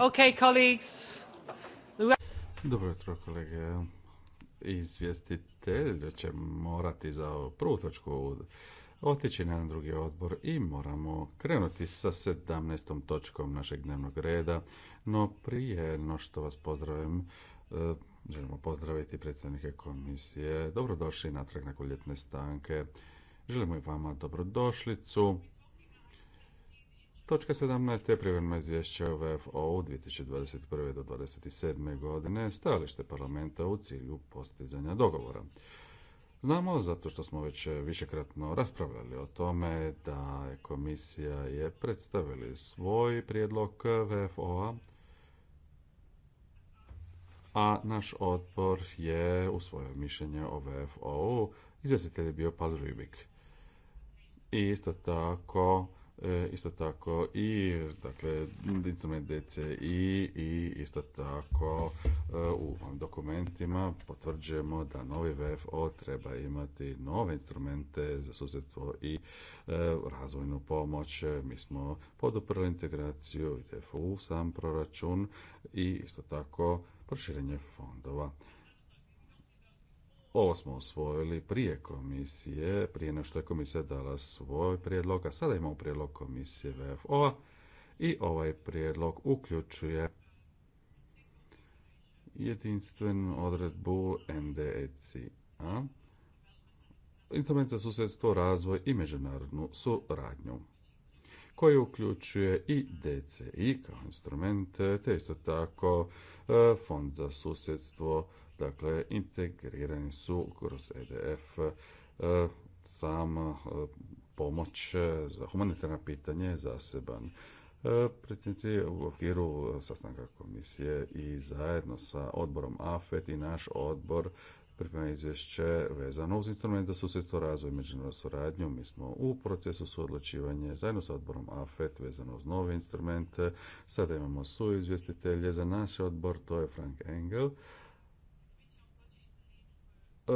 Okay, Dobro jutro, kolege. Izvjestitelj će morati za prvu točku otići na drugi odbor i moramo krenuti sa 17. točkom našeg dnevnog reda. No prije no što vas pozdravim, e, želimo pozdraviti predsjednike komisije. Dobrodošli natrag na ljetne stanke. Želimo i vama dobrodošlicu Točka 17 je privremeno izvješće o VFO-u 2021. do 2027. godine stajalište parlamenta u cilju postizanja dogovora. Znamo, zato što smo već višekratno raspravljali o tome da je komisija je predstavili svoj prijedlog VFO-a, a naš odbor je u svoje mišljenje o VFO-u izvjestitelj je bio Pal Rubik. I isto tako, E, isto tako i dakle instrument DCI i isto tako e, u dokumentima potvrđujemo da novi VFO treba imati nove instrumente za susjedstvo i e, razvojnu pomoć. Mi smo poduprli integraciju i u sam proračun i isto tako proširenje fondova. Ovo smo usvojili prije komisije, prije nego što je komisija dala svoj prijedlog, a sada imamo prijedlog komisije VFO-a i ovaj prijedlog uključuje jedinstvenu odredbu NDECA, instrument za susjedstvo, razvoj i međunarodnu suradnju koji uključuje i DCI kao instrument, te isto tako e, Fond za susjedstvo, Dakle, integrirani su kroz EDF e, sama e, pomoć e, za humanitarna pitanje zaseban predsjednici u okviru sastanka komisije i zajedno sa odborom AFET i naš odbor priprema izvješće vezano uz instrument za susjedstvo, razvoj i međunarodnu suradnju. Mi smo u procesu suodlučivanja zajedno sa odborom AFET vezano uz nove instrumente. Sada imamo su za naš odbor, to je Frank Engel E,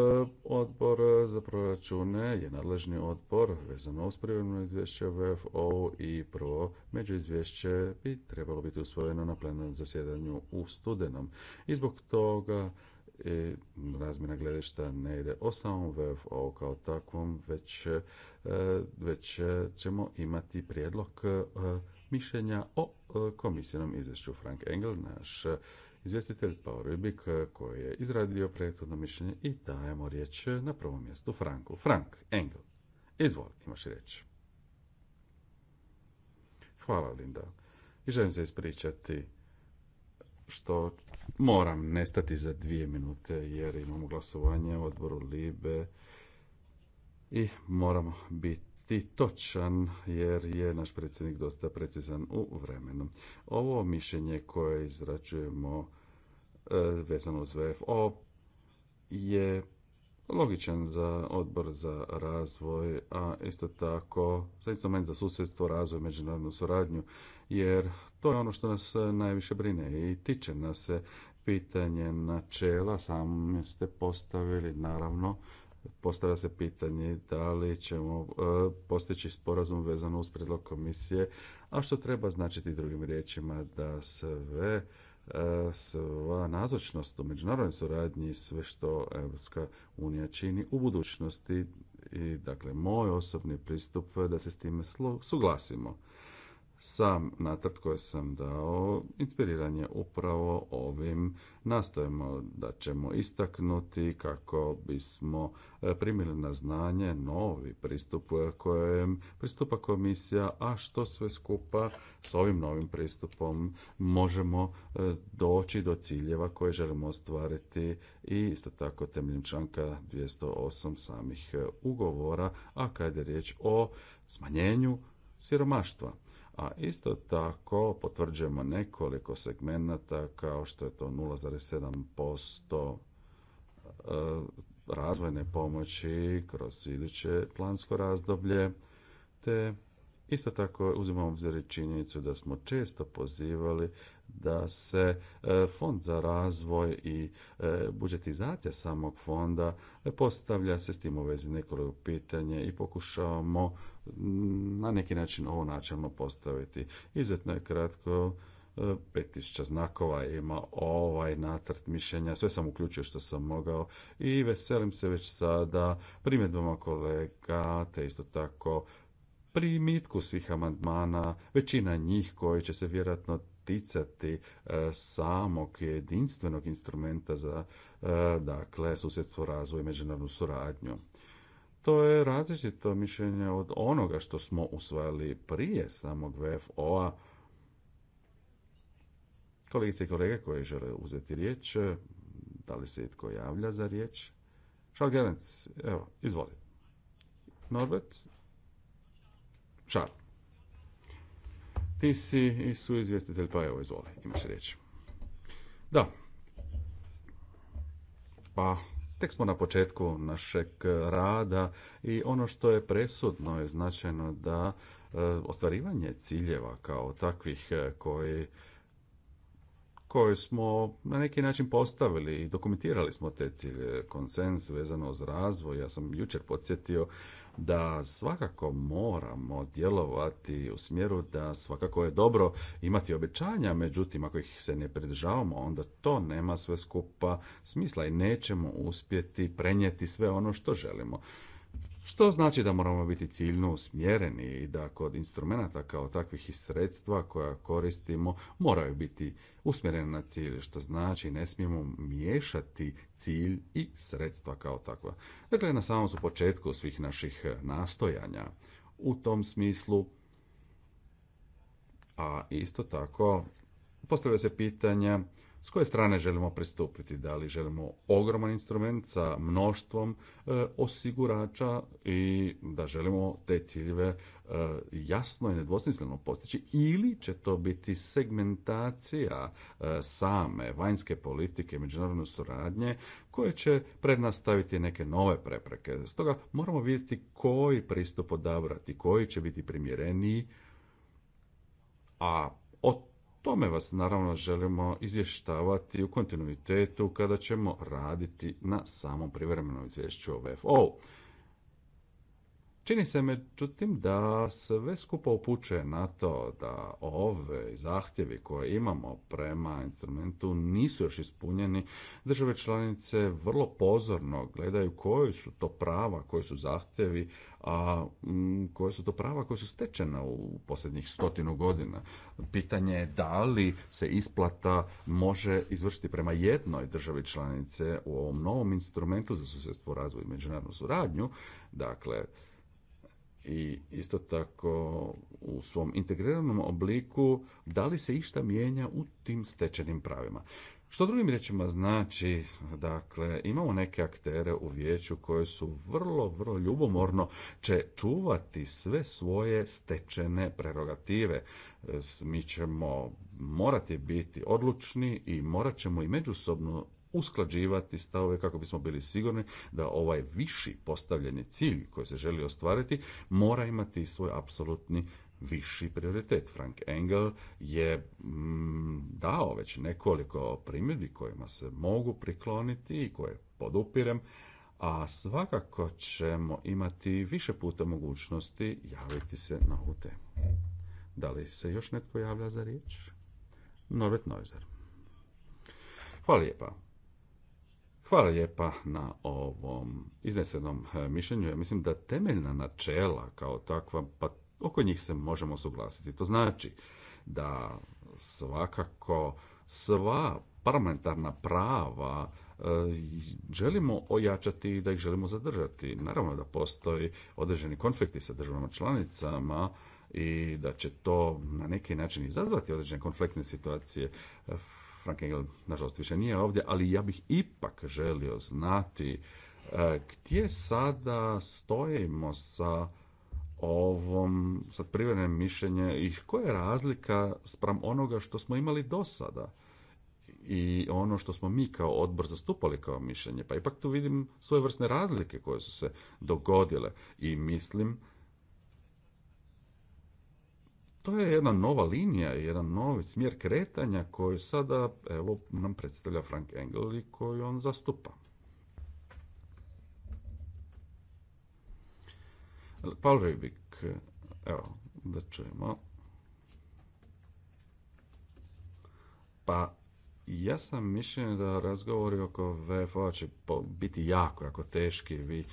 odbor za proračune je nadležni odbor vezano uz privremeno izvješće VFO i prvo izvješće bi trebalo biti usvojeno na plenarnom zasjedanju u studenom. I zbog toga e, razmjena gledišta ne ide o samom VFO kao takvom, već, e, već ćemo imati prijedlog mišljenja o komisijnom izvješću Frank Engel, naš izvjestitelj Paul Rubik eh, koji je izradio prethodno mišljenje i dajemo riječ eh, na prvom mjestu Franku. Frank Engel, izvoli, imaš riječ. Hvala Linda. I želim se ispričati što moram nestati za dvije minute jer imamo glasovanje u odboru Libe i moramo biti biti točan jer je naš predsjednik dosta precizan u vremenu. Ovo mišljenje koje izračujemo e, vezano uz VFO je logičan za odbor za razvoj, a isto tako za instrument za susjedstvo, razvoj, međunarodnu suradnju, jer to je ono što nas najviše brine i tiče nas se pitanje načela, sam ste postavili naravno Postavlja se pitanje da li ćemo e, postići sporazum vezano uz predlog komisije, a što treba značiti drugim riječima da sve e, sva nazočnost u međunarodnoj suradnji sve što Europska unija čini u budućnosti i dakle moj osobni pristup da se s time suglasimo sam nacrt koji sam dao inspiriran je upravo ovim nastojimo da ćemo istaknuti kako bismo e, primili na znanje novi pristup e, kojem pristupa komisija, a što sve skupa s ovim novim pristupom možemo e, doći do ciljeva koje želimo ostvariti i isto tako temeljem članka 208 samih ugovora, a kada je riječ o smanjenju siromaštva a isto tako potvrđujemo nekoliko segmenata kao što je to 0,7% e, razvojne pomoći kroz iduće plansko razdoblje, te Isto tako uzimamo obzir činjenicu da smo često pozivali da se e, fond za razvoj i e, budžetizacija samog fonda postavlja se s tim u vezi nekoliko pitanje i pokušavamo na neki način ovo načelno postaviti. Izuzetno je kratko 5000 e, znakova ima ovaj nacrt mišljenja, sve sam uključio što sam mogao i veselim se već sada primjedbama kolega, te isto tako primitku svih amandmana, većina njih koji će se vjerojatno ticati e, samog jedinstvenog instrumenta za e, dakle, susjedstvo, razvoj i međunarodnu suradnju. To je različito mišljenje od onoga što smo usvajali prije samog VFO-a. Kolegice i kolege koji žele uzeti riječ, da li se itko javlja za riječ? Šalgerenc, evo, izvoli. Norbert, Šar. Ti si i su izvjestitelj, pa evo, izvoli, imaš riječ. Da. Pa, tek smo na početku našeg rada i ono što je presudno je značajno da e, ostvarivanje ciljeva kao takvih e, koji koje smo na neki način postavili i dokumentirali smo te cilje, konsens vezano uz razvoj. Ja sam jučer podsjetio da svakako moramo djelovati u smjeru da svakako je dobro imati obećanja, međutim ako ih se ne pridržavamo onda to nema sve skupa smisla i nećemo uspjeti prenijeti sve ono što želimo. Što znači da moramo biti ciljno usmjereni i da kod instrumenata kao takvih i sredstva koja koristimo moraju biti usmjerena na cilj, što znači ne smijemo miješati cilj i sredstva kao takva. Dakle, na samom su početku svih naših e, nastojanja. U tom smislu, a isto tako, postavlja se pitanja s koje strane želimo pristupiti, da li želimo ogroman instrument sa mnoštvom e, osigurača i da želimo te ciljeve e, jasno i nedvosmisleno postići ili će to biti segmentacija e, same vanjske politike međunarodne suradnje koje će prednastaviti neke nove prepreke. Stoga moramo vidjeti koji pristup odabrati, koji će biti primjereniji, a o tome vas naravno želimo izvještavati u kontinuitetu kada ćemo raditi na samom privremenom izvješću o VFO. Čini se međutim da sve skupa upućuje na to da ove zahtjevi koje imamo prema instrumentu nisu još ispunjeni. Države članice vrlo pozorno gledaju koje su to prava, koji su zahtjevi, a mm, koje su to prava koja su stečena u posljednjih stotinu godina. Pitanje je da li se isplata može izvršiti prema jednoj državi članice u ovom novom instrumentu za susjedstvo, razvoj i međunarodnu suradnju. Dakle, i isto tako u svom integriranom obliku da li se išta mijenja u tim stečenim pravima. Što drugim riječima znači, dakle, imamo neke aktere u vijeću koje su vrlo, vrlo ljubomorno će čuvati sve svoje stečene prerogative. Mi ćemo morati biti odlučni i morat ćemo i međusobno usklađivati stavove kako bismo bili sigurni da ovaj viši postavljeni cilj koji se želi ostvariti mora imati svoj apsolutni viši prioritet. Frank Engel je mm, dao već nekoliko primjedbi kojima se mogu prikloniti i koje podupirem, a svakako ćemo imati više puta mogućnosti javiti se na ovu temu. Da li se još netko javlja za riječ? Norbert Neuser. Hvala lijepa. Hvala lijepa na ovom iznesenom e, mišljenju. Ja mislim da temeljna načela kao takva, pa oko njih se možemo suglasiti. To znači da svakako sva parlamentarna prava e, želimo ojačati i da ih želimo zadržati. Naravno da postoji određeni konflikti sa državama članicama i da će to na neki način izazvati određene konfliktne situacije. Frank Engel, nažalost, više nije ovdje, ali ja bih ipak želio znati e, gdje sada stojimo sa ovom, sad privremenim mišljenje i koja je razlika spram onoga što smo imali do sada i ono što smo mi kao odbor zastupali kao mišljenje. Pa ipak tu vidim svojevrsne razlike koje su se dogodile i mislim to je jedna nova linija, jedan novi smjer kretanja koji sada evo, nam predstavlja Frank Engel i koju on zastupa. Paul evo, da čujemo. Pa, ja sam mišljen da razgovori oko VFO će biti jako, jako teški. Vi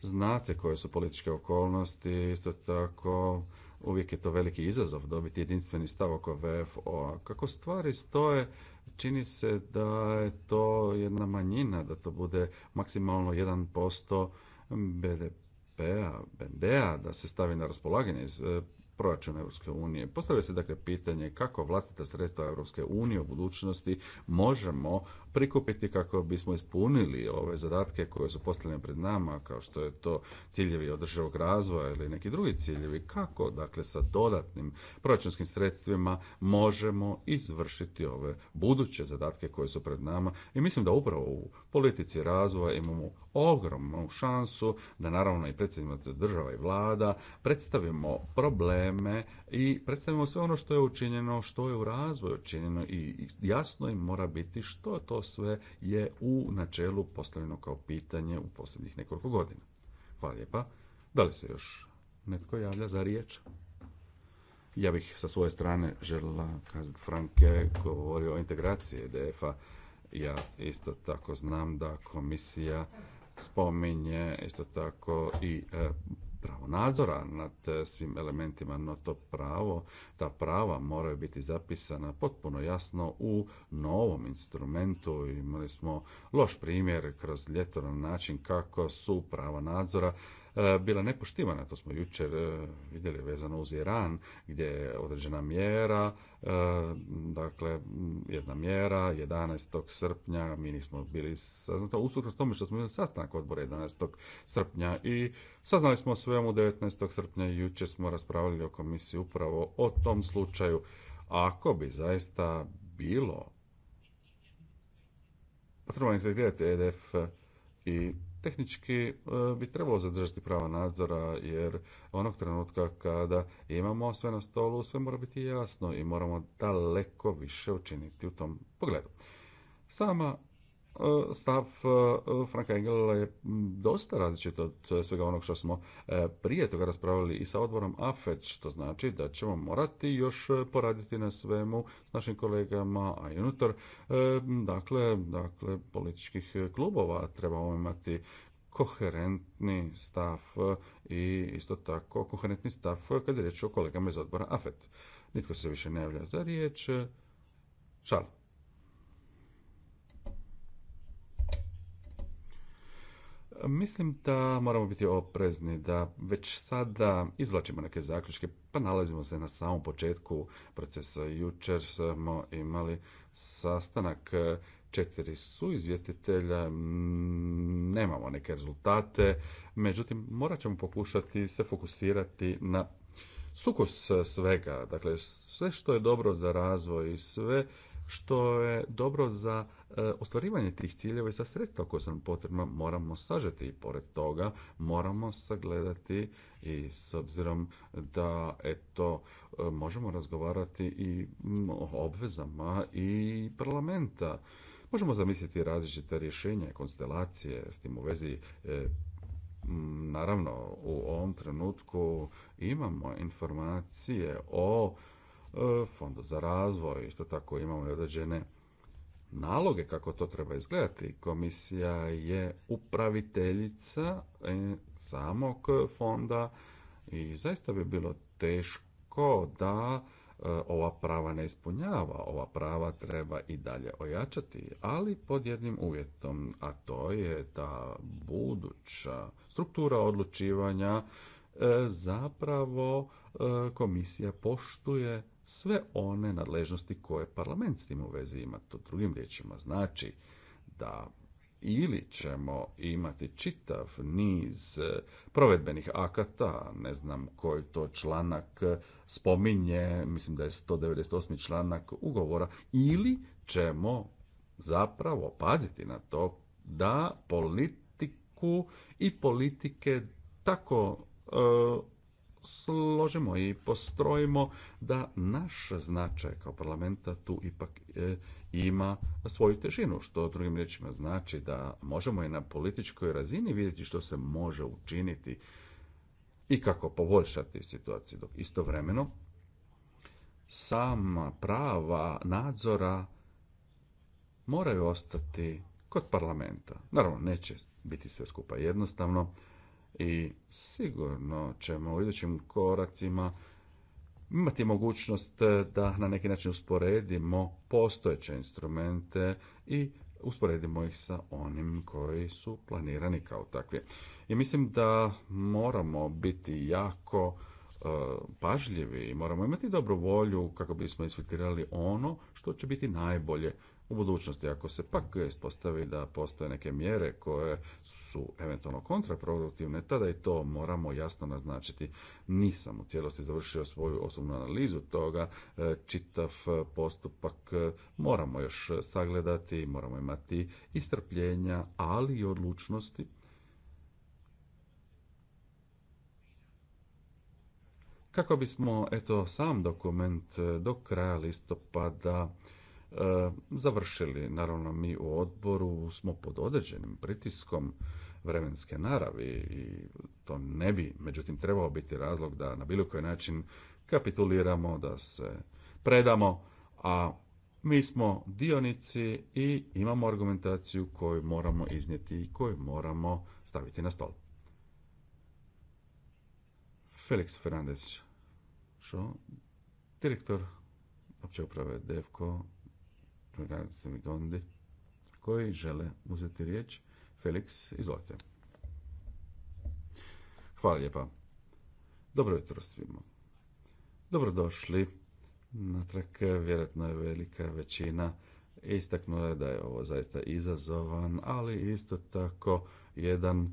znate koje su političke okolnosti, isto tako Uvijek je to veliki izazov dobiti jedinstveni stav oko VFO-a. Kako stvari stoje, čini se da je to jedna manjina, da to bude maksimalno 1% BDP-a, BND-a, da se stavi na raspolaganje iz e, proračuna Europske unije. Postavlja se dakle pitanje kako vlastita sredstva Europske unije u budućnosti možemo prikupiti kako bismo ispunili ove zadatke koje su postavljene pred nama, kao što je to ciljevi održivog razvoja ili neki drugi ciljevi, kako dakle sa dodatnim proračunskim sredstvima možemo izvršiti ove buduće zadatke koje su pred nama i mislim da upravo u politici razvoja imamo ogromnu šansu da naravno i predsjednica država i vlada predstavimo probleme i predstavimo sve ono što je učinjeno, što je u razvoju učinjeno i jasno im mora biti što to sve je u načelu postavljeno kao pitanje u posljednjih nekoliko godina. Hvala lijepa. Da li se još netko javlja za riječ? Ja bih sa svoje strane željela kazati Franke govorio o integraciji EDF-a. Ja isto tako znam da komisija spominje isto tako i e, pravo nadzora nad e, svim elementima, no to pravo, ta prava moraju biti zapisana potpuno jasno u novom instrumentu. Imali smo loš primjer kroz ljeto na način kako su prava nadzora E, bila nepoštivana. To smo jučer e, vidjeli vezano uz Iran, gdje je određena mjera, e, dakle jedna mjera 11. srpnja, mi nismo bili saznati, usprkos tome što smo imali sastanak odbora 11. srpnja i saznali smo o svemu 19. srpnja i jučer smo raspravljali o komisiji upravo o tom slučaju. Ako bi zaista bilo potrebno pa integrirati EDF i tehnički e, bi trebalo zadržati prava nadzora jer onog trenutka kada imamo sve na stolu, sve mora biti jasno i moramo daleko više učiniti u tom pogledu. Sama E, stav e, Franka Engela je dosta različit od e, svega onog što smo prije toga raspravili i sa odborom AFET, što znači da ćemo morati još poraditi na svemu s našim kolegama, a i unutar dakle, dakle, političkih klubova trebamo imati koherentni stav i isto tako koherentni stav kada je riječ o kolegama iz odbora AFET. Nitko se više ne javlja za riječ. Šal. Mislim da moramo biti oprezni da već sada izvlačimo neke zaključke, pa nalazimo se na samom početku procesa. Jučer smo imali sastanak četiri su izvjestitelja, nemamo neke rezultate, međutim morat ćemo pokušati se fokusirati na sukus svega, dakle sve što je dobro za razvoj i sve što je dobro za E, ostvarivanje tih ciljeva i sa sredstva koje su nam potrebna moramo sažeti i pored toga moramo sagledati i s obzirom da eto e, možemo razgovarati i o obvezama i parlamenta. Možemo zamisliti različite rješenja i konstelacije s tim u vezi e, naravno u ovom trenutku imamo informacije o fondu za razvoj, isto tako imamo i određene naloge kako to treba izgledati. Komisija je upraviteljica e, samog fonda i zaista bi bilo teško da e, ova prava ne ispunjava, ova prava treba i dalje ojačati, ali pod jednim uvjetom, a to je da buduća struktura odlučivanja e, zapravo komisija poštuje sve one nadležnosti koje parlament s tim u vezi ima. To drugim riječima znači da ili ćemo imati čitav niz e, provedbenih akata, ne znam koji to članak e, spominje, mislim da je 198. članak ugovora, ili ćemo zapravo paziti na to da politiku i politike tako e, složimo i postrojimo da naš značaj kao parlamenta tu ipak e, ima svoju težinu, što drugim riječima znači da možemo i na političkoj razini vidjeti što se može učiniti i kako poboljšati situaciju. Dok istovremeno sama prava nadzora moraju ostati kod parlamenta. Naravno, neće biti sve skupa jednostavno, i sigurno ćemo u idućim koracima imati mogućnost e, da na neki način usporedimo postojeće instrumente i usporedimo ih sa onim koji su planirani kao takvi. I mislim da moramo biti jako e, pažljivi i moramo imati dobru volju kako bismo isfiltrirali ono što će biti najbolje u budućnosti. Ako se pak ispostavi da postoje neke mjere koje su eventualno kontraproduktivne, tada i to moramo jasno naznačiti. Nisam u cijelosti završio svoju osobnu analizu toga. E, čitav postupak moramo još sagledati, moramo imati istrpljenja, ali i odlučnosti. Kako bismo, eto, sam dokument do kraja listopada E, završili. Naravno, mi u odboru smo pod određenim pritiskom vremenske naravi i to ne bi, međutim, trebao biti razlog da na bilo koji način kapituliramo, da se predamo, a mi smo dionici i imamo argumentaciju koju moramo iznijeti i koju moramo staviti na stol. Felix Fernandez, šo? direktor opće uprave DEVKO, mi koji žele uzeti riječ. Felix, izvolite. Hvala lijepa. Dobro jutro svima. Dobrodošli. Natrag vjerojatno je velika većina istaknula je da je ovo zaista izazovan, ali isto tako jedan,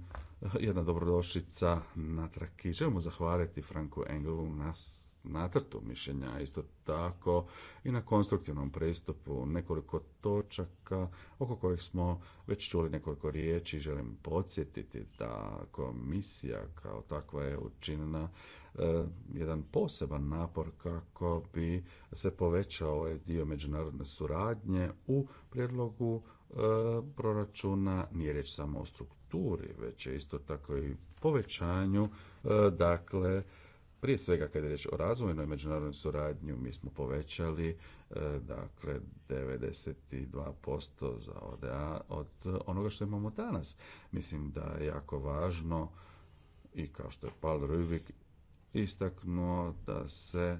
jedna dobrodošlica natrag. I želimo zahvaliti Franku Engelu nas nacrtu mišljenja, isto tako i na konstruktivnom pristupu nekoliko točaka oko kojih smo već čuli nekoliko riječi. Želim podsjetiti da komisija kao takva je učinjena e, jedan poseban napor kako bi se povećao ovaj dio međunarodne suradnje u prijedlogu e, proračuna nije riječ samo o strukturi, već je isto tako i povećanju e, dakle prije svega, kad je riječ o razvojnoj međunarodnoj suradnji, mi smo povećali e, dakle 92% za ODA od onoga što imamo danas. Mislim da je jako važno i kao što je Paul Rubik istaknuo da se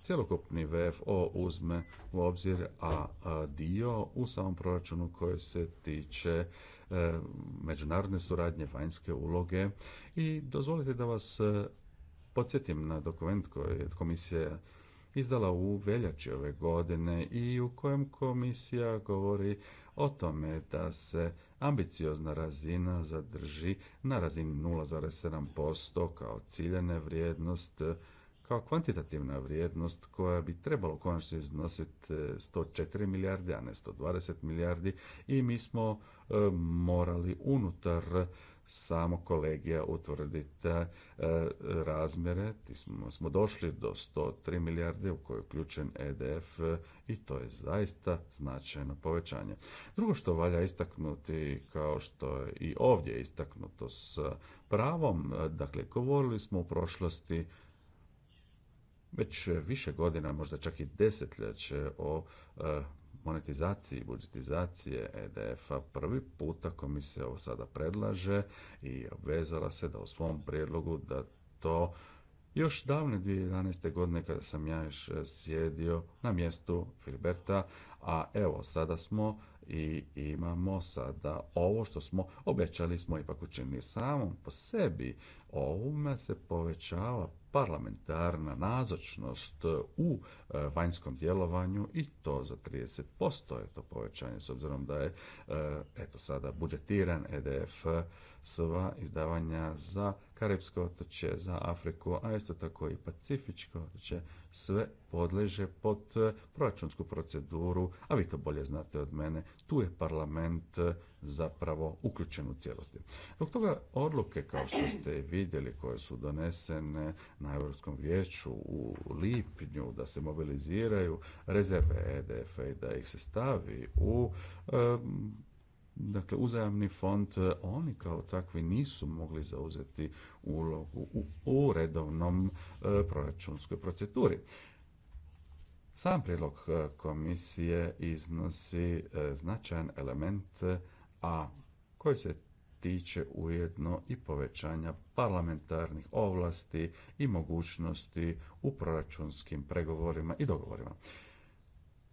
cjelokupni VFO uzme u obzir, a dio u samom proračunu koji se tiče e, međunarodne suradnje, vanjske uloge. I dozvolite da vas podsjetim na dokument koji je komisija izdala u veljači ove godine i u kojem komisija govori o tome da se ambiciozna razina zadrži na razini 0,7% kao ciljene vrijednost, kao kvantitativna vrijednost koja bi trebala konačno iznositi 104 e, milijarde, a ne 120 milijardi i mi smo e, morali unutar samo kolegija utvrditi e, razmjere. Ti smo, došli do 103 milijarde u kojoj je uključen EDF e, i to je zaista značajno povećanje. Drugo što valja istaknuti, kao što je i ovdje istaknuto s pravom, e, dakle govorili smo u prošlosti već više godina, možda čak i desetljeće o e, monetizaciji, budžetizacije EDF-a prvi puta komisija ovo sada predlaže i obvezala se da u svom prijedlogu da to još davne 2011. godine kada sam ja još e, sjedio na mjestu Filiberta, a evo sada smo i imamo sada ovo što smo obećali smo ipak učinili samom po sebi. Ovome se povećava parlamentarna nazočnost u e, vanjskom djelovanju i to za 30% je to povećanje s obzirom da je e, eto sada budžetiran EDF sva izdavanja za Karibsko otoče za Afriku, a isto tako i Pacifičko otoče, sve podleže pod eh, proračunsku proceduru, a vi to bolje znate od mene, tu je parlament eh, zapravo uključen u cijelosti. Zbog toga odluke kao što ste vidjeli koje su donesene na Europskom vijeću u lipnju da se mobiliziraju rezerve EDF-a i da ih se stavi u eh, Dakle, uzajamni fond, e, oni kao takvi nisu mogli zauzeti ulogu u, redovnom e, proračunskoj proceduri. Sam prijedlog e, komisije iznosi značajan element, a koji se tiče ujedno i povećanja parlamentarnih ovlasti i mogućnosti u proračunskim pregovorima i dogovorima.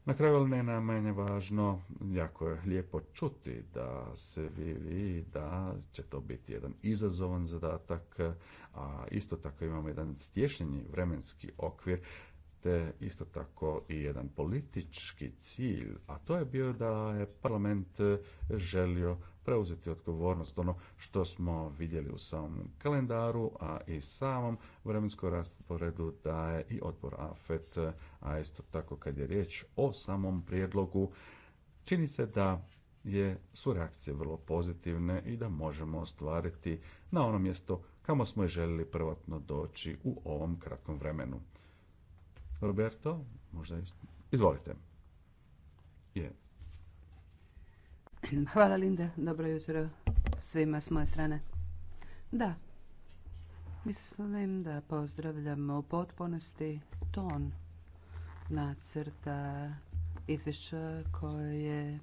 Na kraju, ali ne najmanje važno, jako je lijepo čuti da se vi, vi da će to biti jedan izazovan zadatak, a isto tako imamo jedan stješnjeni vremenski okvir, te isto tako i jedan politički cilj, a to je bio da je parlament želio preuzeti odgovornost ono što smo vidjeli u samom kalendaru, a i samom vremenskom rasporedu daje i odbor AFET, a isto tako kad je riječ o samom prijedlogu, čini se da je, su reakcije vrlo pozitivne i da možemo ostvariti na ono mjesto kamo smo i željeli prvotno doći u ovom kratkom vremenu. Roberto, možda izvolite. Je, Hvala Linda, dobro jutro svima s moje strane. Da, mislim da pozdravljamo u potpunosti ton nacrta izvješća koje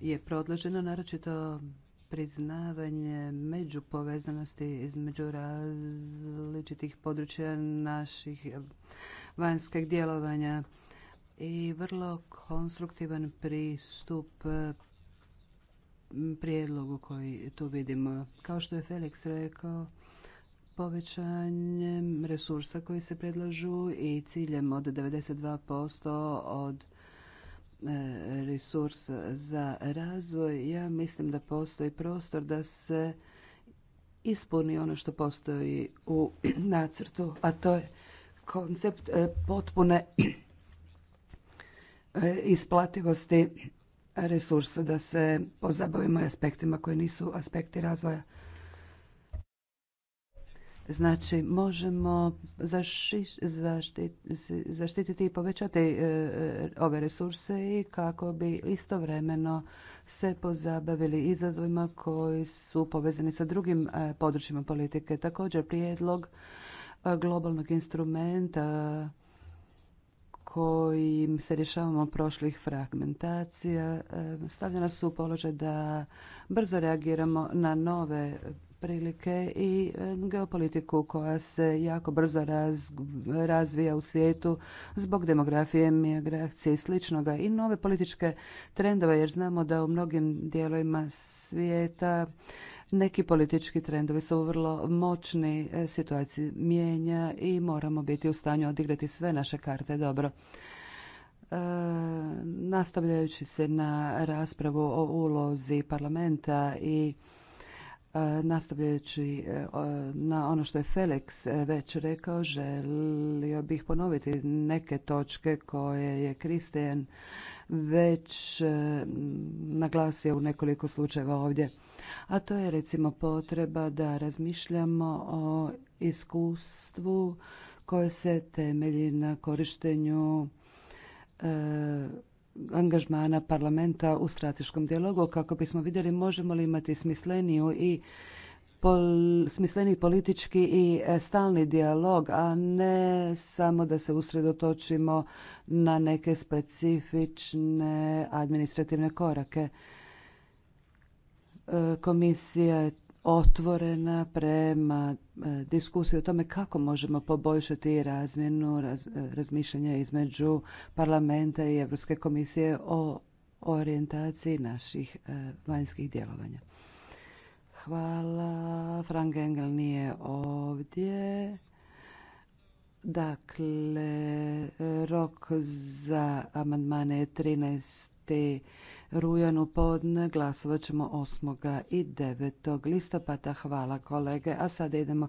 je predloženo naročito priznavanje među povezanosti između različitih područja naših vanjskih djelovanja i vrlo konstruktivan pristup prijedlogu koji tu vidimo. Kao što je Felix rekao, povećanjem resursa koji se predlažu i ciljem od 92% od e, resursa za razvoj, ja mislim da postoji prostor da se ispuni ono što postoji u nacrtu, a to je koncept e, potpune e, isplativosti resurse da se pozabavimo aspektima koji nisu aspekti razvoja. Znači, možemo zaštititi i povećati e, ove resurse i kako bi istovremeno se pozabavili izazovima koji su povezani sa drugim e, područjima politike. Također, prijedlog e, globalnog instrumenta kojim se rješavamo prošlih fragmentacija stavlja nas u položaj da brzo reagiramo na nove prilike i geopolitiku koja se jako brzo razvija u svijetu zbog demografije, migracije i sličnoga i nove političke trendove jer znamo da u mnogim dijelovima svijeta neki politički trendovi su vrlo moćni, e, situacija mijenja i moramo biti u stanju odigrati sve naše karte dobro. E, nastavljajući se na raspravu o ulozi parlamenta i E, nastavljajući e, na ono što je Felix e, već rekao, želio bih ponoviti neke točke koje je Kristijan već naglasio u nekoliko slučajeva ovdje. A to je recimo potreba da razmišljamo o iskustvu koje se temelji na korištenju angažmana parlamenta u strateškom dijalogu kako bismo vidjeli možemo li imati smisleniju i politički i e, stalni dijalog, a ne samo da se usredotočimo na neke specifične administrativne korake. E, komisija otvorena prema e, diskusiji o tome kako možemo poboljšati razmjenu e, razmišljanja između parlamenta i Europske komisije o orijentaciji naših e, vanjskih djelovanja. Hvala. Frank Engel nije ovdje. Dakle, rok za amandmane je 13 rujan u podne. Glasovat ćemo 8. i 9. listopada. Hvala kolege. A sada idemo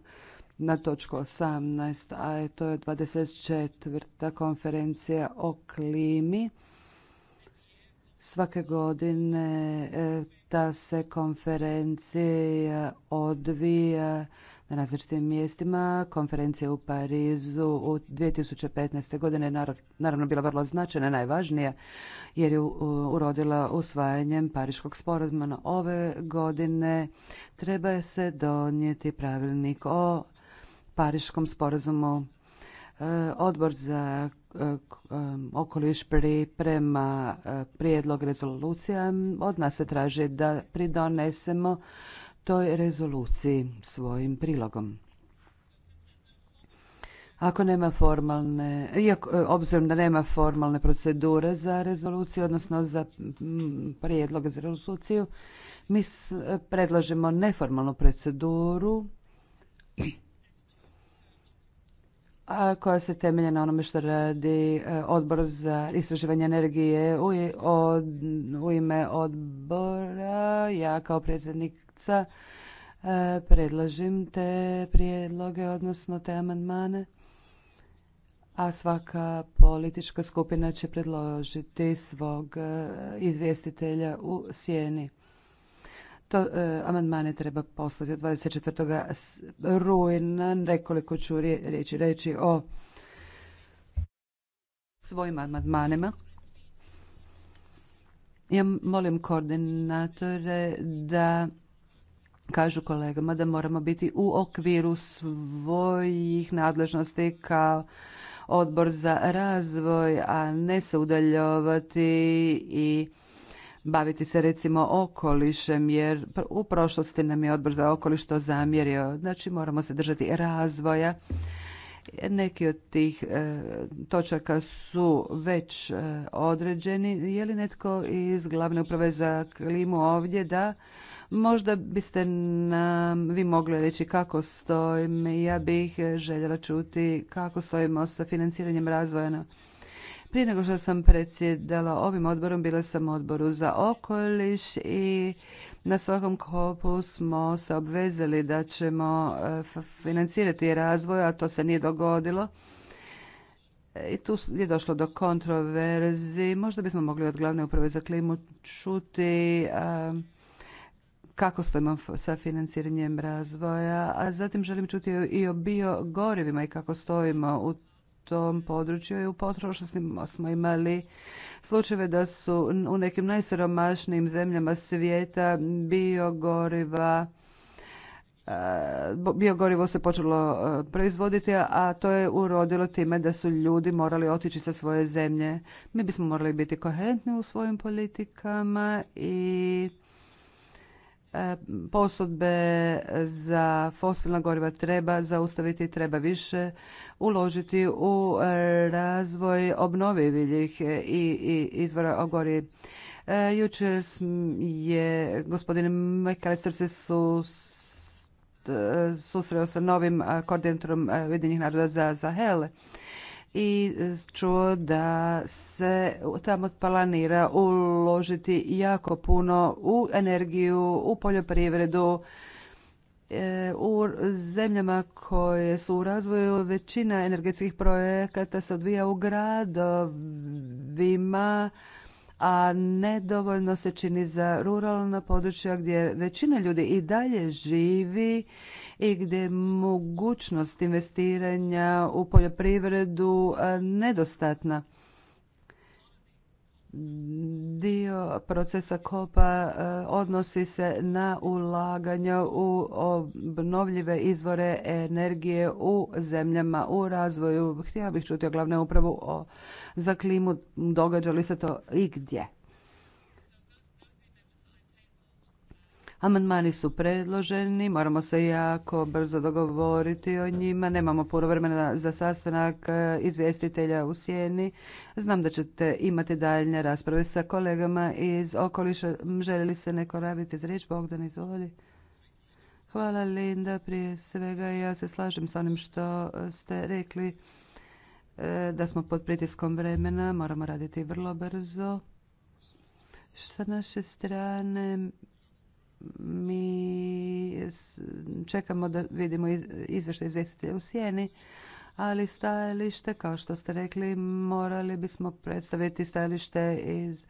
na točku 18, a to je 24. konferencija o klimi. Svake godine e, ta se konferencija odvija na različitim mjestima. Konferencija u Parizu u 2015. godine je naravno bila vrlo značajna, najvažnija, jer je urodila usvajanjem Pariškog sporazuma ove godine. Treba se donijeti pravilnik o Pariškom sporazumu e, Odbor za e, e, okoliš priprema prijedlog rezolucija. Od nas se traži da pridonesemo toj rezoluciji svojim prilogom. Ako nema formalne, iako, e, obzirom da nema formalne procedure za rezoluciju, odnosno za prijedloge za rezoluciju, mi predlažemo neformalnu proceduru a koja se temelja na onome što radi e, odbor za istraživanje energije u ime odbora. Ja kao predsjednik marca e, predlažem te prijedloge, odnosno te amandmane, a svaka politička skupina će predložiti svog e, izvjestitelja u sjeni. To, e, amandmane treba poslati od 24. rujna. Nekoliko ću riječi reći o svojim amandmanima. Ja molim koordinatore da kažu kolegama da moramo biti u okviru svojih nadležnosti kao odbor za razvoj, a ne se udaljovati i baviti se recimo okolišem, jer u prošlosti nam je odbor za okoliš to zamjerio. Znači moramo se držati razvoja. Neki od tih e, točaka su već e, određeni. Je li netko iz glavne uprave za klimu ovdje da Možda biste nam vi mogli reći kako stojim. Ja bih željela čuti kako stojimo sa financiranjem razvoja prije nego što sam predsjedala ovim odborom, bila sam u odboru za okoliš i na svakom kopu smo se obvezali da ćemo eh, financirati razvoj, a to se nije dogodilo. I tu je došlo do kontroverzi. Možda bismo mogli od glavne uprave za klimu čuti eh, kako stojimo sa financiranjem razvoja, a zatim želim čuti i o biogorivima i kako stojimo u tom području i u potrošnosti smo imali slučajeve da su u nekim najsiromašnijim zemljama svijeta biogoriva e, biogorivo se počelo e, proizvoditi, a to je urodilo time da su ljudi morali otići sa svoje zemlje. Mi bismo morali biti koherentni u svojim politikama i E, posudbe za fosilna goriva treba zaustaviti treba više uložiti u razvoj obnovljivih i izvora goriva. E, jučer je gospodin McAllister se e, susreo sa novim koordinatorom Ujedinjenih naroda za Sahel i čuo da se tamo planira uložiti jako puno u energiju, u poljoprivredu. E, u zemljama koje su u razvoju većina energetskih projekata se odvija u gradovima, a nedovoljno se čini za ruralna područja gdje većina ljudi i dalje živi i gdje mogućnost investiranja u poljoprivredu e, nedostatna dio procesa kopa e, odnosi se na ulaganja u obnovljive izvore energije u zemljama u razvoju. Htjela bih čuti o glavne upravu za klimu, događa li se to i gdje. Amandmani su predloženi, moramo se jako brzo dogovoriti o njima. Nemamo puno vremena za sastanak e, izvjestitelja u sjeni. Znam da ćete imati daljnje rasprave sa kolegama iz okoliša. Želi li se neko rabiti za riječ? Bogdan, izvoli. Hvala Linda, prije svega ja se slažem sa onim što ste rekli e, da smo pod pritiskom vremena, moramo raditi vrlo brzo. Sa naše strane mi čekamo da vidimo izvještaj izvestitelja u sjeni, ali stajalište, kao što ste rekli, morali bismo predstaviti stajalište iz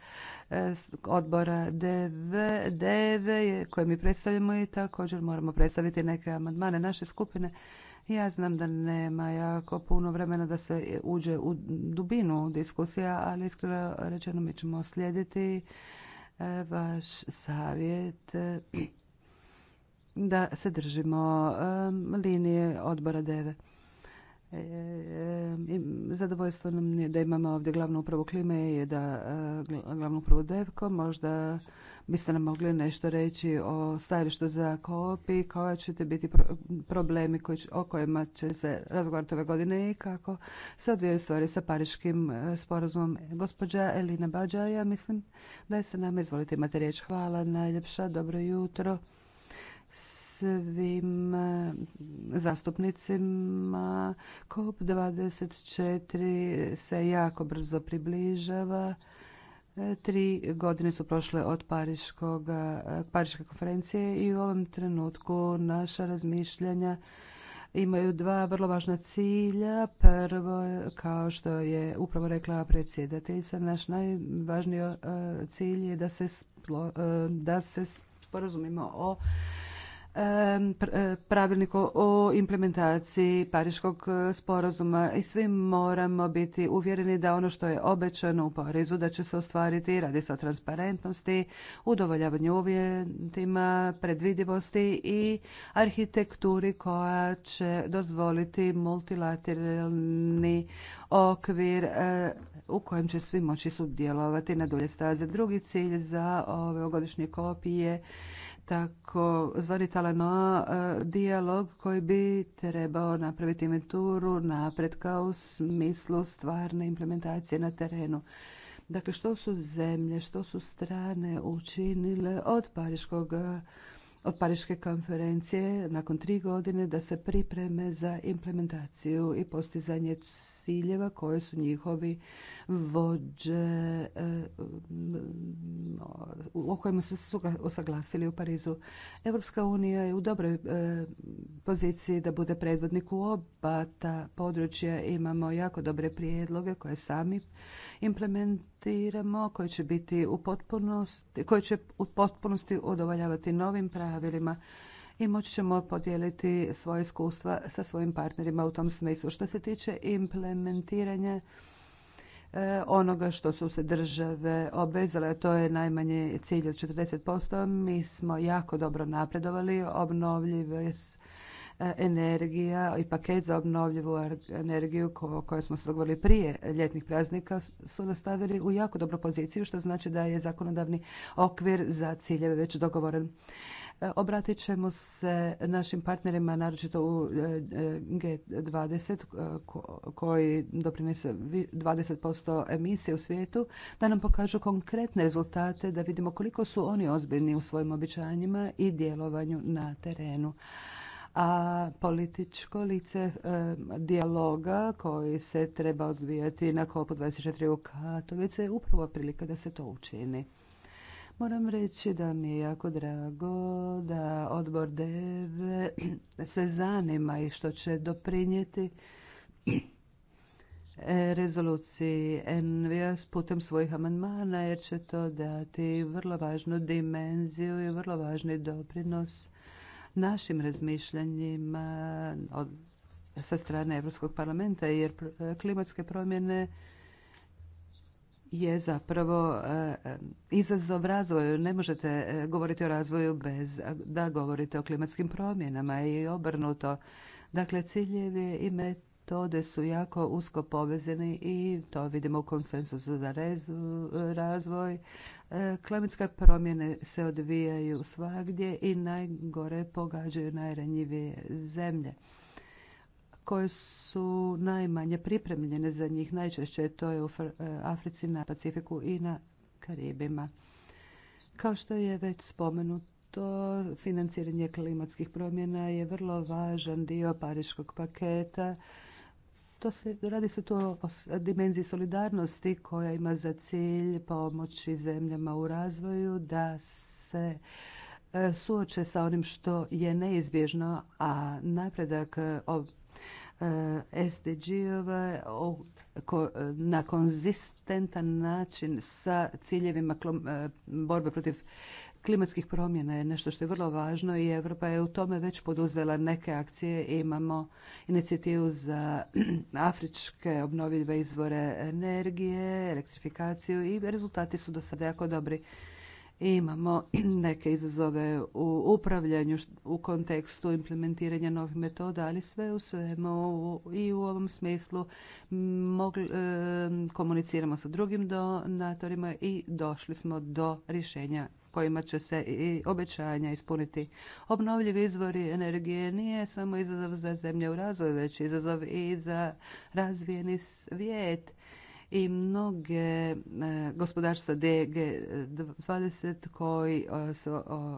e, odbora DV koje mi predstavljamo i također moramo predstaviti neke amandmane naše skupine. Ja znam da nema jako puno vremena da se uđe u dubinu diskusija, ali iskreno rečeno mi ćemo slijediti vaš savjet da se držimo linije odbora DEVE. E, zadovoljstvo nam je da imamo ovdje glavnu upravu klime i da e, glavnu upravu DEVKO. Možda biste nam mogli nešto reći o stajalištu za i koja ćete biti problemi koji, o kojima će se razgovarati ove godine i kako se odvijaju stvari sa pariškim e, sporazumom. Gospođa Elina ja mislim da je nama. Izvolite, imate riječ. Hvala najljepša, dobro jutro svim e, zastupnicima. COP24 se jako brzo približava. Tri godine su prošle od Pariške konferencije i u ovom trenutku naša razmišljanja imaju dva vrlo važna cilja. Prvo, kao što je upravo rekla predsjedateljica, naš najvažniji e, cilj je da se, e, da se sporazumimo o E, pravilnik o implementaciji Pariškog e, sporazuma i svi moramo biti uvjereni da ono što je obećano u Parizu da će se ostvariti, radi se o transparentnosti, udovoljavanju uvjetima, predvidivosti i arhitekturi koja će dozvoliti multilateralni okvir e, u kojem će svi moći sudjelovati na dulje staze. Drugi cilj za ove godišnje kopije tako zvani no e, dijalog koji bi trebao napraviti inventuru napretka u smislu stvarne implementacije na terenu. Dakle, što su zemlje, što su strane učinile od pariškog e, od Pariške konferencije nakon tri godine da se pripreme za implementaciju i postizanje ciljeva koje su njihovi vođe eh, mm, o kojima su se usaglasili u Parizu. Evropska unija je u dobroj eh, poziciji da bude predvodnik u oba ta područja. Imamo jako dobre prijedloge koje sami implementiramo, koje će biti u potpunosti, koje će u potpunosti udovoljavati novim pravilima i moći ćemo podijeliti svoje iskustva sa svojim partnerima u tom smislu. Što se tiče implementiranja e, onoga što su se države obvezale, to je najmanje cilj od 40%. Mi smo jako dobro napredovali, obnovljive e, energija i paket za obnovljivu energiju o smo se zagovorili prije ljetnih praznika su nastavili u jako dobru poziciju, što znači da je zakonodavni okvir za ciljeve već dogovoren. E, obratit ćemo se našim partnerima, naročito u e, e, G20 koji doprinese 20% emisije u svijetu, da nam pokažu konkretne rezultate, da vidimo koliko su oni ozbiljni u svojim običanjima i djelovanju na terenu a političko lice dijaloga koji se treba odvijati na kopu 24 u Katovice je upravo prilika da se to učini. Moram reći da mi je jako drago da odbor deve se zanima i što će doprinijeti rezoluciji Envija putem svojih amandmana jer će to dati vrlo važnu dimenziju i vrlo važni doprinos našim razmišljanjima sa strane Europskog parlamenta jer klimatske promjene je zapravo e, e, izazov razvoju. Ne možete e, govoriti o razvoju bez da govorite o klimatskim promjenama i obrnuto. Dakle, ciljevi i metode su jako usko povezani i to vidimo u konsensusu za razvoj. Klimatske promjene se odvijaju svagdje i najgore pogađaju najranjivije zemlje koje su najmanje pripremljene za njih. Najčešće to je u e, Africi, na Pacifiku i na Karibima. Kao što je već spomenuto, financiranje klimatskih promjena je vrlo važan dio pariškog paketa. To se, radi se tu o dimenziji solidarnosti koja ima za cilj pomoći zemljama u razvoju da se e, suoče sa onim što je neizbježno, a napredak e, E, SDG-ova na konzistentan način sa ciljevima e, borbe protiv klimatskih promjena je nešto što je vrlo važno i Europa je u tome već poduzela neke akcije. Imamo inicijativu za afričke obnovljive izvore energije, elektrifikaciju i rezultati su do sada jako dobri imamo neke izazove u upravljanju u kontekstu implementiranja novih metoda, ali sve u svemu i u ovom smislu mogli, e, komuniciramo sa drugim donatorima i došli smo do rješenja kojima će se i obećanja ispuniti. Obnovljivi izvori energije nije samo izazov za zemlje u razvoju, već izazov i za razvijeni svijet i mnoge e, gospodarstva DG20 koji e, se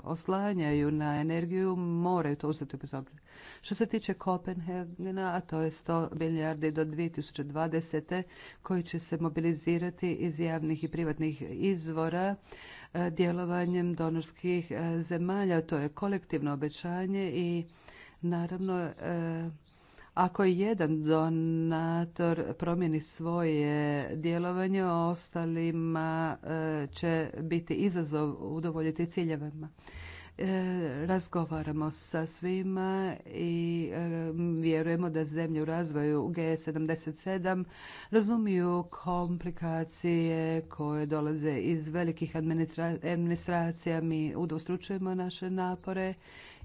oslanjaju na energiju moraju to uzeti u obzir. Što se tiče Kopenhagena, a to je 100 milijardi do 2020. koji će se mobilizirati iz javnih i privatnih izvora e, djelovanjem donorskih zemalja. To je kolektivno obećanje i naravno ako jedan donator promijeni svoje djelovanje, ostalima e, će biti izazov udovoljiti ciljevima. E, razgovaramo sa svima i e, vjerujemo da zemlje u razvoju G77 razumiju komplikacije koje dolaze iz velikih administracija. Mi udostručujemo naše napore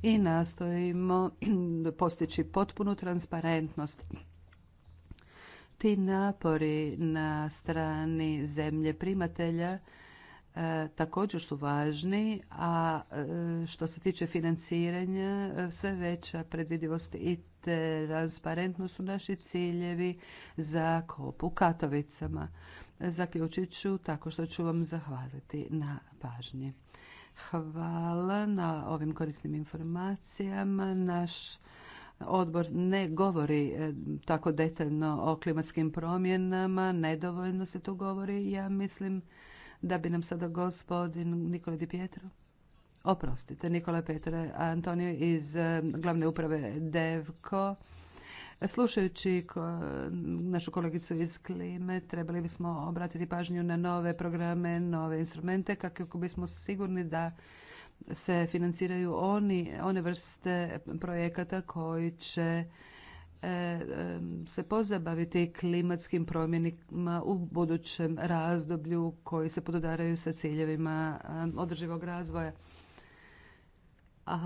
i nastojimo postići potpunu transparentnost ti napori na strani zemlje primatelja e, također su važni, a e, što se tiče financiranja, sve veća predvidivost i transparentnost su naši ciljevi za kop u Katovicama. Zaključit ću tako što ću vam zahvaliti na pažnji. Hvala na ovim korisnim informacijama. Naš odbor ne govori e, tako detaljno o klimatskim promjenama, nedovoljno se tu govori. Ja mislim da bi nam sada gospodin Nikola Di Pietro Oprostite, Nikola Petre Antonio iz e, glavne uprave Devko Slušajući našu kolegicu iz klime, trebali bismo obratiti pažnju na nove programe, nove instrumente kako bismo sigurni da se financiraju oni, one vrste projekata koji će e, e, se pozabaviti klimatskim promjenima u budućem razdoblju koji se podudaraju sa ciljevima e, održivog razvoja a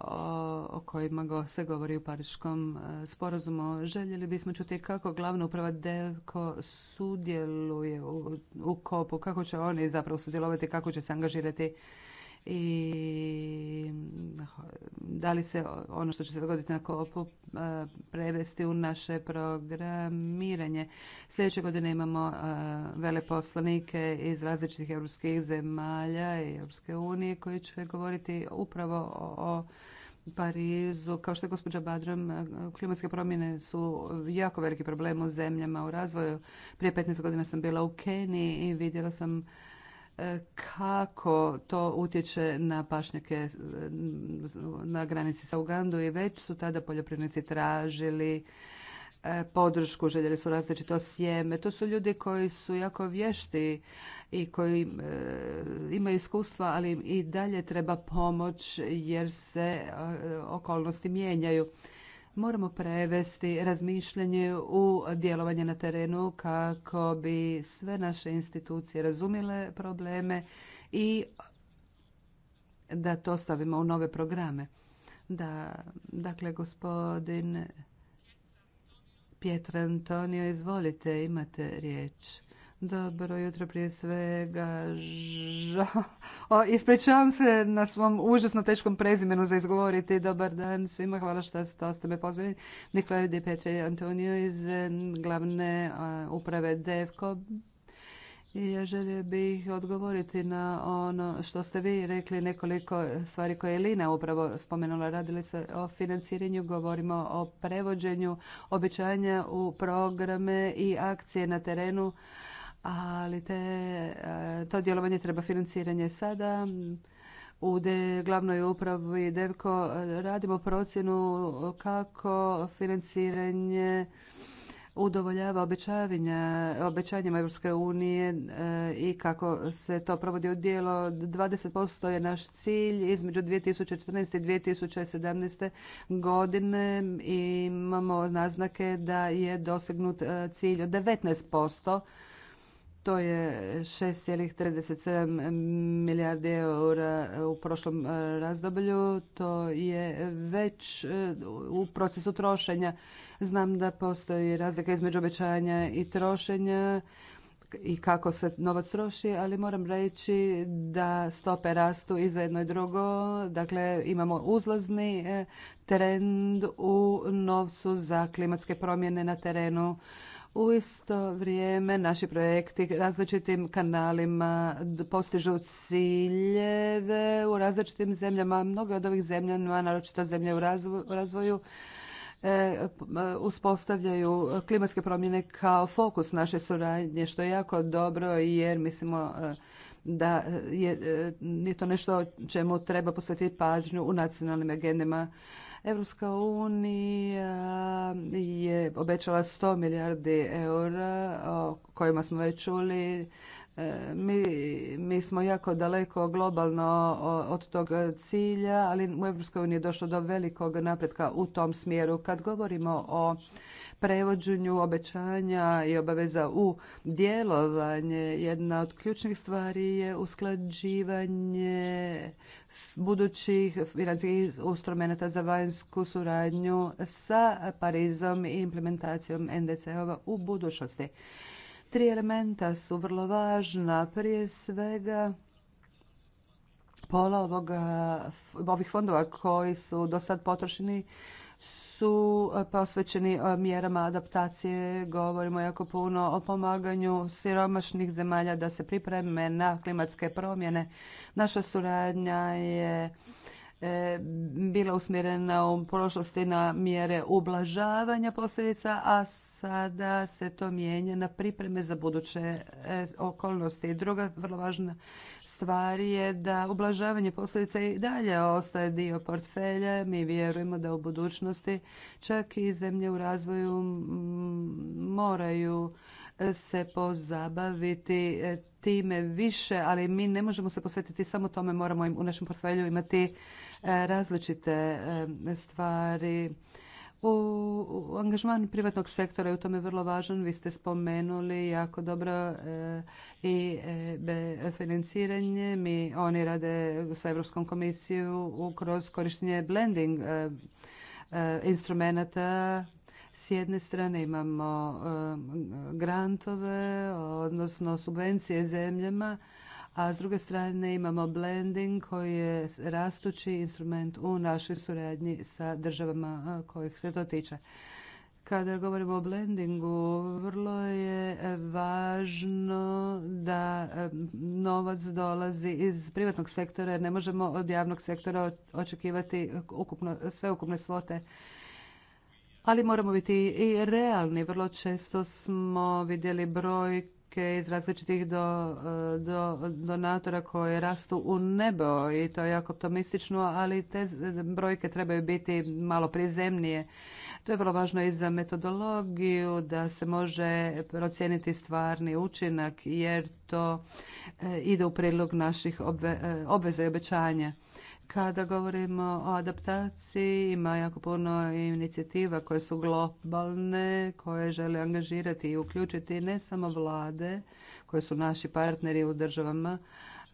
o, o kojima se govori u Pariškom e, sporazumu. Željeli bismo čuti kako glavna uprava DEVKO sudjeluje u, u kopu, kako će oni zapravo sudjelovati, kako će se angažirati i da li se ono što će se dogoditi na kopu e, prevesti u naše programiranje. Sljedeće godine imamo e, veleposlanike iz različitih europskih zemalja i Europske unije koji će govoriti upravo o Parizu, kao što je gospođa Badrom, e, klimatske promjene su jako veliki problem u zemljama u razvoju. Prije 15 godina sam bila u Keniji i vidjela sam E, kako to utječe na pašnjake e, na granici sa Ugandu i već su tada poljoprivrednici tražili e, podršku, željeli su različito sjeme. To su ljudi koji su jako vješti i koji imaju iskustva, ali im i dalje treba pomoć jer se okolnosti mijenjaju moramo prevesti razmišljanje u djelovanje na terenu kako bi sve naše institucije razumile probleme i da to stavimo u nove programe. Da, dakle, gospodin Pietro Antonio, izvolite, imate riječ. Dobro jutro prije svega. ispričavam se na svom užasno teškom prezimenu za izgovoriti. Dobar dan svima. Hvala što ste, me pozvali. Nikolaju Di Petri Antonio iz glavne uprave DEVKO. I ja želio bih odgovoriti na ono što ste vi rekli nekoliko stvari koje je Lina upravo spomenula. Radili se o financiranju, govorimo o prevođenju običajanja u programe i akcije na terenu ali te, eh, to djelovanje treba financiranje sada. U de, glavnoj upravi DEVKO eh, radimo procjenu kako financiranje udovoljava obećanjima Europske unije eh, i kako se to provodi u dijelo. 20% je naš cilj između 2014. i 2017. godine imamo naznake da je dosegnut cilj od 19% to je 6,37 milijardi eura u prošlom e, razdoblju. To je već e, u procesu trošenja. Znam da postoji razlika između obećanja i trošenja i kako se novac troši, ali moram reći da stope rastu i za jedno i drugo. Dakle, imamo uzlazni e, trend u novcu za klimatske promjene na terenu u isto vrijeme naši projekti različitim kanalima postižu ciljeve u različitim zemljama. Mnoge od ovih zemlja naročito zemlje u razvoju, e, e, uspostavljaju klimatske promjene kao fokus naše suradnje, što je jako dobro jer mislimo e, da je to nešto čemu treba posvetiti pažnju u nacionalnim agendama. Evropska unija eh, je obećala 100 milijardi eura o kojima smo već čuli eh, mi, mi smo jako daleko globalno od tog cilja, ali u EU je došlo do velikog napretka u tom smjeru. Kad govorimo o prevođenju obećanja i obaveza u djelovanje. Jedna od ključnih stvari je usklađivanje budućih financijskih instrumenta za vanjsku suradnju sa Parizom i implementacijom NDC-ova u budućnosti. Tri elementa su vrlo važna. Prije svega pola ovoga, ovih fondova koji su do sad potrošeni su eh, posvećeni eh, mjerama adaptacije. Govorimo jako puno o pomaganju siromašnih zemalja da se pripreme na klimatske promjene. Naša suradnja je bila usmjerena u prošlosti na mjere ublažavanja posljedica, a sada se to mijenja na pripreme za buduće e, okolnosti. Druga vrlo važna stvar je da ublažavanje posljedica i dalje ostaje dio portfelja. Mi vjerujemo da u budućnosti čak i zemlje u razvoju moraju se pozabaviti e, time više, ali mi ne možemo se posvetiti samo tome, moramo im u našem portfelju imati e, različite e, stvari. U angažman privatnog sektora je u tome vrlo važan. Vi ste spomenuli jako dobro i financiranje. Mi, oni rade sa Europskom komisiju kroz korištenje blending instrumenta s jedne strane imamo e, grantove, odnosno subvencije zemljama, a s druge strane imamo blending koji je rastući instrument u našoj suradnji sa državama e, kojih se to tiče. Kada govorimo o blendingu, vrlo je važno da e, novac dolazi iz privatnog sektora jer ne možemo od javnog sektora očekivati ukupno, sve ukupne svote ali moramo biti i realni. Vrlo često smo vidjeli brojke iz različitih do, eh, do, donatora koje rastu u nebo i to je jako optimistično, ali te brojke trebaju biti malo prizemnije. To je vrlo važno i za metodologiju da se može procijeniti stvarni učinak jer to eh, ide u prilog naših eh, obveza i obećanja. Kada govorimo o adaptaciji, ima jako puno inicijativa koje su globalne, koje žele angažirati i uključiti ne samo vlade, koje su naši partneri u državama,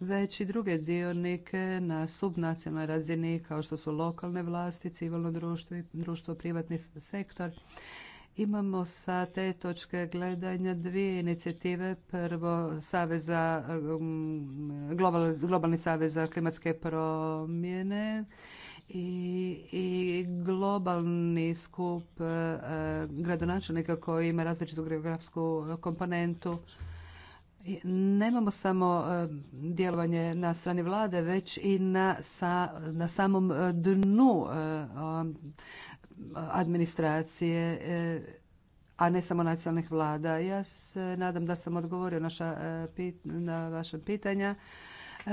već i druge dionike na subnacionalnoj razini kao što su lokalne vlasti, civilno društvo i društvo privatni sektor. Imamo sa te točke gledanja dvije inicijative. Prvo, saveza, um, globalni savez za klimatske promjene i, i globalni skup e, gradonačelnika koji ima različitu geografsku komponentu. Nemamo samo e, djelovanje na strani vlade, već i na, na samom dnu e, administracije, eh, a ne samo nacionalnih vlada. Ja se nadam da sam odgovorio naša, eh, na vaša pitanja.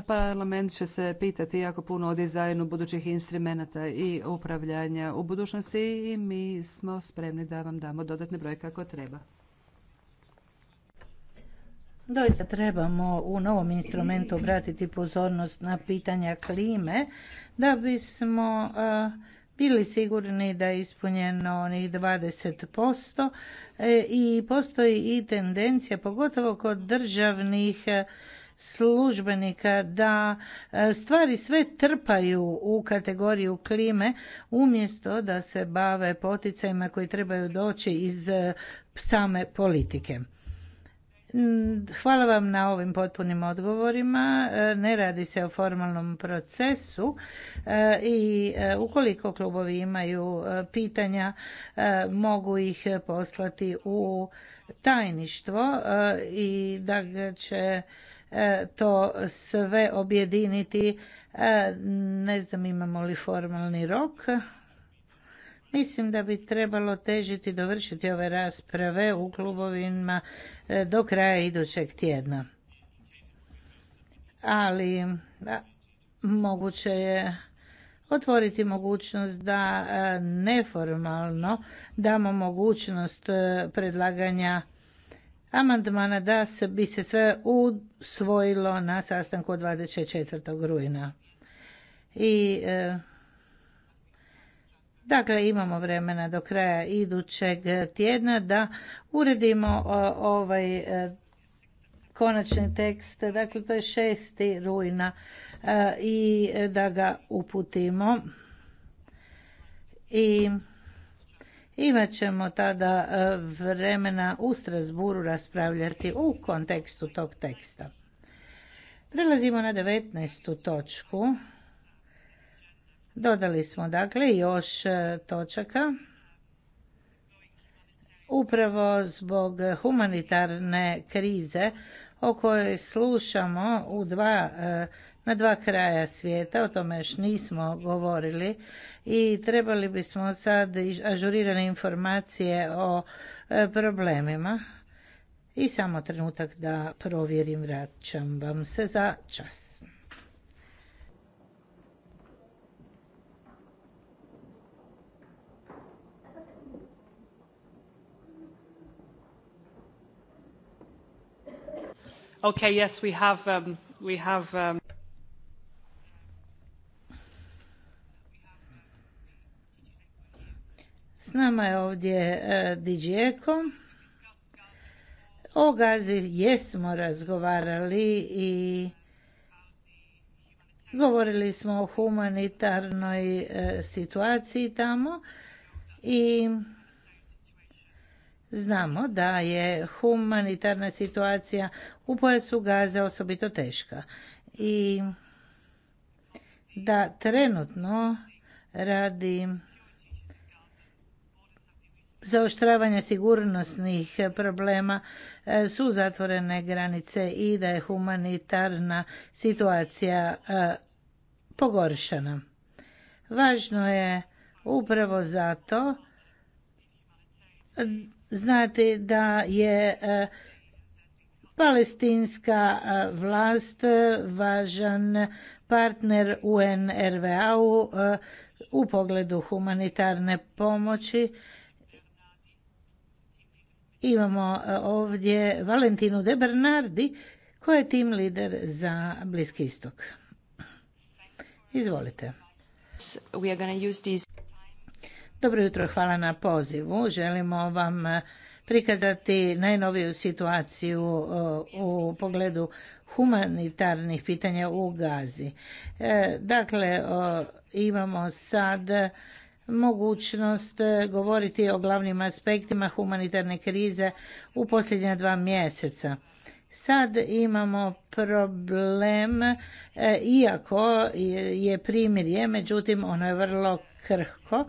Parlament će se pitati jako puno o dizajnu budućih instrumenata i upravljanja u budućnosti i mi smo spremni da vam damo dodatne broje kako treba. Doista trebamo u novom instrumentu obratiti pozornost na pitanja klime da bismo eh, bili sigurni da je ispunjeno onih 20% e, i postoji i tendencija, pogotovo kod državnih e, službenika da e, stvari sve trpaju u kategoriju klime umjesto da se bave poticajima koji trebaju doći iz same politike. Mm, hvala vam na ovim potpunim odgovorima. E, ne radi se o formalnom procesu e, i e, ukoliko klubovi imaju pitanja mogu ih poslati u tajništvo i da će to sve objediniti. Ne znam imamo li formalni rok. Mislim da bi trebalo težiti dovršiti ove rasprave u klubovima e, do kraja idućeg tjedna. Ali moguće je otvoriti mogućnost da e, neformalno damo mogućnost e, predlaganja amandmana da se bi se sve usvojilo na sastanku 24. rujna. I Dakle, imamo vremena do kraja idućeg tjedna da uredimo ovaj e, konačni tekst, dakle to je 6. rujna e, i e, da ga uputimo. I imat ćemo tada vremena u Strasburu raspravljati u kontekstu tog teksta. Prelazimo na 19. točku. Dodali smo dakle još e, točaka upravo zbog humanitarne krize o kojoj slušamo u dva, e, na dva kraja svijeta, o tome još nismo govorili i trebali bismo sad ažurirane informacije o e, problemima. I samo trenutak da provjerim, vraćam vam se za čas. Okay, yes, we have, um, we have, um, S nama je ovdje uh, O Gazi jesmo razgovarali i govorili smo o humanitarnoj e, situaciji tamo i Znamo da je humanitarna situacija u pojasu Gaze osobito teška i da trenutno radi zaoštravanja sigurnosnih problema e, su zatvorene granice i da je humanitarna situacija e, pogoršana. Važno je upravo zato znati da je e, palestinska e, vlast e, važan partner UNRWA-u u pogledu humanitarne pomoći. Imamo ovdje Valentinu De Bernardi koja je tim lider za Bliski istok. Izvolite. We are dobro jutro, hvala na pozivu. Želimo vam eh, prikazati najnoviju situaciju eh, u pogledu humanitarnih pitanja u Gazi. Eh, dakle, imamo sad mogućnost govoriti o glavnim aspektima humanitarne krize u posljednja dva mjeseca. Sad imamo problem, iako je primirje, međutim ono je vrlo krhko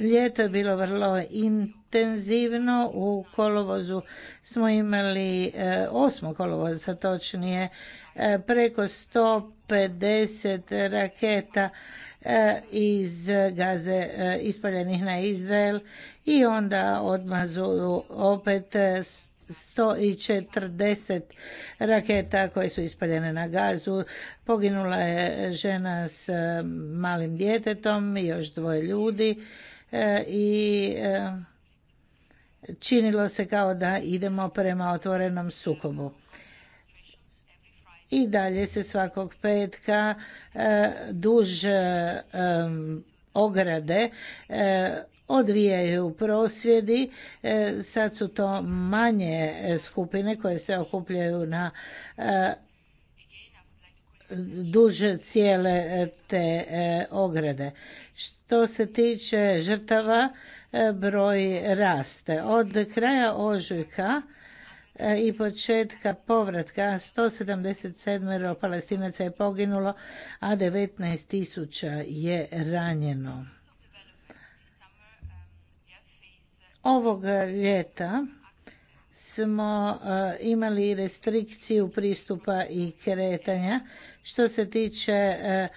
Ljeto je bilo vrlo intenzivno, u kolovozu smo imali, 8. E, kolovoza točnije, e, preko 150 raketa e, iz gaze ispaljenih na Izrael i onda odmazu opet 140 raketa koje su ispaljene na gazu. Poginula je žena s e, malim djetetom i još dvoje ljudi e, i e, činilo se kao da idemo prema otvorenom sukobu. I dalje se svakog petka duž ograde odvijaju prosvjedi. E, sad su to manje e, skupine koje se okupljaju na e, duže cijele te ograde. Što se tiče žrtava, broj raste. Od kraja ožujka i početka povratka 177 palestinaca je poginulo, a 19 tisuća je ranjeno. Ovog ljeta smo e, imali restrikciju pristupa i kretanja što se tiče e,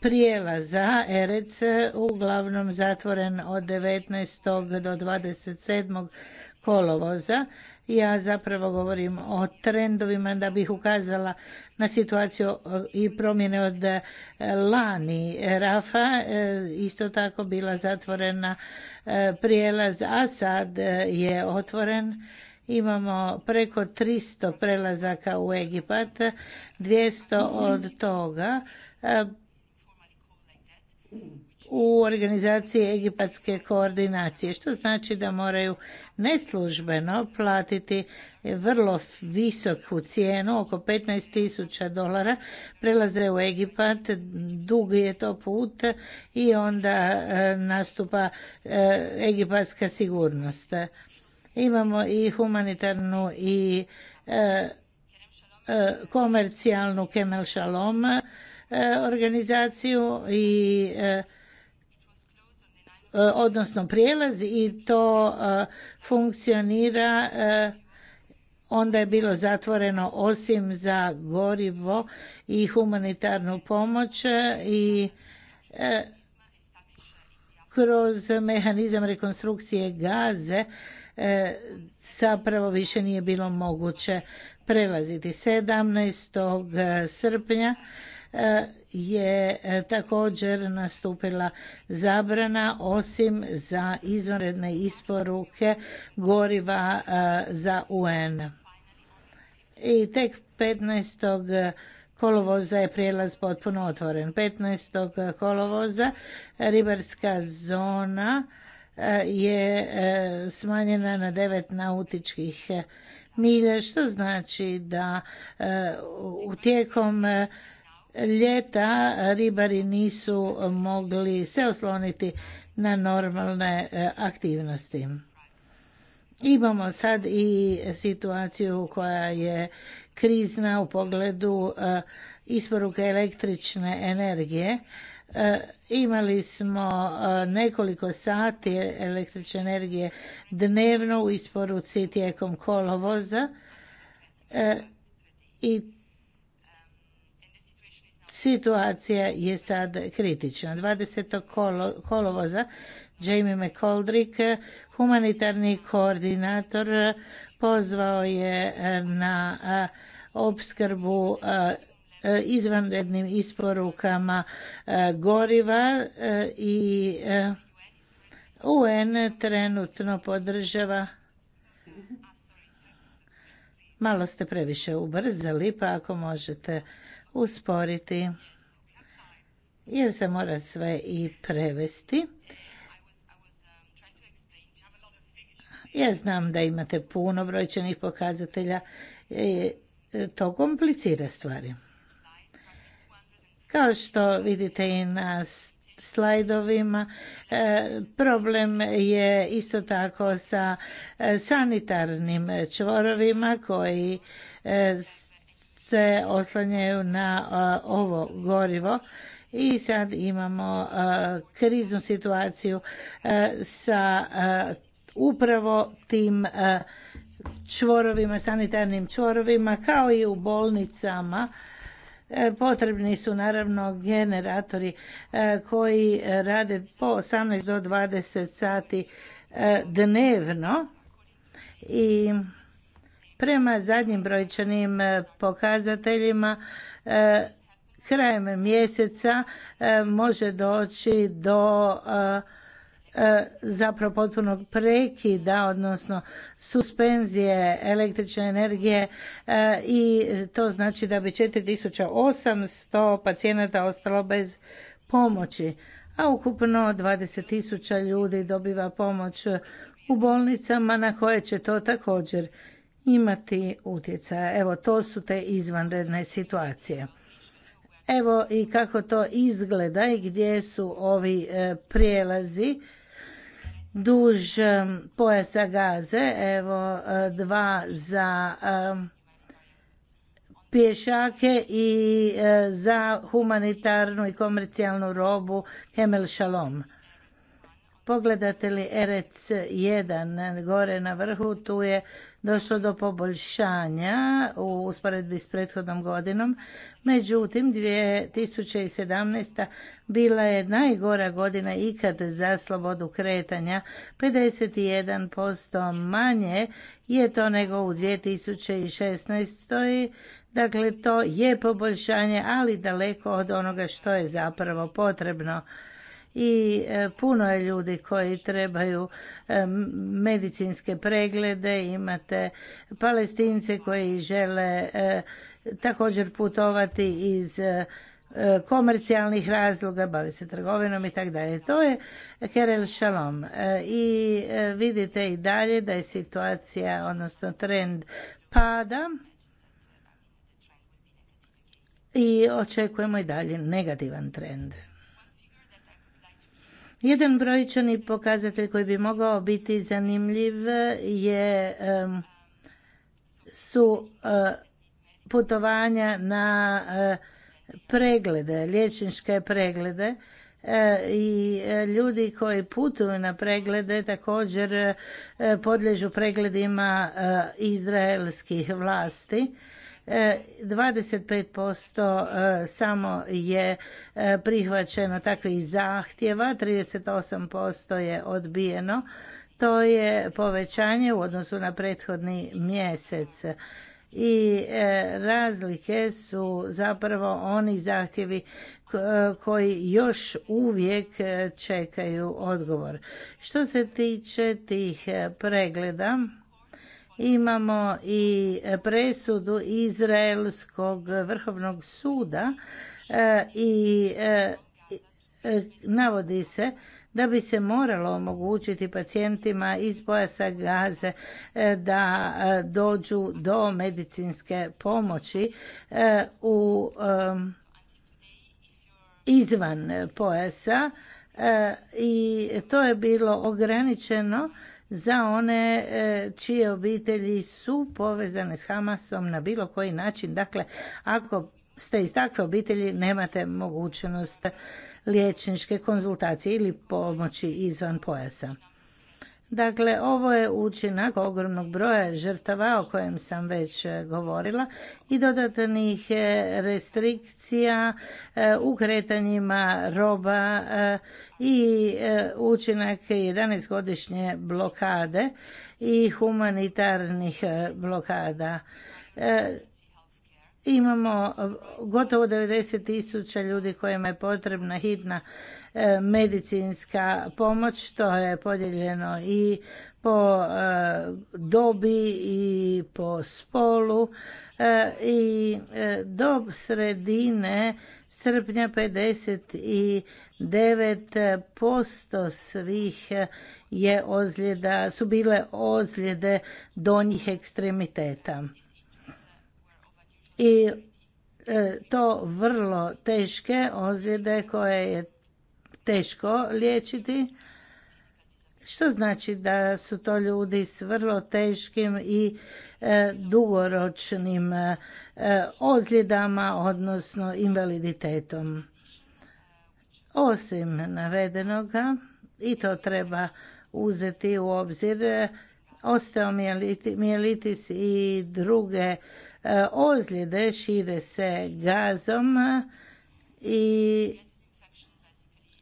prijelaza Erec uglavnom zatvoren od 19. do 27. kolovoza ja zapravo govorim o trendovima da bih ukazala na situaciju e, i promjene od e, lani. Rafa e, isto tako bila zatvorena prijelaz, a sad je otvoren. Imamo preko 300 prelazaka u Egipat, 200 od toga u organizaciji egipatske koordinacije, što znači da moraju neslužbeno platiti vrlo visoku cijenu, oko 15.000 dolara, prelaze u Egipat, dugi je to put i onda e, nastupa e, egipatska sigurnost. Imamo i humanitarnu i e, komercijalnu Kemel Shalom organizaciju i E, odnosno prijelazi i to e, funkcionira e, onda je bilo zatvoreno osim za gorivo i humanitarnu pomoć i kroz mehanizam rekonstrukcije gaze zapravo više nije bilo moguće prelaziti. 17. srpnja je e, također nastupila zabrana osim za izvanredne isporuke goriva e, za UN. I tek 15. kolovoza je prijelaz potpuno otvoren. 15. kolovoza ribarska zona e, je smanjena na 9 nautičkih milja, što znači da u tijekom ljeta ribari nisu mogli se osloniti na normalne e, aktivnosti. Imamo sad i situaciju koja je krizna u pogledu e, isporuke električne energije. E, imali smo nekoliko sati električne energije dnevno u isporuci tijekom kolovoza i Situacija je sad kritična. 20. kolovoza Jamie McColdrick, humanitarni koordinator, pozvao je e, na e, opskrbu e, izvanrednim isporukama goriva i UN trenutno podržava Malo ste previše ubrzali, pa ako možete usporiti jer se mora sve i prevesti. Ja znam da imate puno brojčanih pokazatelja, to komplicira stvari. Kao što vidite i na slajdovima, e, problem je isto tako sa sanitarnim čvorovima koji e, se oslanjaju na ovo gorivo i sad imamo kriznu situaciju sa upravo tim čvorovima, sanitarnim čvorovima kao i u bolnicama. E, potrebni su naravno generatori e, koji rade po 18 do 20 sati e, dnevno i Prema zadnjim brojčanim e, pokazateljima e, krajem mjeseca e, može doći do zapravo potpunog prekida, odnosno suspenzije električne energije i to znači da bi 4800 pacijenata ostalo bez pomoći, a ukupno 20.000 ljudi dobiva pomoć u bolnicama na koje će to također imati utjecaja. Evo, to su te izvanredne situacije. Evo i kako to izgleda i gdje su ovi e, prijelazi duž e, pojasa gaze. Evo, e, dva za pješake i za humanitarnu i komercijalnu robu Hemel Shalom. Pogledate li Erec 1 gore na vrhu, tu je došlo do poboljšanja u usporedbi s prethodnom godinom. Međutim, 2017. bila je najgora godina ikad za slobodu kretanja. 51% manje je to nego u 2016. Dakle, to je poboljšanje, ali daleko od onoga što je zapravo potrebno i e, puno je ljudi koji trebaju e, medicinske preglede, imate palestince koji žele e, također putovati iz komercijalnih razloga, bavi se trgovinom i tako dalje. To je Kerel Shalom. I vidite i dalje da je situacija, odnosno trend pada i očekujemo i dalje negativan trend. Jedan brojčani pokazatelj koji bi mogao biti zanimljiv je su e, putovanja na e, preglede, liječničke preglede e, i ljudi koji putuju na preglede također podliježu pregledima izraelskih vlasti 25% e, samo je e, prihvaćeno takvih zahtjeva, 38% je odbijeno. To je povećanje u odnosu na prethodni mjesec i e, razlike su zapravo oni zahtjevi koji još uvijek čekaju odgovor. Što se tiče tih pregleda, Imamo i presudu Izraelskog vrhovnog suda e, i e, e, navodi se da bi se moralo omogućiti pacijentima iz pojasa gaze da dođu do medicinske pomoći u izvan pojasa i to je bilo ograničeno za one e, čije obitelji su povezane s Hamasom na bilo koji način. Dakle, ako ste iz takve obitelji, nemate mogućnost liječničke konzultacije ili pomoći izvan pojasa. Dakle, ovo je učinak ogromnog broja žrtava o kojem sam već e, govorila i dodatnih e, restrikcija e, u kretanjima roba i učinak 11-godišnje blokade i humanitarnih blokada Imamo e, gotovo 90 tisuća ljudi kojima je potrebna hitna e, medicinska pomoć, to je podijeljeno i po e, dobi i po spolu i do sredine srpnja 59% svih je ozljeda, su bile ozljede donjih ekstremiteta i e, to vrlo teške ozljede koje je teško liječiti što znači da su to ljudi s vrlo teškim i e, dugoročnim e, ozljedama odnosno invaliditetom. Osim navedenoga i to treba uzeti u obzir osteomijelitis i druge E, ozljede šire se gazom i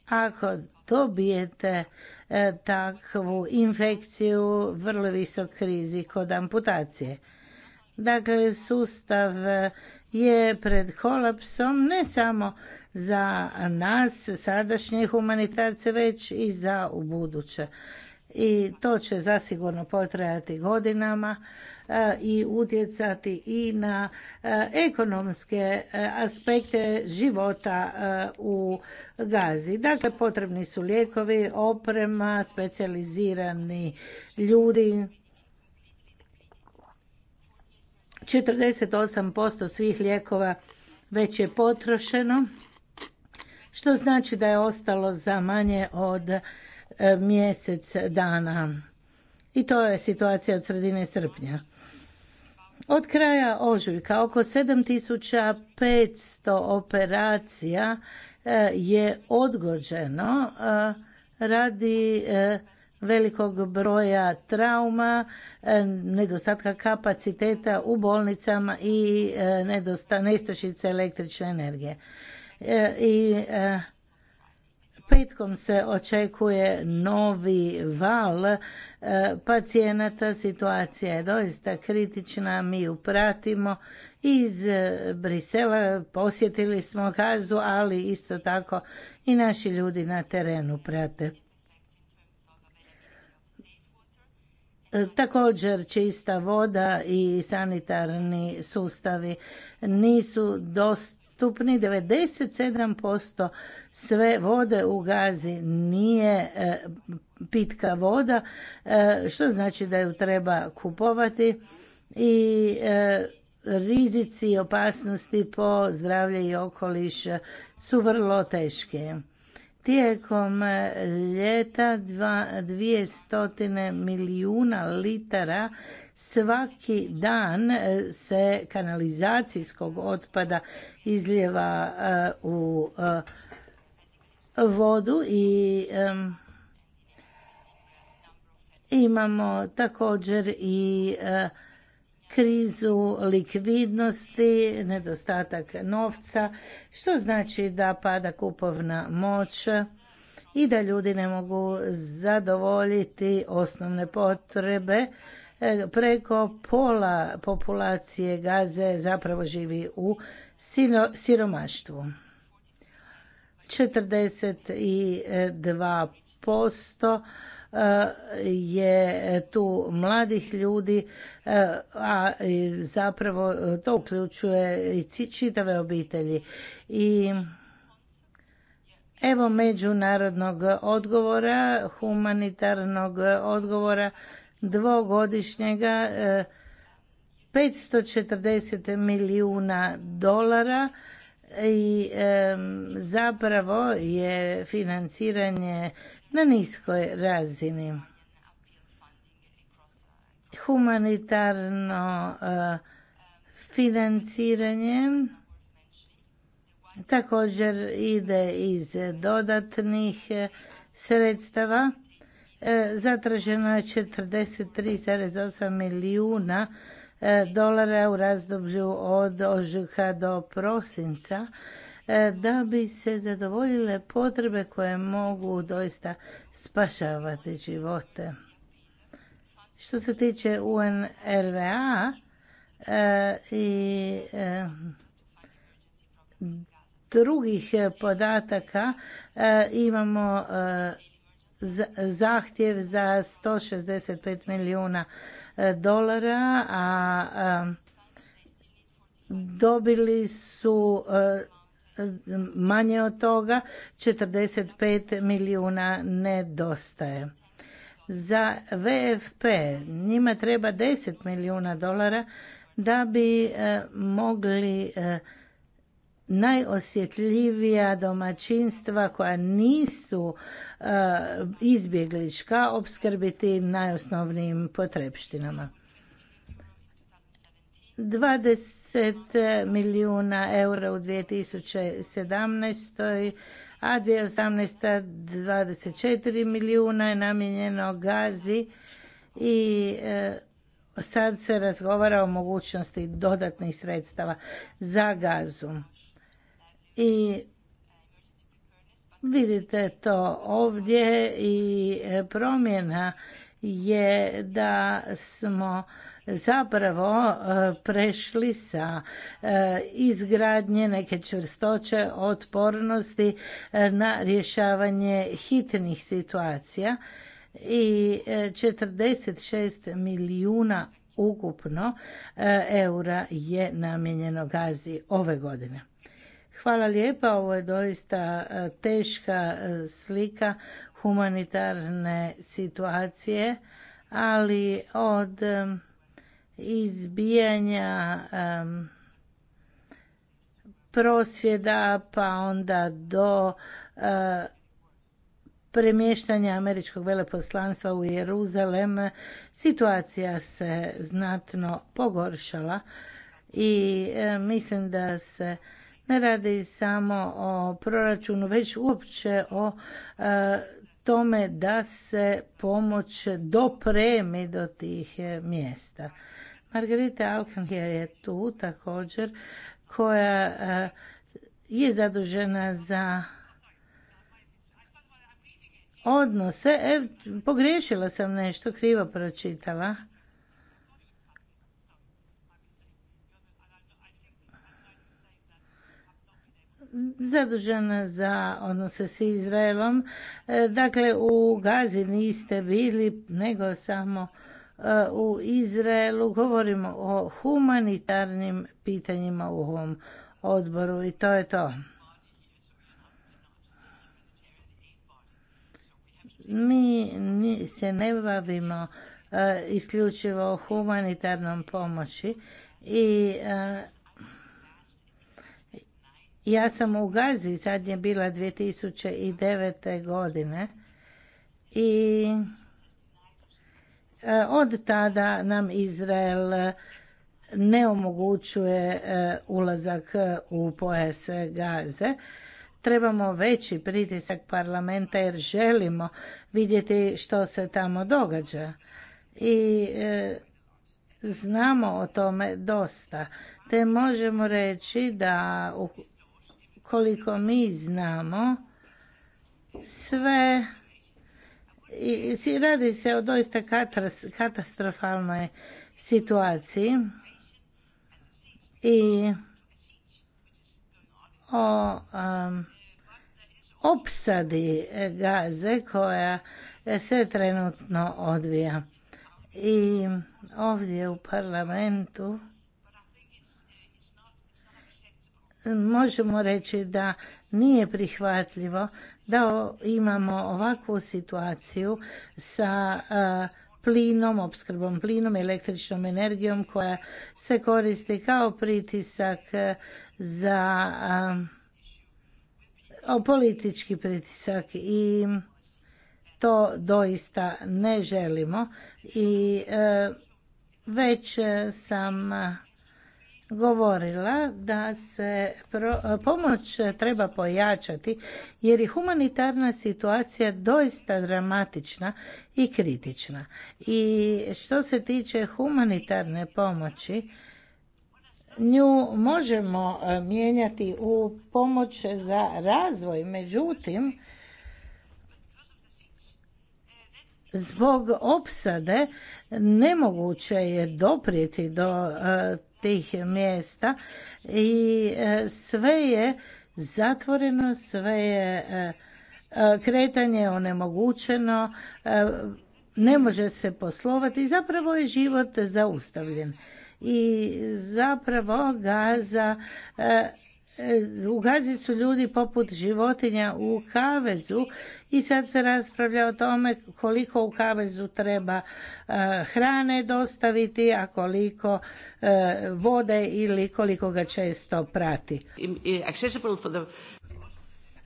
ako dobijete e, takvu infekciju, vrlo visok rizik od amputacije. Dakle, sustav je pred kolapsom ne samo za nas, sadašnje humanitarce, već i za u buduće. I to će zasigurno potrajati godinama E, i utjecati i na e, ekonomske e, aspekte života u Gazi. Dakle, potrebni su lijekovi, oprema, specijalizirani ljudi. 48% svih lijekova već je potrošeno, što znači da je ostalo za manje od mjesec dana. I to je situacija od sredine srpnja. Od kraja ožujka oko 7500 operacija e, je odgođeno e, radi e, velikog broja trauma, nedostatka kapaciteta u bolnicama i nestašice električne energije. I Petkom se očekuje novi val e, pacijenata, situacija je doista kritična, mi ju pratimo iz e, Brisela, posjetili smo kazu, ali isto tako i naši ljudi na terenu prate. E, također čista voda i sanitarni sustavi nisu dosta sedam 97% sve vode u Gazi nije e, pitka voda, e, što znači da ju treba kupovati i e, rizici i opasnosti po zdravlje i okoliš su vrlo teške. Tijekom ljeta 200 milijuna litara svaki dan e, se kanalizacijskog otpada izljeva e, u e, vodu i imamo također i krizu likvidnosti, nedostatak novca, što znači da pada kupovna moć i da ljudi ne mogu zadovoljiti osnovne potrebe E, preko pola populacije Gaze zapravo živi u siromaštvu. 42% e, je tu mladih ljudi, e, a zapravo to uključuje i čitave obitelji. I evo međunarodnog odgovora, humanitarnog odgovora dvogodišnjega 540 e, milijuna dolara i e, zapravo je financiranje na niskoj razini. Humanitarno e, financiranje također ide iz dodatnih sredstava E, zatraženo je 43,8 milijuna e, dolara u razdoblju od ožujka do prosinca e, da bi se zadovoljile potrebe koje mogu doista spašavati živote. Što se tiče UNRVA i drugih podataka imamo zahtjev za 165 milijuna e, dolara, a dobili su e, manje od toga, 45 milijuna nedostaje. Za VFP njima treba 10 milijuna dolara da bi e, mogli najosjetljivija domaćinstva koja nisu E, izbjeglička opskrbiti najosnovnijim potrebštinama. 20 milijuna eura u 2017. a 2018. 24 milijuna je namijenjeno gazi i e, sad se razgovara o mogućnosti dodatnih sredstava za gazu. I Vidite to ovdje i e, promjena je da smo zapravo e, prešli sa e, izgradnje neke čvrstoće otpornosti na rješavanje hitnih situacija i 46 milijuna ukupno eura je namijenjeno Gazi ove godine. Hvala lijepa, ovo je doista e, teška e, slika humanitarne situacije, ali od e, izbijanja prosvjeda pa onda do premještanja američkog veleposlanstva u Jeruzalem situacija se znatno pogoršala i mislim da se ne radi samo o proračunu, već uopće o e, tome da se pomoć dopremi do tih e, mjesta. Margarita Alkanger je tu također koja e, je zadužena za odnose. E, pogriješila sam nešto, krivo pročitala. zadužena za odnose s Izraelom. E, dakle, u Gazi niste bili, nego samo e, u Izraelu. Govorimo o humanitarnim pitanjima u ovom odboru i to je to. Mi se ne bavimo e, isključivo humanitarnom pomoći i ja sam u Gazi, sad bila 2009. godine i e, od tada nam Izrael ne omogućuje e, ulazak u pojas Gaze. Trebamo veći pritisak parlamenta jer želimo vidjeti što se tamo događa. I e, znamo o tome dosta. Te možemo reći da koliko mi znamo, sve i radi se o doista katastrofalnoj situaciji i o um, opsadi gaze koja se trenutno odvija. I ovdje u parlamentu možemo reći da nije prihvatljivo da imamo ovakvu situaciju sa e, plinom, opskrbom plinom, električnom energijom koja se koristi kao pritisak e, za e, politički pritisak i to doista ne želimo i već sam govorila da se pomoć treba pojačati jer je humanitarna situacija doista dramatična i kritična. I što se tiče humanitarne pomoći, nju možemo e, mijenjati u pomoć za razvoj, međutim, zbog opsade nemoguće je doprijeti do e, tih mjesta i e, sve je zatvoreno, sve je e, e, kretanje onemogućeno, ne može se poslovati i zapravo je život zaustavljen. I zapravo Gaza E, u Gazi su ljudi poput životinja u kavezu i sad se raspravlja o tome koliko u kavezu treba e, hrane dostaviti, a koliko e, vode ili koliko ga često prati.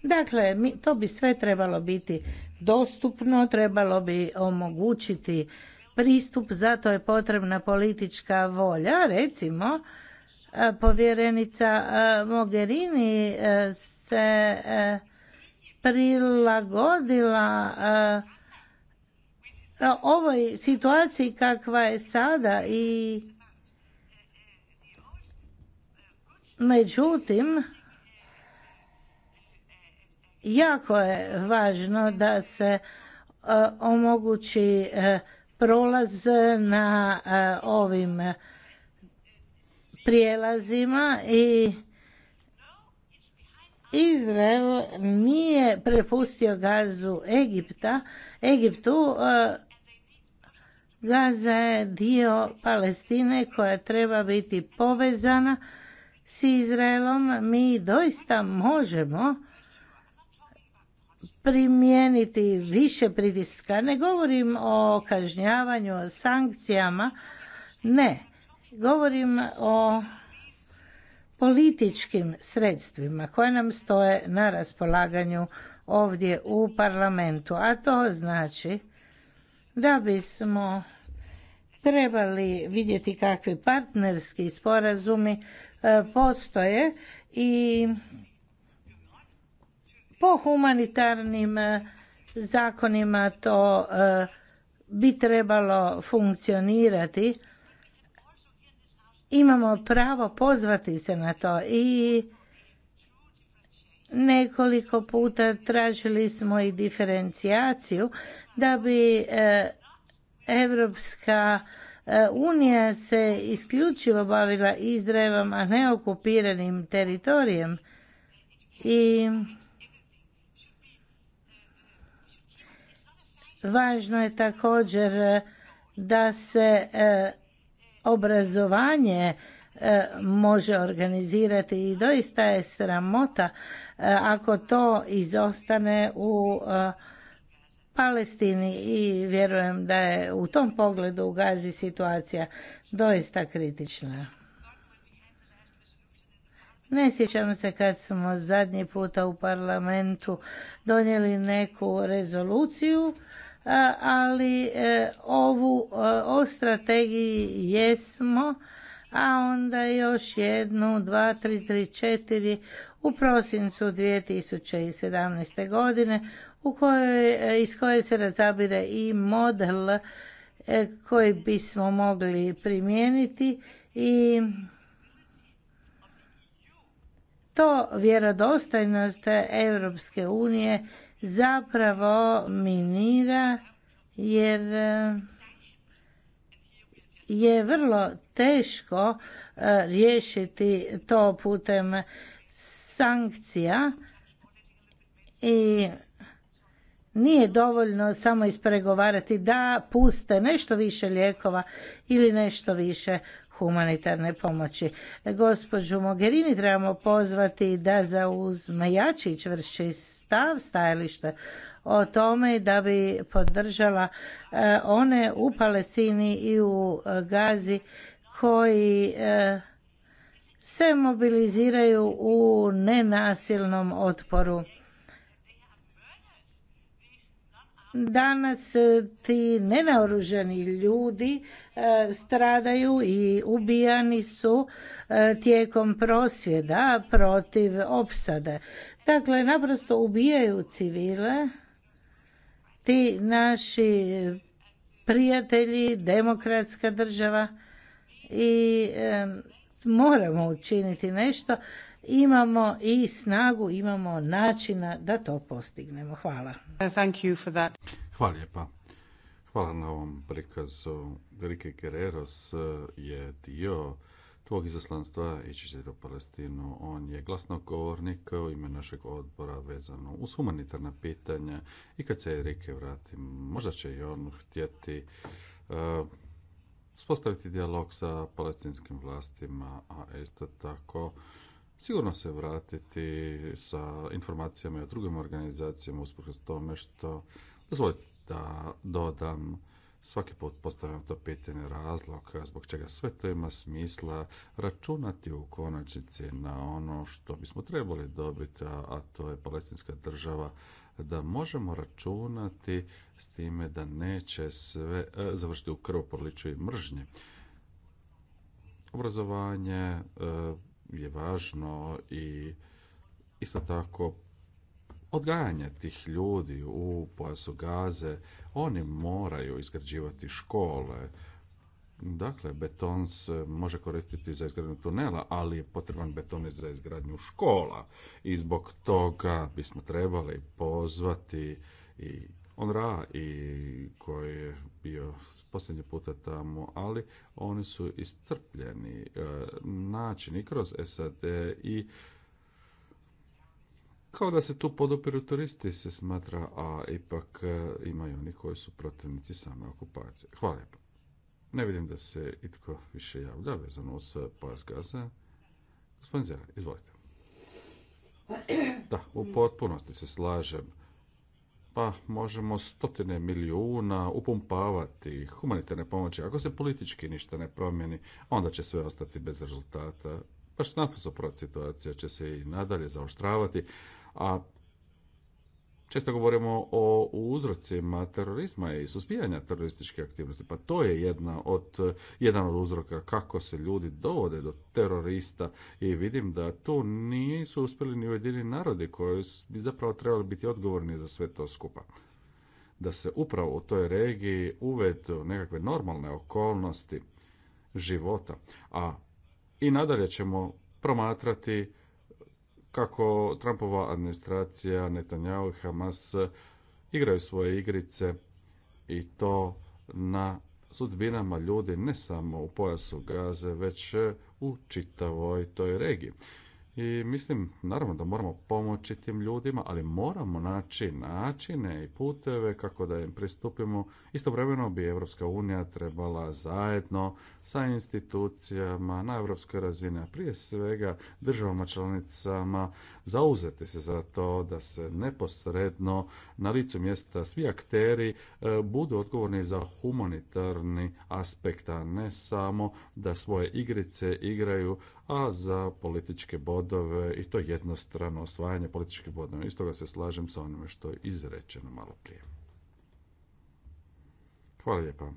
Dakle, to bi sve trebalo biti dostupno, trebalo bi omogućiti pristup, zato je potrebna politička volja, recimo, E, povjerenica e, Mogherini e, se prilagodila ovoj situaciji kakva je sada i međutim jako je važno da se omogući prolaz na ovim prijelazima i Izrael nije prepustio gazu Egipta, Egiptu, e, Gaza je dio Palestine koja treba biti povezana s Izraelom. Mi doista možemo primijeniti više pritiska. Ne govorim o kažnjavanju, o sankcijama, ne. Govorim o političkim sredstvima koje nam stoje na raspolaganju ovdje u parlamentu, a to znači da bismo trebali vidjeti kakvi partnerski sporazumi e, postoje i po humanitarnim e, zakonima to e, bi trebalo funkcionirati imamo pravo pozvati se na to i nekoliko puta tražili smo i diferencijaciju da bi e, Evropska e, unija se isključivo bavila Izraelom, a ne okupiranim teritorijem. I važno je također da se e, obrazovanje e, može organizirati i doista je sramota e, ako to izostane u e, Palestini i vjerujem da je u tom pogledu u Gazi situacija doista kritična. Ne sjećam se kad smo zadnji puta u parlamentu donijeli neku rezoluciju E, ali e, ovu e, o strategiji jesmo, a onda još jednu četiri u prosincu 2017. godine u kojoj, iz koje se razabire i model koji bismo mogli primijeniti i to vjerodostojnost Europske unije zapravo minira jer eh, je vrlo teško eh, riješiti to putem sankcija i nije dovoljno samo ispregovarati da puste nešto više lijekova ili nešto više humanitarne pomoći. Gospođu Mogherini trebamo pozvati da zauzme jači i čvršći stav stajalište o tome da bi podržala e, one u Palestini i u e, Gazi koji e, se mobiliziraju u nenasilnom otporu. Danas ti nenaoruženi ljudi stradaju i ubijani su tijekom prosvjeda protiv opsade. Dakle, naprosto ubijaju civile, ti naši prijatelji, demokratska država i moramo učiniti nešto. Imamo i snagu, imamo načina da to postignemo. Hvala. Thank you for that. Hvala lijepa. Hvala na ovom prikazu. Rike Guerreros eh, je dio tvog izaslanstva ići ćete u Palestinu. On je glasnogovornik u ime našeg odbora vezano uz humanitarna pitanja i kad se Erike vrati, možda će i on htjeti eh, spostaviti dijalog sa palestinskim vlastima, a isto tako sigurno se vratiti sa informacijama i o drugim organizacijama usprkos tome što dozvolite da dodam svaki put postavljam to pitanje razlog zbog čega sve to ima smisla računati u konačnici na ono što bismo trebali dobiti, a to je palestinska država, da možemo računati s time da neće sve e, završiti u krvoproliću i mržnje. Obrazovanje e, je važno i isto tako odgajanje tih ljudi u pojasu gaze, oni moraju izgrađivati škole, Dakle, beton se može koristiti za izgradnju tunela, ali je potreban beton za izgradnju škola. I zbog toga bismo trebali pozvati i ra i koji je bio posljednji puta tamo, ali oni su iscrpljeni e, način i kroz SAD i kao da se tu podupiru turisti se smatra, a ipak e, imaju oni koji su protivnici same okupacije. Hvala lijepo. Ne vidim da se itko više javlja vezano uz e, pojas gaze. Gospodin Zera, izvolite. Da, u potpunosti se slažem. Pa možemo stotine milijuna upumpavati humanitarne pomoći. Ako se politički ništa ne promijeni, onda će sve ostati bez rezultata. Baš naprosto situacija će se i nadalje zaoštravati. A često govorimo o uzrocima terorizma i suzbijanja terorističke aktivnosti. Pa to je jedna od, jedan od uzroka kako se ljudi dovode do terorista i vidim da tu nisu uspjeli ni ujedini narodi koji bi zapravo trebali biti odgovorni za sve to skupa da se upravo u toj regiji uvedu nekakve normalne okolnosti života. A i nadalje ćemo promatrati kako Trumpova administracija, Netanjahu i Hamas igraju svoje igrice i to na sudbinama ljudi ne samo u pojasu Gaze, već u čitavoj toj regiji. I mislim, naravno da moramo pomoći tim ljudima, ali moramo naći načine i puteve kako da im pristupimo. Istovremeno bi Evropska unija trebala zajedno sa institucijama na evropskoj razini, a prije svega državama članicama, zauzeti se za to da se neposredno na licu mjesta svi akteri e, budu odgovorni za humanitarni aspekt, a ne samo da svoje igrice igraju a za političke bodove i to jednostrano osvajanje političkih bodova. Iz toga se slažem sa onime što je izrečeno malo prije. Hvala lijepa.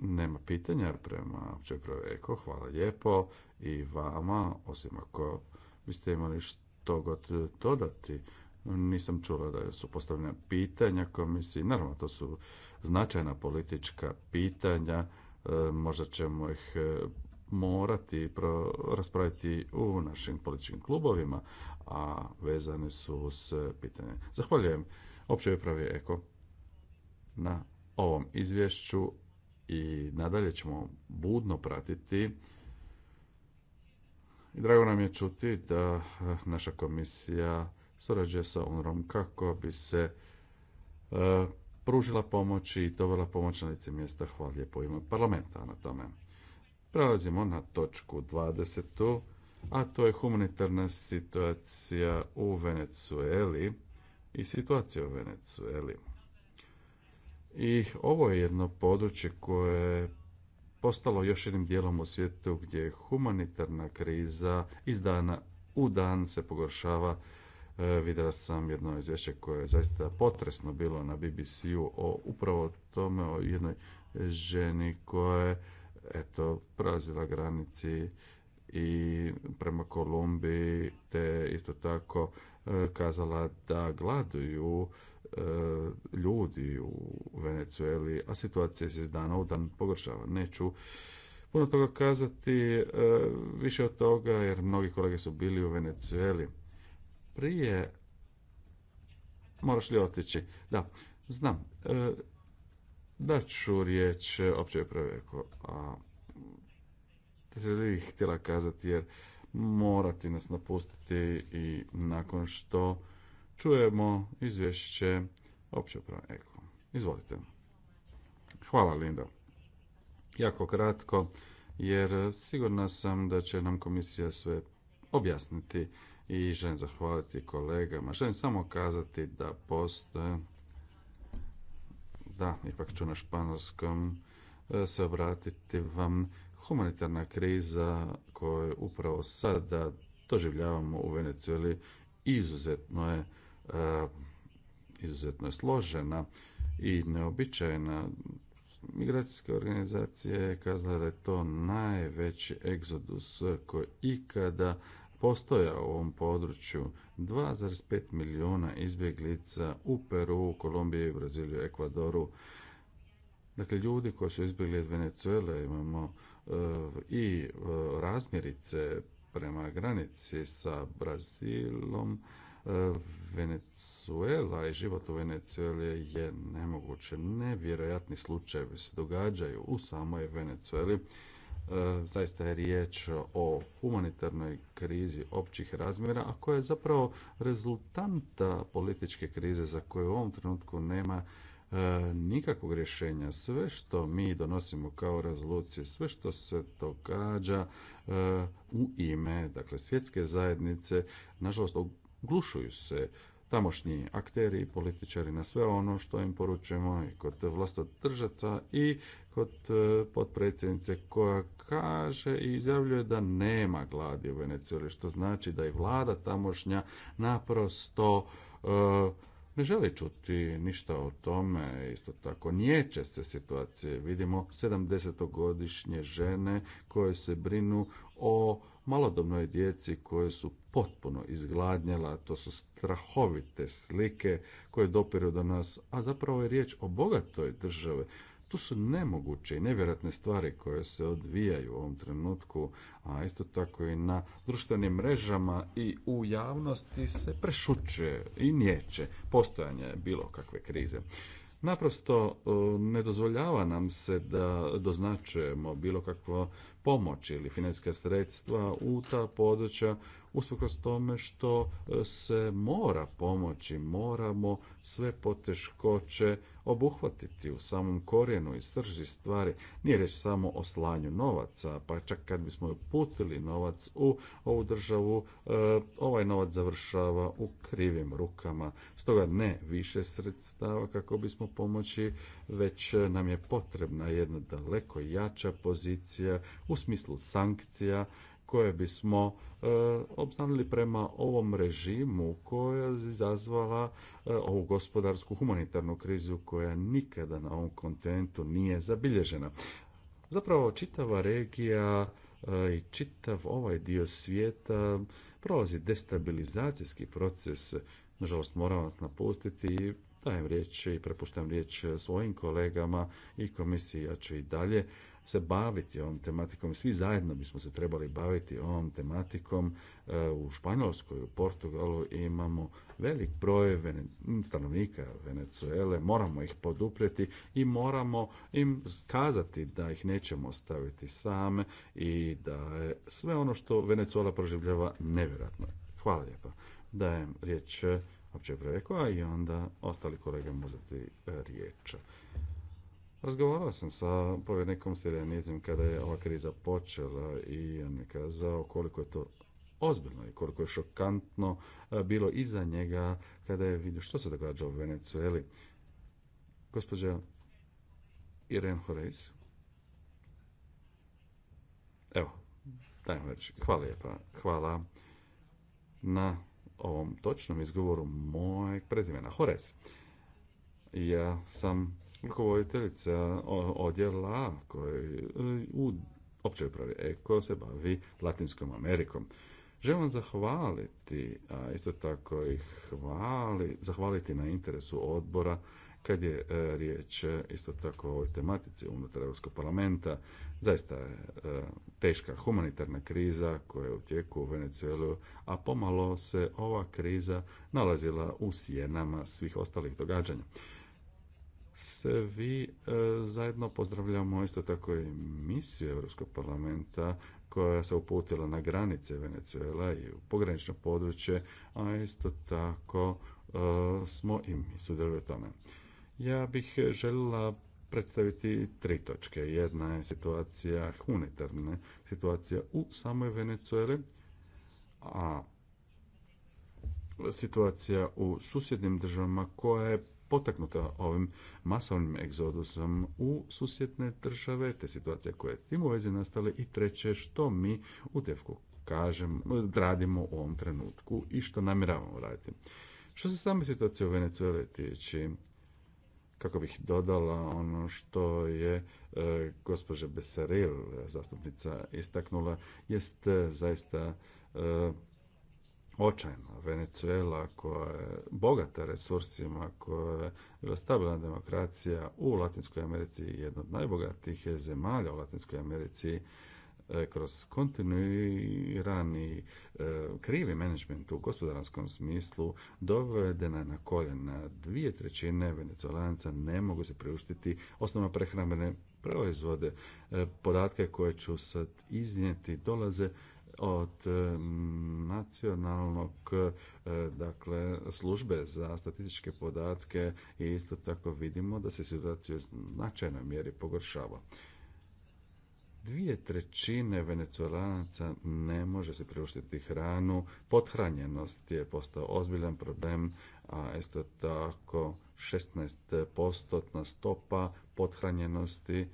Nema pitanja prema općoj Eko. Hvala lijepo i vama, osim ako biste imali što god dodati. Nisam čula da su postavljena pitanja komisiji. Naravno, to su značajna politička pitanja. E, možda ćemo ih e, morati raspraviti u našim političkim klubovima, a vezane su s pitanje. Zahvaljujem općoj upravi Eko na ovom izvješću i nadalje ćemo budno pratiti i drago nam je čuti da naša komisija surađuje sa UNROM kako bi se e, pružila pomoć i dovela pomoć na lice mjesta. Hvala lijepo ima parlamenta na tome. Prelazimo na točku 20. a to je humanitarna situacija u Venecueli i situacija u Venecueli. I ovo je jedno područje koje je postalo još jednim dijelom u svijetu gdje je humanitarna kriza iz dana u dan se pogoršava. E, vidjela sam jedno izvješće koje je zaista potresno bilo na BBC-u o upravo tome o jednoj ženi koja je eto, prelazila granici i prema Kolumbiji, te isto tako e, kazala da gladuju e, ljudi u Venecueli, a situacija se iz dana u dan pogoršava. Neću puno toga kazati, e, više od toga, jer mnogi kolege su bili u Venecueli. Prije moraš li otići? Da, znam da ću riječ opće uprave a da se bih htjela kazati jer morati nas napustiti i nakon što čujemo izvješće opće uprave Eko. Izvolite. Hvala Linda. Jako kratko, jer sigurna sam da će nam komisija sve objasniti i želim zahvaliti kolegama. Želim samo kazati da postoje da, ipak ću na španjolskom e, se obratiti vam. Humanitarna kriza koju upravo sada doživljavamo u Venecueli izuzetno je e, izuzetno složena i neobičajna. Migracijske organizacije je kazala da je to najveći egzodus koji ikada postoja u ovom području 2,5 milijuna izbjeglica u Peru, Kolumbiji, Braziliju, Ekvadoru. Dakle, ljudi koji su izbjegli iz Venezuele imamo eh, i eh, razmjerice prema granici sa Brazilom. Eh, Venezuela i život u Venezueli je nemoguće. Nevjerojatni slučajevi se događaju u samoj Venezueli E, zaista je riječ o humanitarnoj krizi općih razmjera, a koja je zapravo rezultanta političke krize za koju u ovom trenutku nema e, nikakvog rješenja. Sve što mi donosimo kao rezolucije, sve što se događa e, u ime dakle, svjetske zajednice, nažalost, oglušuju se tamošnji akteri i političari na sve ono što im poručujemo i kod vlastodržaca i kod e, potpredsjednice koja kaže i izjavljuje da nema gladi u Venecijoli, što znači da i vlada tamošnja naprosto e, ne želi čuti ništa o tome, isto tako niječe se situacije. Vidimo 70-godišnje žene koje se brinu o malodobnoj djeci koje su potpuno izgladnjela, to su strahovite slike koje dopiru do nas, a zapravo je riječ o bogatoj državi. Tu su nemoguće i nevjerojatne stvari koje se odvijaju u ovom trenutku, a isto tako i na društvenim mrežama i u javnosti se prešućuje i niječe postojanje bilo kakve krize. Naprosto e, ne dozvoljava nam se da doznačujemo bilo kakvo pomoć ili financijska sredstva u ta područja usprkos tome što e, se mora pomoći, moramo sve poteškoće obuhvatiti u samom korijenu i srži stvari. Nije reći samo o slanju novaca, pa čak kad bismo uputili novac u ovu državu, e, ovaj novac završava u krivim rukama. Stoga ne više sredstava kako bismo pomoći, već nam je potrebna jedna daleko jača pozicija u smislu sankcija, koje bismo e, prema ovom režimu koja je izazvala e, ovu gospodarsku humanitarnu krizu koja nikada na ovom kontinentu nije zabilježena. Zapravo čitava regija e, i čitav ovaj dio svijeta prolazi destabilizacijski proces. Nažalost, moram vas napustiti i dajem riječ i prepuštam riječ svojim kolegama i komisiji. Ja ću i dalje se baviti ovom tematikom. Svi zajedno bismo se trebali baviti ovom tematikom. E, u Španjolskoj, u Portugalu imamo velik broj stanovnika Venezuele. Moramo ih poduprijeti i moramo im kazati da ih nećemo staviti same i da je sve ono što Venezuela proživljava nevjerojatno. Hvala lijepa. Dajem riječ opće preko, a i onda ostali kolege mu uzeti e, riječ. Razgovarao sam sa povjerenikom Sirenizim kada je ova kriza počela i on mi kazao koliko je to ozbiljno i koliko je šokantno e, bilo iza njega kada je vidio što se događa u Venecueli. Gospođa Iren Hores. Evo, dajmo reći. Hvala lijepa. Hvala na ovom točnom izgovoru mojeg prezimena. Hores. Ja sam rukovoditeljica odjela koji e, u općoj upravi EKO se bavi Latinskom Amerikom. Želim vam zahvaliti, a isto tako i hvali, zahvaliti na interesu odbora kad je e, riječ e, isto tako o ovoj tematici unutar Europskog parlamenta. Zaista je teška humanitarna kriza koja je u tijeku u Venezuelu, a pomalo se ova kriza nalazila u sjenama svih ostalih događanja svi e, zajedno pozdravljamo isto tako i misiju Europskog parlamenta koja se uputila na granice Venezuela i u pogranično područje, a isto tako e, smo i mi sudjelovali u tome. Ja bih željela predstaviti tri točke. Jedna je situacija humanitarne, situacija u samoj Venezueli, a situacija u susjednim državama koja je potaknuta ovim masovnim egzodusom u susjedne države, te situacije koje je tim u vezi nastale i treće što mi u Devku kažem, radimo u ovom trenutku i što namjeravamo raditi. Što se same situacije u Venezueli tiče, kako bih dodala ono što je e, gospođa Besaril, zastupnica, istaknula, jest e, zaista e, očajno. Venezuela koja je bogata resursima, koja je bila stabilna demokracija u Latinskoj Americi, jedna od najbogatijih zemalja u Latinskoj Americi, e, kroz kontinuirani e, krivi menadžment u gospodarskom smislu dovedena na koljena dvije trećine venecuelanca ne mogu se priuštiti osnovno prehrambene proizvode. E, podatke koje ću sad iznijeti dolaze od e, nacionalnog e, dakle službe za statističke podatke i isto tako vidimo da se situacija u značajnoj mjeri pogoršava. Dvije trećine venecuelanaca ne može se priuštiti hranu, pothranjenost je postao ozbiljan problem, a isto tako 16% stopa pothranjenosti,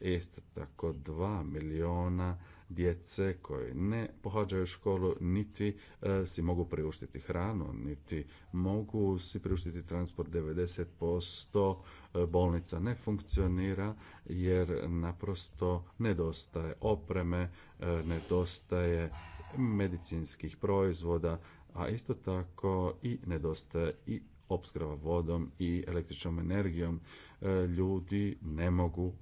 isto tako 2 miliona djece koje ne pohađaju školu, niti e, si mogu priuštiti hranu, niti mogu si priuštiti transport 90% e, bolnica ne funkcionira jer naprosto nedostaje opreme, e, nedostaje medicinskih proizvoda, a isto tako i nedostaje i opskrba vodom i električnom energijom. Ljudi ne mogu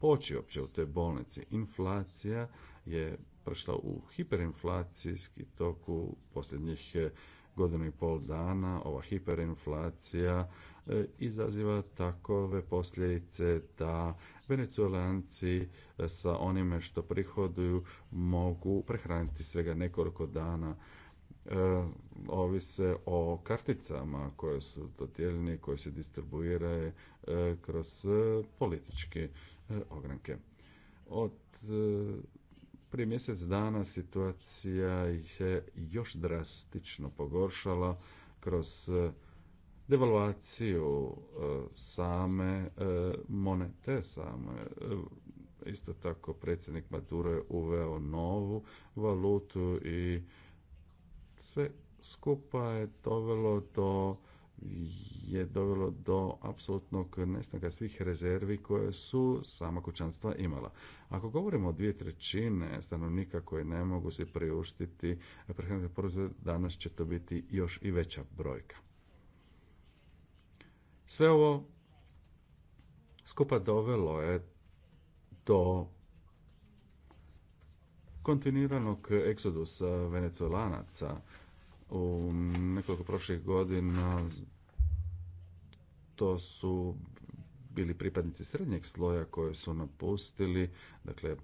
poći uopće u te bolnici. Inflacija je prešla u hiperinflacijski tok u posljednjih e, godinu i pol dana. Ova hiperinflacija e, izaziva takove posljedice da venecuelanci e, sa onime što prihoduju mogu prehraniti svega nekoliko dana ovise o karticama koje su dodijeljene koje se distribuiraju kroz politički E, ogranke. Od e, prije mjesec dana situacija se još drastično pogoršala kroz e, devalvaciju same monete, same isto tako predsjednik Maduro je uveo novu valutu i sve skupa je dovelo do je dovelo do apsolutnog nestanka svih rezervi koje su sama kućanstva imala. Ako govorimo o dvije trećine stanovnika koje ne mogu se priuštiti prehrambene proizvode, danas će to biti još i veća brojka. Sve ovo skupa dovelo je do kontinuiranog eksodusa venecuelanaca u nekoliko prošlih godina to su bili pripadnici srednjeg sloja koji su napustili, dakle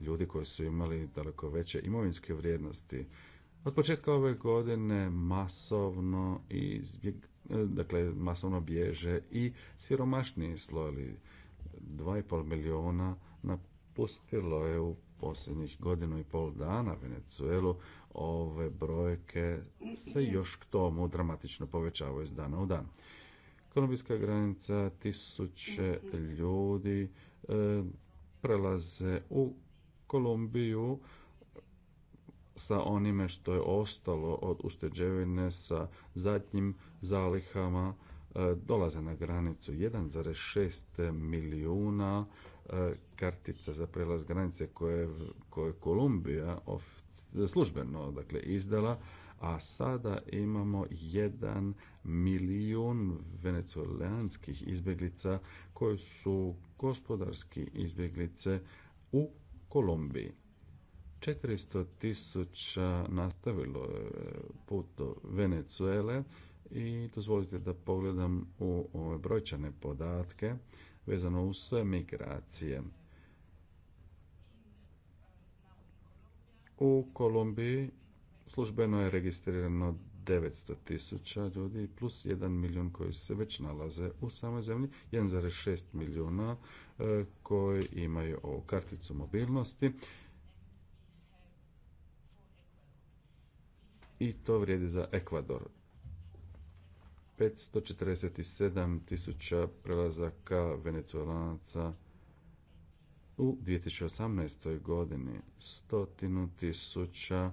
ljudi koji su imali daleko veće imovinske vrijednosti. Od početka ove godine masovno izbjeg, dakle masovno bježe i siromašniji slojevi. 2,5 milijuna napustilo je u posljednjih godinu i pol dana Venezuelu, ove brojke se još k tomu dramatično povećavaju iz dana u dan. Kolumbijska granica, tisuće ljudi e, prelaze u Kolumbiju sa onime što je ostalo od ušteđevine sa zadnjim zalihama e, dolaze na granicu 1,6 milijuna E, kartica za prelaz granice koje, koje Kolumbija of, službeno dakle, izdala, a sada imamo jedan milijun venecuelanskih izbjeglica koji su gospodarski izbjeglice u Kolumbiji. 400 tisuća nastavilo put do Venecuele i dozvolite da pogledam u ove brojčane podatke vezano uz migracije. U Kolumbiji službeno je registrirano 900 tisuća ljudi plus 1 milijun koji se već nalaze u samoj zemlji, 1,6 milijuna e, koji imaju ovu karticu mobilnosti. I to vrijedi za Ekvador. 547 tisuća prelazaka venecuelanaca u 2018. godini. Stotinu tisuća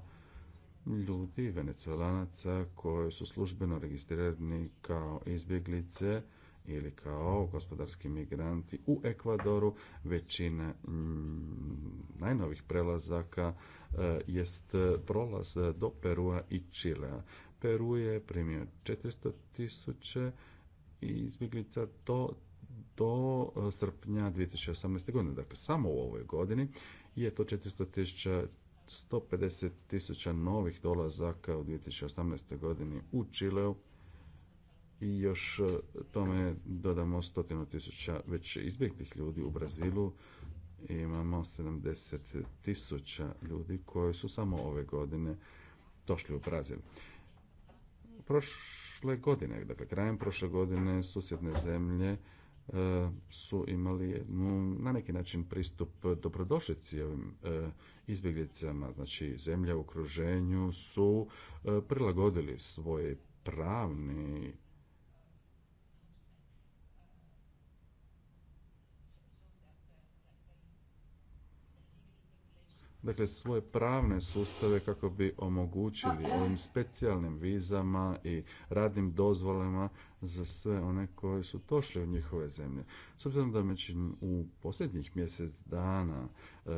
ljudi venecuelanaca koji su službeno registrirani kao izbjeglice ili kao gospodarski migranti u Ekvadoru. Većina mm, najnovih prelazaka e, jest prolaz do Perua i Čilea. Peru je primio 400 tisuća izbjeglica do, do e, srpnja 2018. godine. Dakle, samo u ovoj godini je to 400 tisuća novih dolazaka u 2018. godini u Čileu i još e, tome dodamo 100.000 već izbjeglih ljudi u Brazilu i imamo 70.000 ljudi koji su samo ove godine došli u Brazil. Prošle godine, dakle krajem prošle godine, susjedne zemlje e, su imali jednu, na neki način pristup dobrodošlici ovim e, izbjeglicama, znači zemlje u okruženju su e, prilagodili svoj pravni dakle svoje pravne sustave kako bi omogućili ovim specijalnim vizama i radnim dozvolama za sve one koji su došli u njihove zemlje. S obzirom da među u posljednjih mjesec dana e,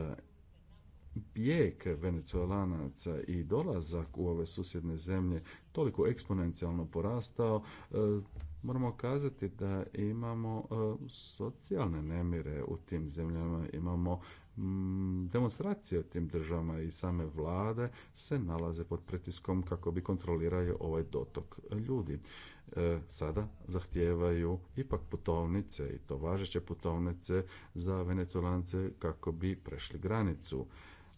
bijeg venecuelanaca i dolazak u ove susjedne zemlje toliko eksponencijalno porastao, e, moramo kazati da imamo e, socijalne nemire u tim zemljama, imamo Mm, demonstracije u tim državama i same vlade se nalaze pod pritiskom kako bi kontrolirali ovaj dotok ljudi. E, sada zahtijevaju ipak putovnice i to važeće putovnice za venecolance kako bi prešli granicu.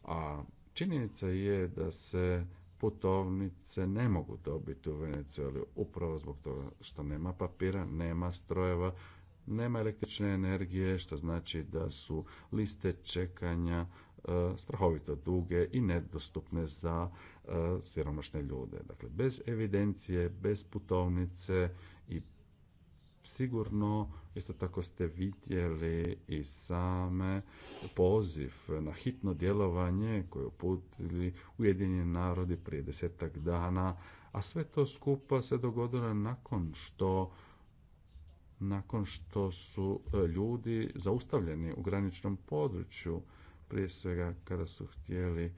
A činjenica je da se putovnice ne mogu dobiti u Venecijali upravo zbog toga što nema papira, nema strojeva, nema električne energije, što znači da su liste čekanja e, strahovito duge i nedostupne za e, siromašne ljude. Dakle, bez evidencije, bez putovnice i sigurno isto tako ste vidjeli i same poziv na hitno djelovanje koje uputili Ujedinjeni narodi prije desetak dana, a sve to skupa se dogodilo nakon što nakon što su e, ljudi zaustavljeni u graničnom području, prije svega kada su htjeli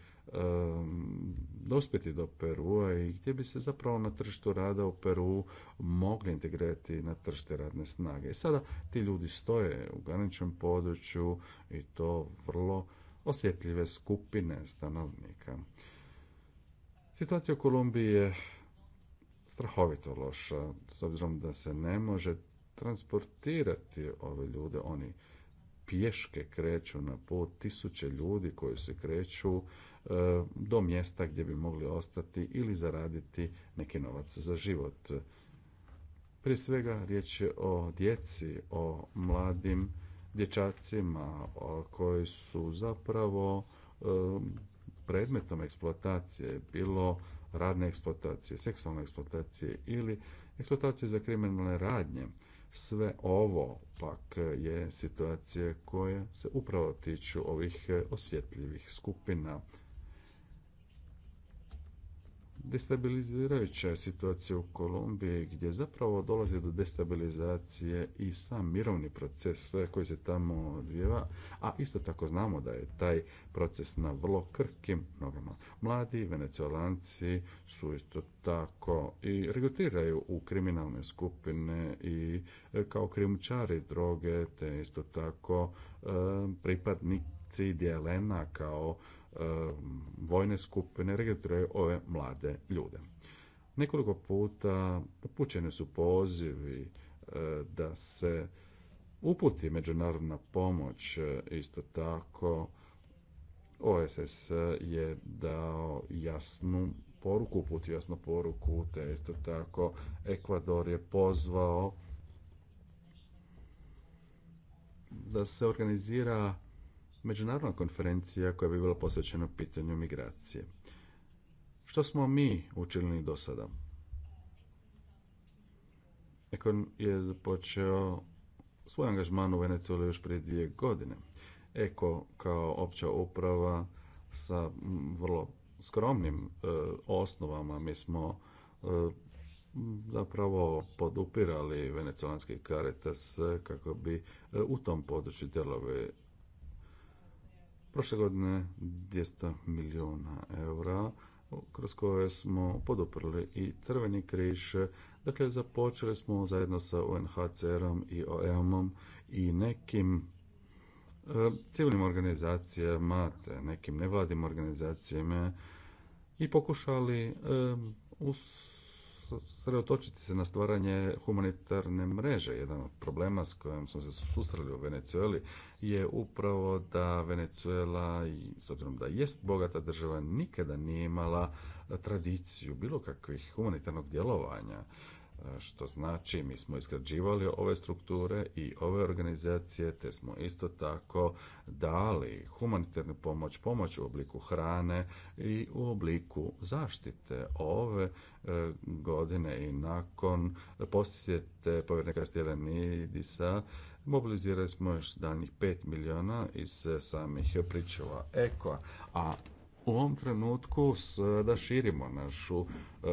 dospjeti do Perua i gdje bi se zapravo na tržištu rada u Peru mogli integrirati na tržište radne snage. I sada ti ljudi stoje u graničnom području i to vrlo osjetljive skupine stanovnika. Situacija u Kolumbiji je strahovito loša, s obzirom da se ne može transportirati ove ljude. Oni pješke kreću na put, tisuće ljudi koji se kreću e, do mjesta gdje bi mogli ostati ili zaraditi neki novac za život. Prije svega riječ je o djeci, o mladim dječacima koji su zapravo e, predmetom eksploatacije, bilo radne eksploatacije, seksualne eksploatacije ili eksploatacije za kriminalne radnje. Sve ovo pak je situacija koja se upravo tiču ovih e, osjetljivih skupina destabilizirajuća situacija u Kolumbiji gdje zapravo dolazi do destabilizacije i sam mirovni proces koji se tamo odvijeva, a isto tako znamo da je taj proces na vrlo krkim nogama. Mladi venecijalanci su isto tako i regutiraju u kriminalne skupine i e, kao krijumčari droge, te isto tako e, pripadnici dijelena kao Eh, vojne skupine registruje ove mlade ljude. Nekoliko puta upućeni su pozivi eh, da se uputi međunarodna pomoć eh, isto tako OSS je dao jasnu poruku, uputio jasnu poruku, te isto tako Ekvador je pozvao da se organizira međunarodna konferencija koja bi bila posvećena pitanju migracije. Što smo mi učinili do sada? Ekon je započeo svoj angažman u Venezueli još prije dvije godine. Eko kao opća uprava sa vrlo skromnim e, osnovama mi smo e, zapravo podupirali venecuelanski karetas e, kako bi u tom području djelove Prošle godine 200 milijuna eura kroz koje smo poduprli i Crveni križ. Dakle, započeli smo zajedno sa UNHCR-om i OEM-om i nekim e, civilnim organizacijama, nekim nevladim organizacijama i pokušali e, sredotočiti se na stvaranje humanitarne mreže. Jedan od problema s kojim smo se susreli u Venezueli je upravo da Venezuela, s obzirom da jest bogata država, nikada nije imala tradiciju bilo kakvih humanitarnog djelovanja što znači mi smo iskrađivali ove strukture i ove organizacije, te smo isto tako dali humanitarnu pomoć, pomoć u obliku hrane i u obliku zaštite ove e, godine i nakon posjete povjerenika NIDISA mobilizirali smo još danjih 5 milijuna iz samih pričuva EKO, a u ovom trenutku da širimo našu e,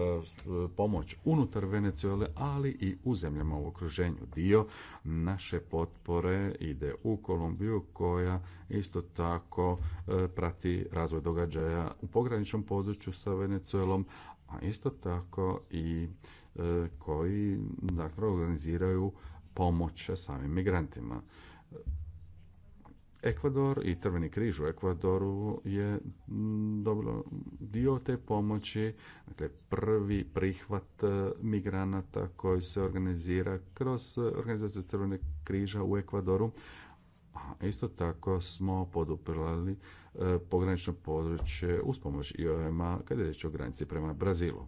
pomoć unutar Venezuele, ali i u zemljama u okruženju. Dio naše potpore ide u Kolumbiju koja isto tako e, prati razvoj događaja u pograničnom području sa Venezuelom, a isto tako i e, koji dakle, organiziraju pomoć samim migrantima. Ekvador i Crveni križ u Ekvadoru je mm, dobro dio te pomoći, dakle prvi prihvat e, migranata koji se organizira kroz organizaciju Crvenog križa u Ekvadoru. A isto tako smo poduprli e, pogranično područje uz pomoć IOM-a kad je riječ o granici prema Brazilu.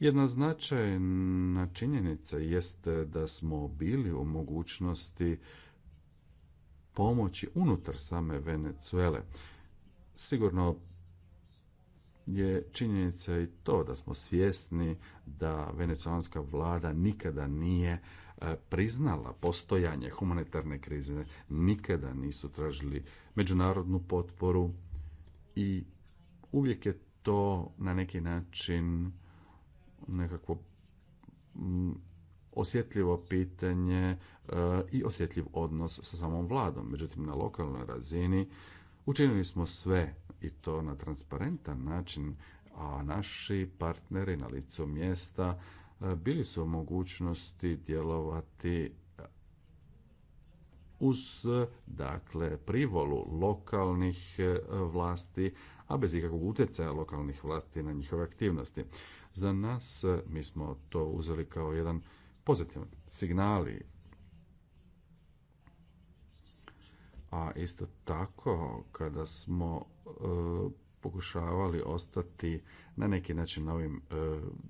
Jedna značajna činjenica jeste da smo bili u mogućnosti pomoći unutar same Venecuele. Sigurno je činjenica i to da smo svjesni da venecijanska vlada nikada nije e, priznala postojanje humanitarne krize, nikada nisu tražili međunarodnu potporu i uvijek je to na neki način nekakvo mm, osjetljivo pitanje e, i osjetljiv odnos sa samom vladom. Međutim, na lokalnoj razini učinili smo sve i to na transparentan način, a naši partneri na licu mjesta e, bili su u mogućnosti djelovati uz dakle privolu lokalnih e, vlasti, a bez ikakvog utjecaja lokalnih vlasti na njihove aktivnosti. Za nas e, mi smo to uzeli kao jedan pozitivan signal a isto tako kada smo e, pokušavali ostati na neki način ovim e,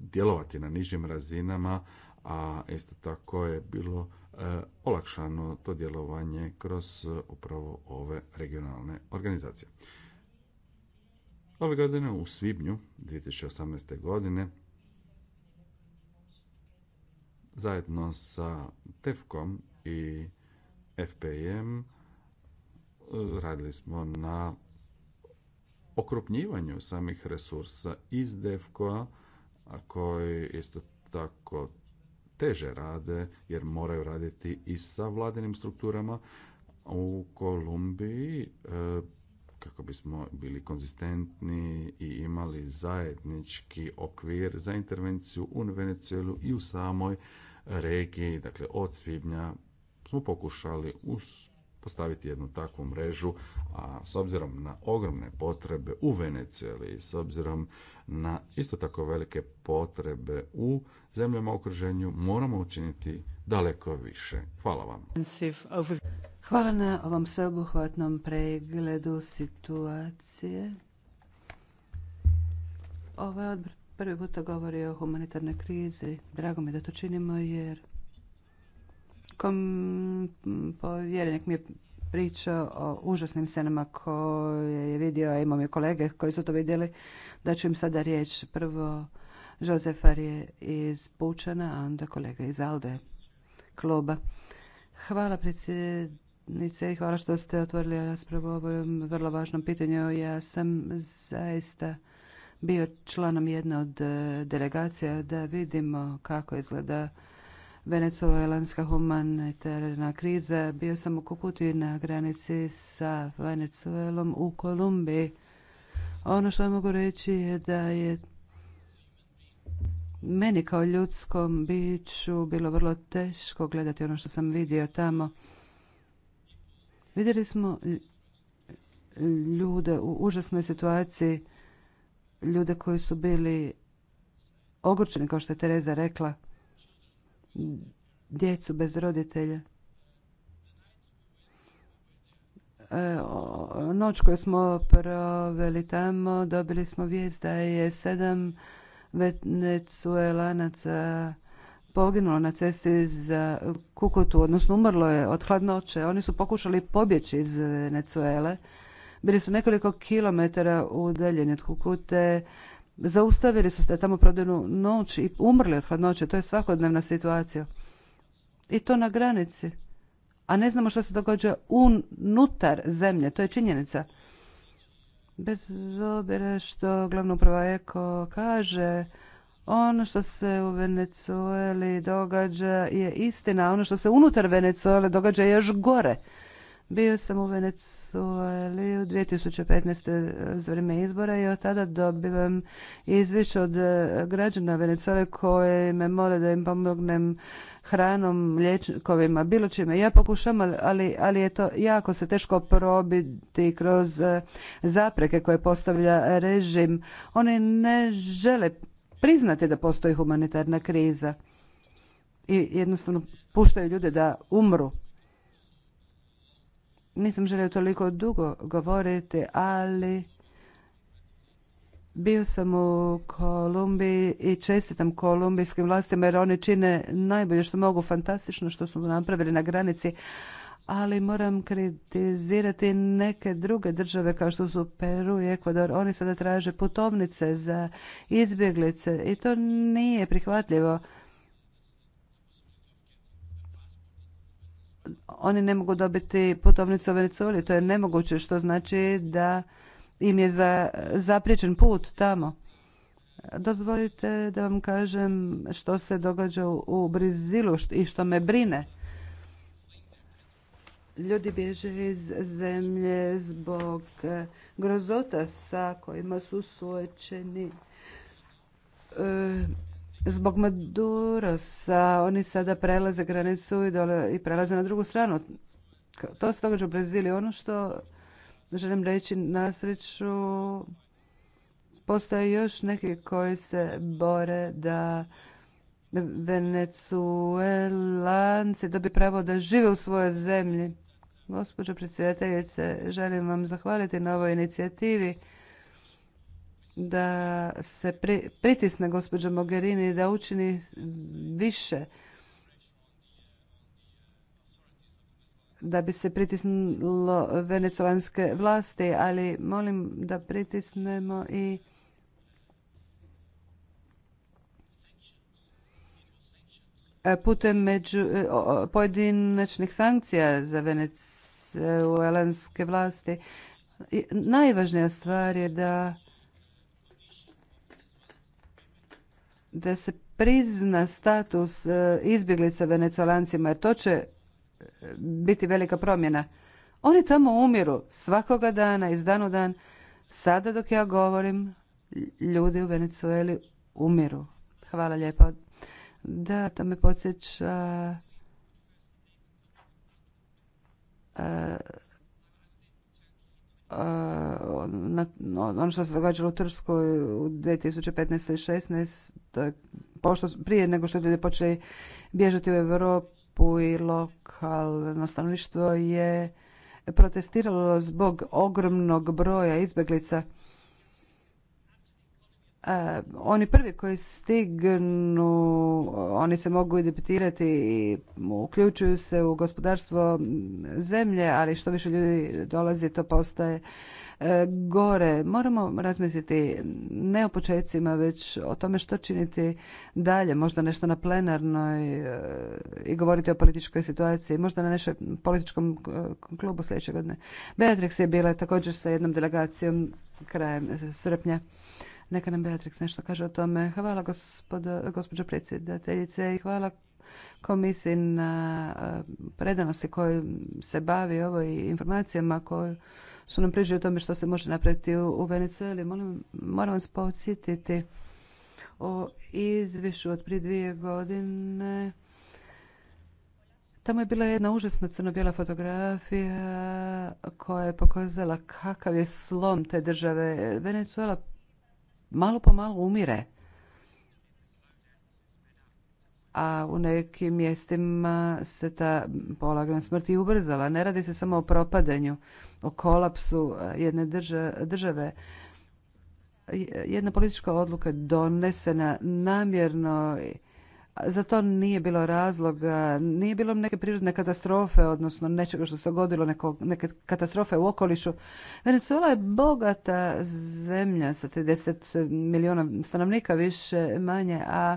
djelovati na nižim razinama a isto tako je bilo olakšano to djelovanje kroz upravo ove regionalne organizacije Ove godine u svibnju 2018. godine zajedno sa TEFKOM i FPM e, radili smo na okrupnjivanju samih resursa iz DEFKO-a koji isto tako teže rade jer moraju raditi i sa vladinim strukturama u Kolumbiji e, kako bismo bili konzistentni i imali zajednički okvir za intervenciju u Venecijelu i u samoj regiji. Dakle, od svibnja smo pokušali postaviti jednu takvu mrežu, a s obzirom na ogromne potrebe u Venecijeli i s obzirom na isto tako velike potrebe u zemljama okruženju, moramo učiniti daleko više. Hvala vam. Hvala na ovom sveobuhvatnom pregledu situacije. Ovaj odbor prvi puta govori o humanitarnoj krizi. Drago mi je da to činimo jer kom povjerenik mi je pričao o užasnim scenama koje je vidio, a imam i kolege koji su to vidjeli, da ću im sada riječ. Prvo Josefar je iz Pučana, a onda kolega iz Alde kluba. Hvala predsjedniku i hvala što ste otvorili raspravu o ovom vrlo važnom pitanju. Ja sam zaista bio članom jedne od e, delegacija da vidimo kako izgleda venecuelanska humanitarna kriza. Bio sam u Kukuti na granici sa Venecuelom u Kolumbiji. Ono što mogu reći je da je meni kao ljudskom biću bilo vrlo teško gledati ono što sam vidio tamo. Vidjeli smo ljude u užasnoj situaciji, ljude koji su bili ogorčeni, kao što je Tereza rekla, djecu bez roditelja. E, noć koju smo proveli tamo, dobili smo vijest da je sedam venecuelanaca poginulo na cesti za e, Kukutu, odnosno umrlo je od hladnoće. Oni su pokušali pobjeći iz Venezuele. Bili su nekoliko kilometara udaljeni od Kukute. Zaustavili su se tamo prodinu noć i umrli od hladnoće. To je svakodnevna situacija. I to na granici. A ne znamo što se događa unutar zemlje. To je činjenica. Bez obzira što glavno uprava Eko kaže, ono što se u Venezueli događa je istina, ono što se unutar Venezuele događa je još gore. Bio sam u Venezueli u 2015. za vrijeme izbora i od tada dobivam izvješće od e, građana Venezuele koji me mole da im pomognem hranom, liječnikovima, bilo čime. Ja pokušam, ali, ali je to jako se teško probiti kroz e, zapreke koje postavlja režim. Oni ne žele priznate da postoji humanitarna kriza i jednostavno puštaju ljude da umru. Nisam želio toliko dugo govoriti, ali bio sam u Kolumbiji i čestitam kolumbijskim vlastima jer oni čine najbolje što mogu, fantastično što su napravili na granici, ali moram kritizirati neke druge države kao što su Peru i Ekvador. Oni sada traže putovnice za izbjeglice i to nije prihvatljivo. Oni ne mogu dobiti putovnicu u Venezueli, to je nemoguće što znači da im je zapriječen put tamo. Dozvolite da vam kažem što se događa u Brazilu i što me brine ljudi bježe iz zemlje zbog e, grozota sa kojima su suočeni e, zbog Madurosa. Oni sada prelaze granicu i, dole, i prelaze na drugu stranu. To se događa u Braziliji. Ono što želim reći na sreću postoje još neki koji se bore da Venecuelanci dobi pravo da žive u svojoj zemlji. Gospođo predsjedateljice, želim vam zahvaliti na ovoj inicijativi da se pritisne gospođa Mogherini da učini više da bi se pritisnulo venecolanske vlasti, ali molim da pritisnemo i putem među, pojedinačnih sankcija za Venecu E, u elenske vlasti. Najvažnija stvar je da da se prizna status e, izbjeglica venezuelancima jer to će biti velika promjena. Oni tamo umiru svakoga dana, iz dan u dan. Sada dok ja govorim, ljudi u Venecueli umiru. Hvala lijepo. Da, to me podsjeća Eh, eh, ono što se događalo u Turskoj u 2015. i 2016. Eh, pošto, prije nego što ljudi počeli bježati u Europu i lokalno stanovništvo je protestiralo zbog ogromnog broja izbjeglica E, oni prvi koji stignu, oni se mogu identificirati i uključuju se u gospodarstvo zemlje, ali što više ljudi dolazi, to postaje e, gore. Moramo razmisliti ne o početcima, već o tome što činiti dalje. Možda nešto na plenarnoj e, i govoriti o političkoj situaciji. Možda na našem političkom klubu sljedećeg godine. Beatrix je bila također sa jednom delegacijom krajem srpnja. Neka nam Beatrix nešto kaže o tome. Hvala gospođo predsjedateljice i hvala komisiji na e, predanosti koji se bavi ovoj informacijama koje su nam priželi o tome što se može napraviti u Venezueli. moram vas podsjetiti o izvišu od prije dvije godine. Tamo je bila jedna užasna crno-bijela fotografija koja je pokazala kakav je slom te države. Venezuela malo po malo umire. A u nekim mjestima se ta polagna smrt i ubrzala. Ne radi se samo o propadanju, o kolapsu e, jedne države. Jedna politička odluka donesena namjerno za to nije bilo razloga, nije bilo neke prirodne katastrofe, odnosno nečega što se dogodilo, neko, neke katastrofe u okolišu. Venezuela je bogata zemlja sa 30 milijuna stanovnika više manje, a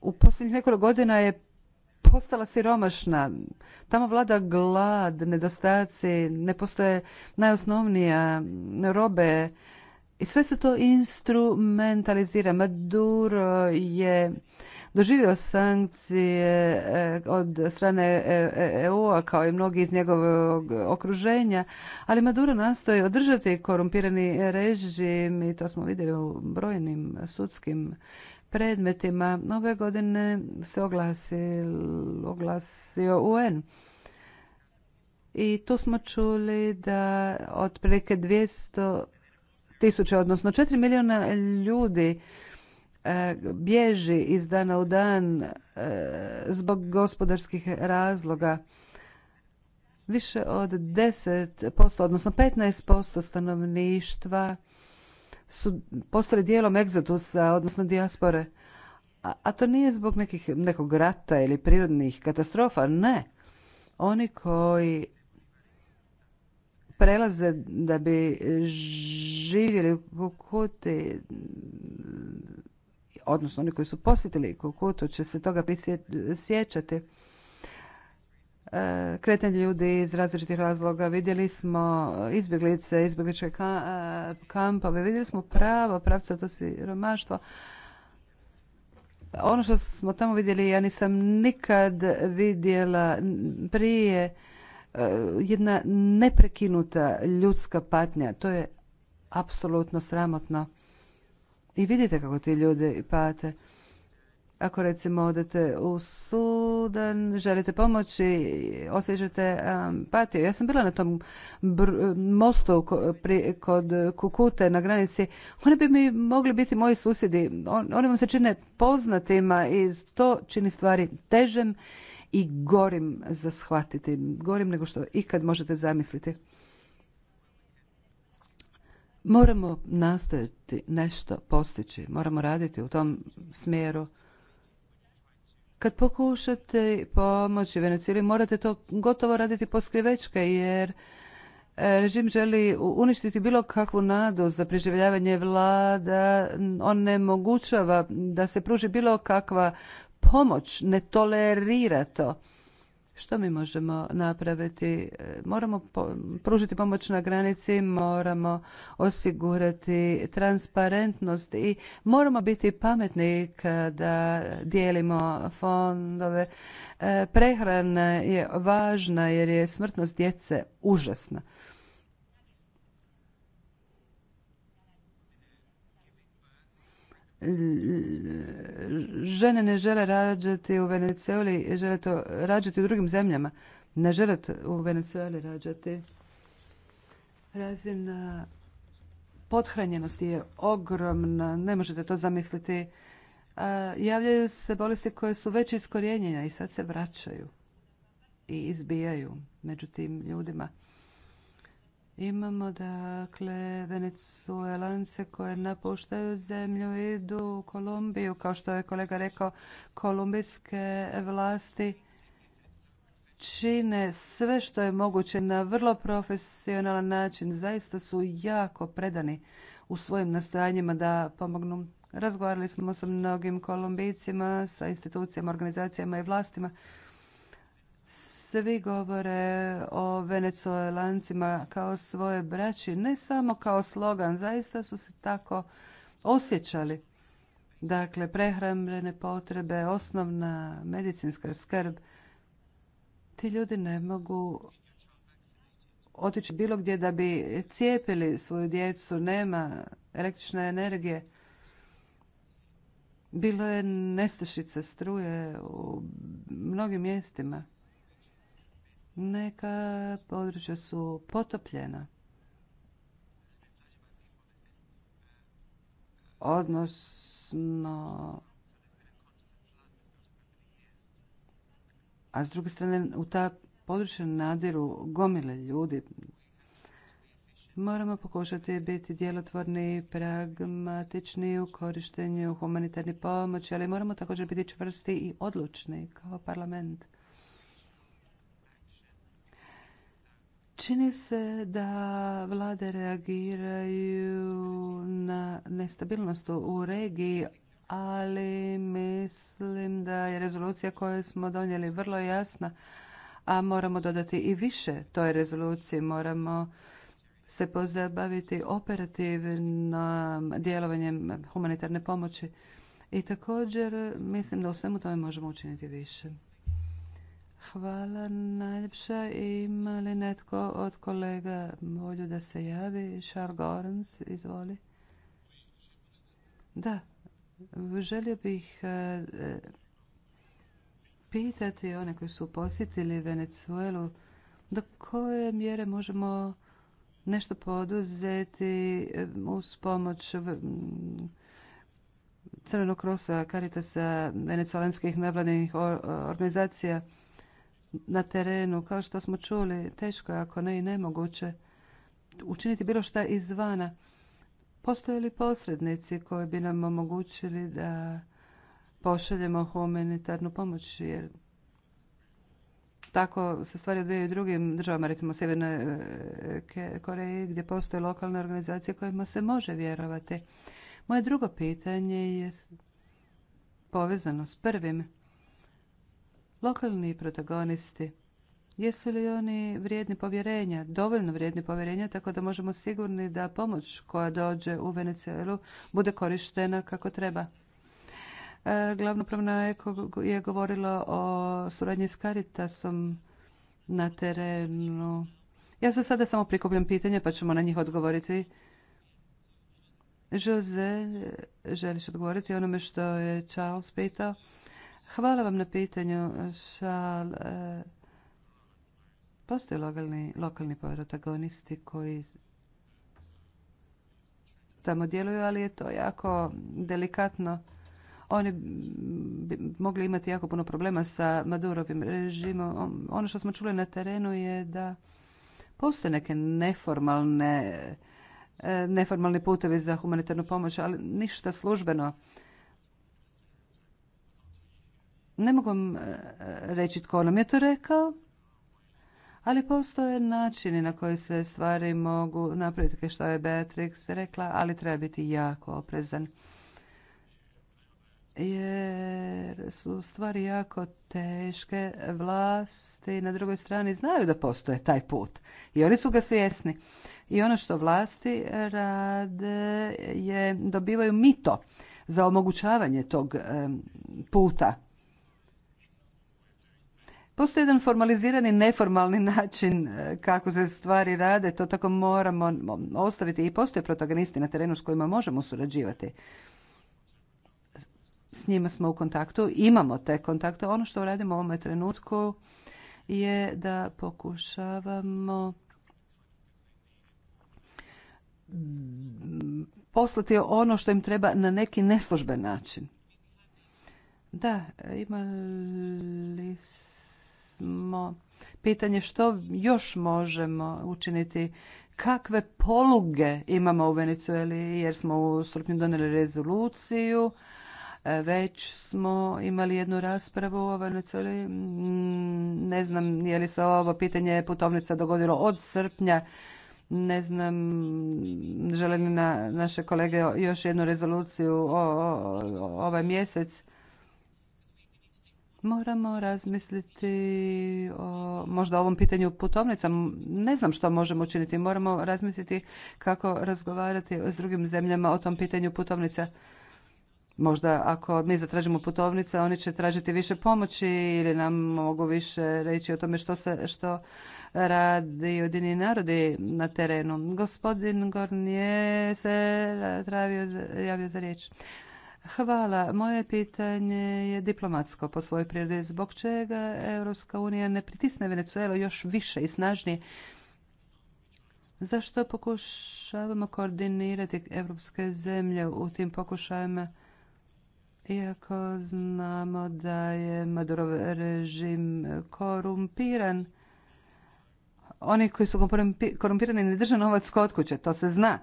u posljednjih nekoliko godina je postala siromašna. Tamo vlada glad, nedostaci, ne postoje najosnovnija robe, i sve se to instrumentalizira. Maduro je doživio sankcije eh, od strane eh, eh, EU-a kao i mnogi iz njegovog okruženja, ali Maduro nastoji održati korumpirani režim i to smo vidjeli u brojnim sudskim predmetima. Nove godine se oglasio UN. I tu smo čuli da otprilike 200 tisuća, odnosno 4 milijuna ljudi e, bježi iz dana u dan e, zbog gospodarskih razloga. Više od 10%, odnosno 15% stanovništva su postali dijelom egzotusa, odnosno dijaspore. A, a to nije zbog nekih, nekog rata ili prirodnih katastrofa, ne. Oni koji prelaze da bi živjeli u Kukuti, odnosno oni koji su posjetili Kukutu će se toga sjećati. E, kretanje ljudi iz različitih razloga, vidjeli smo izbjeglice, izbjegličke e, kampove, vidjeli smo pravo, pravca to romaštvo. Ono što smo tamo vidjeli, ja nisam nikad vidjela prije E, jedna neprekinuta ljudska patnja. To je apsolutno sramotno. I vidite kako ti ljudi pate. Ako recimo odete u Sudan, želite pomoći, osjećate patio. Ja sam bila na tom mostu kod Kukute na granici. Oni bi mi mogli biti moji susjedi. Oni vam se čine poznatima i to čini stvari težem i gorim za shvatiti, gorim nego što ikad možete zamisliti. Moramo nastojati nešto postići, moramo raditi u tom smjeru. Kad pokušate pomoći Venecijeli, morate to gotovo raditi poskrivečke, jer e, režim želi uništiti bilo kakvu nadu za preživljavanje vlada, on ne mogućava da se pruži bilo kakva pomoć, ne tolerira to. Što mi možemo napraviti? Moramo pružiti pomoć na granici, moramo osigurati transparentnost i moramo biti pametni kada dijelimo fondove. E, prehrana je važna jer je smrtnost djece užasna. žene ne žele rađati u Venecijoli, žele to rađati u drugim zemljama. Ne žele u Venecijoli rađati. Razina pothranjenosti je ogromna, ne možete to zamisliti. Javljaju se bolesti koje su već iskorijenjene i sad se vraćaju i izbijaju među tim ljudima. Imamo dakle Venezuelance koje napuštaju zemlju, i idu u Kolumbiju, kao što je kolega rekao, kolumbijske vlasti čine sve što je moguće na vrlo profesionalan način. Zaista su jako predani u svojim nastojanjima da pomognu. Razgovarali smo sa mnogim kolumbijcima, sa institucijama, organizacijama i vlastima svi govore o venecuelancima kao svoje braći, ne samo kao slogan, zaista su se tako osjećali. Dakle, prehrambene potrebe, osnovna medicinska skrb. Ti ljudi ne mogu otići bilo gdje da bi cijepili svoju djecu, nema električne energije. Bilo je nestašice, struje u mnogim mjestima. Neka područja su potopljena. Odnosno, a s druge strane u ta područja nadiru gomile ljudi. Moramo pokušati biti djelotvorni pragmatični u korištenju humanitarne pomoći, ali moramo također biti čvrsti i odlučni kao parlament. Čini se da vlade reagiraju na nestabilnost u regiji, ali mislim da je rezolucija koju smo donijeli vrlo jasna, a moramo dodati i više toj rezoluciji. Moramo se pozabaviti operativnom djelovanjem humanitarne pomoći. I također mislim da u svemu tome možemo učiniti više. Hvala najljepša. Ima li netko od kolega volju da se javi? Šar Gorens, izvoli. Da, želio bih e, pitati one koji su posjetili Venecuelu do koje mjere možemo nešto poduzeti e, uz pomoć Crvenog krosa, caritasa venecuelanskih nevladinih organizacija na terenu. Kao što smo čuli, teško je ako ne i nemoguće učiniti bilo šta izvana. Postoje li posrednici koji bi nam omogućili da pošaljemo humanitarnu pomoć? Jer tako se stvari odvijaju i drugim državama, recimo Sjevernoj e, Koreji, gdje postoje lokalne organizacije kojima se može vjerovati. Moje drugo pitanje je povezano s prvim Lokalni protagonisti, jesu li oni vrijedni povjerenja, dovoljno vrijedni povjerenja, tako da možemo sigurni da pomoć koja dođe u Venezuelu bude korištena kako treba. E, Glavno pravna je govorila o suradnji s Caritasom na terenu. Ja se sada samo prikupljam pitanje pa ćemo na njih odgovoriti. Jose, želiš odgovoriti onome što je Charles pitao? Hvala vam na pitanju, Šal. E, postoje lokalni, lokalni protagonisti koji tamo djeluju, ali je to jako delikatno. Oni bi mogli imati jako puno problema sa Madurovim režimom. Ono što smo čuli na terenu je da postoje neke neformalne e, neformalni putevi za humanitarnu pomoć, ali ništa službeno. Ne mogu e, reći tko nam je to rekao, ali postoje načini na koji se stvari mogu napraviti, kao što je Beatrix rekla, ali treba biti jako oprezan. Jer su stvari jako teške, vlasti na drugoj strani znaju da postoje taj put i oni su ga svjesni. I ono što vlasti rade je dobivaju mito za omogućavanje tog puta Postoji jedan formalizirani, neformalni način e, kako se stvari rade, to tako moramo ostaviti i postoje protagonisti na terenu s kojima možemo surađivati. S njima smo u kontaktu, imamo te kontakte. Ono što radimo u ovome trenutku je da pokušavamo mm, poslati ono što im treba na neki neslužben način. Da, imali smo pitanje što još možemo učiniti kakve poluge imamo u Venezueli jer smo u srpnju donijeli rezoluciju e, već smo imali jednu raspravu o Venezueli. Mm, ne znam je li se ovo pitanje putovnica dogodilo od srpnja. Ne znam, žele li na naše kolege još jednu rezoluciju ovaj mjesec moramo razmisliti o možda ovom pitanju putovnica. Ne znam što možemo učiniti. Moramo razmisliti kako razgovarati s drugim zemljama o tom pitanju putovnica. Možda ako mi zatražimo putovnica, oni će tražiti više pomoći ili nam mogu više reći o tome što se što radi jedini narodi na terenu. Gospodin Gornje se javio za riječ. Hvala. Moje pitanje je diplomatsko po svojoj prirodi. Zbog čega Europska unija ne pritisne Venezuelu još više i snažnije? Zašto pokušavamo koordinirati europske zemlje u tim pokušajima? Iako znamo da je Madurov režim korumpiran, oni koji su korumpirani ne drže novac kod kuće, to se zna.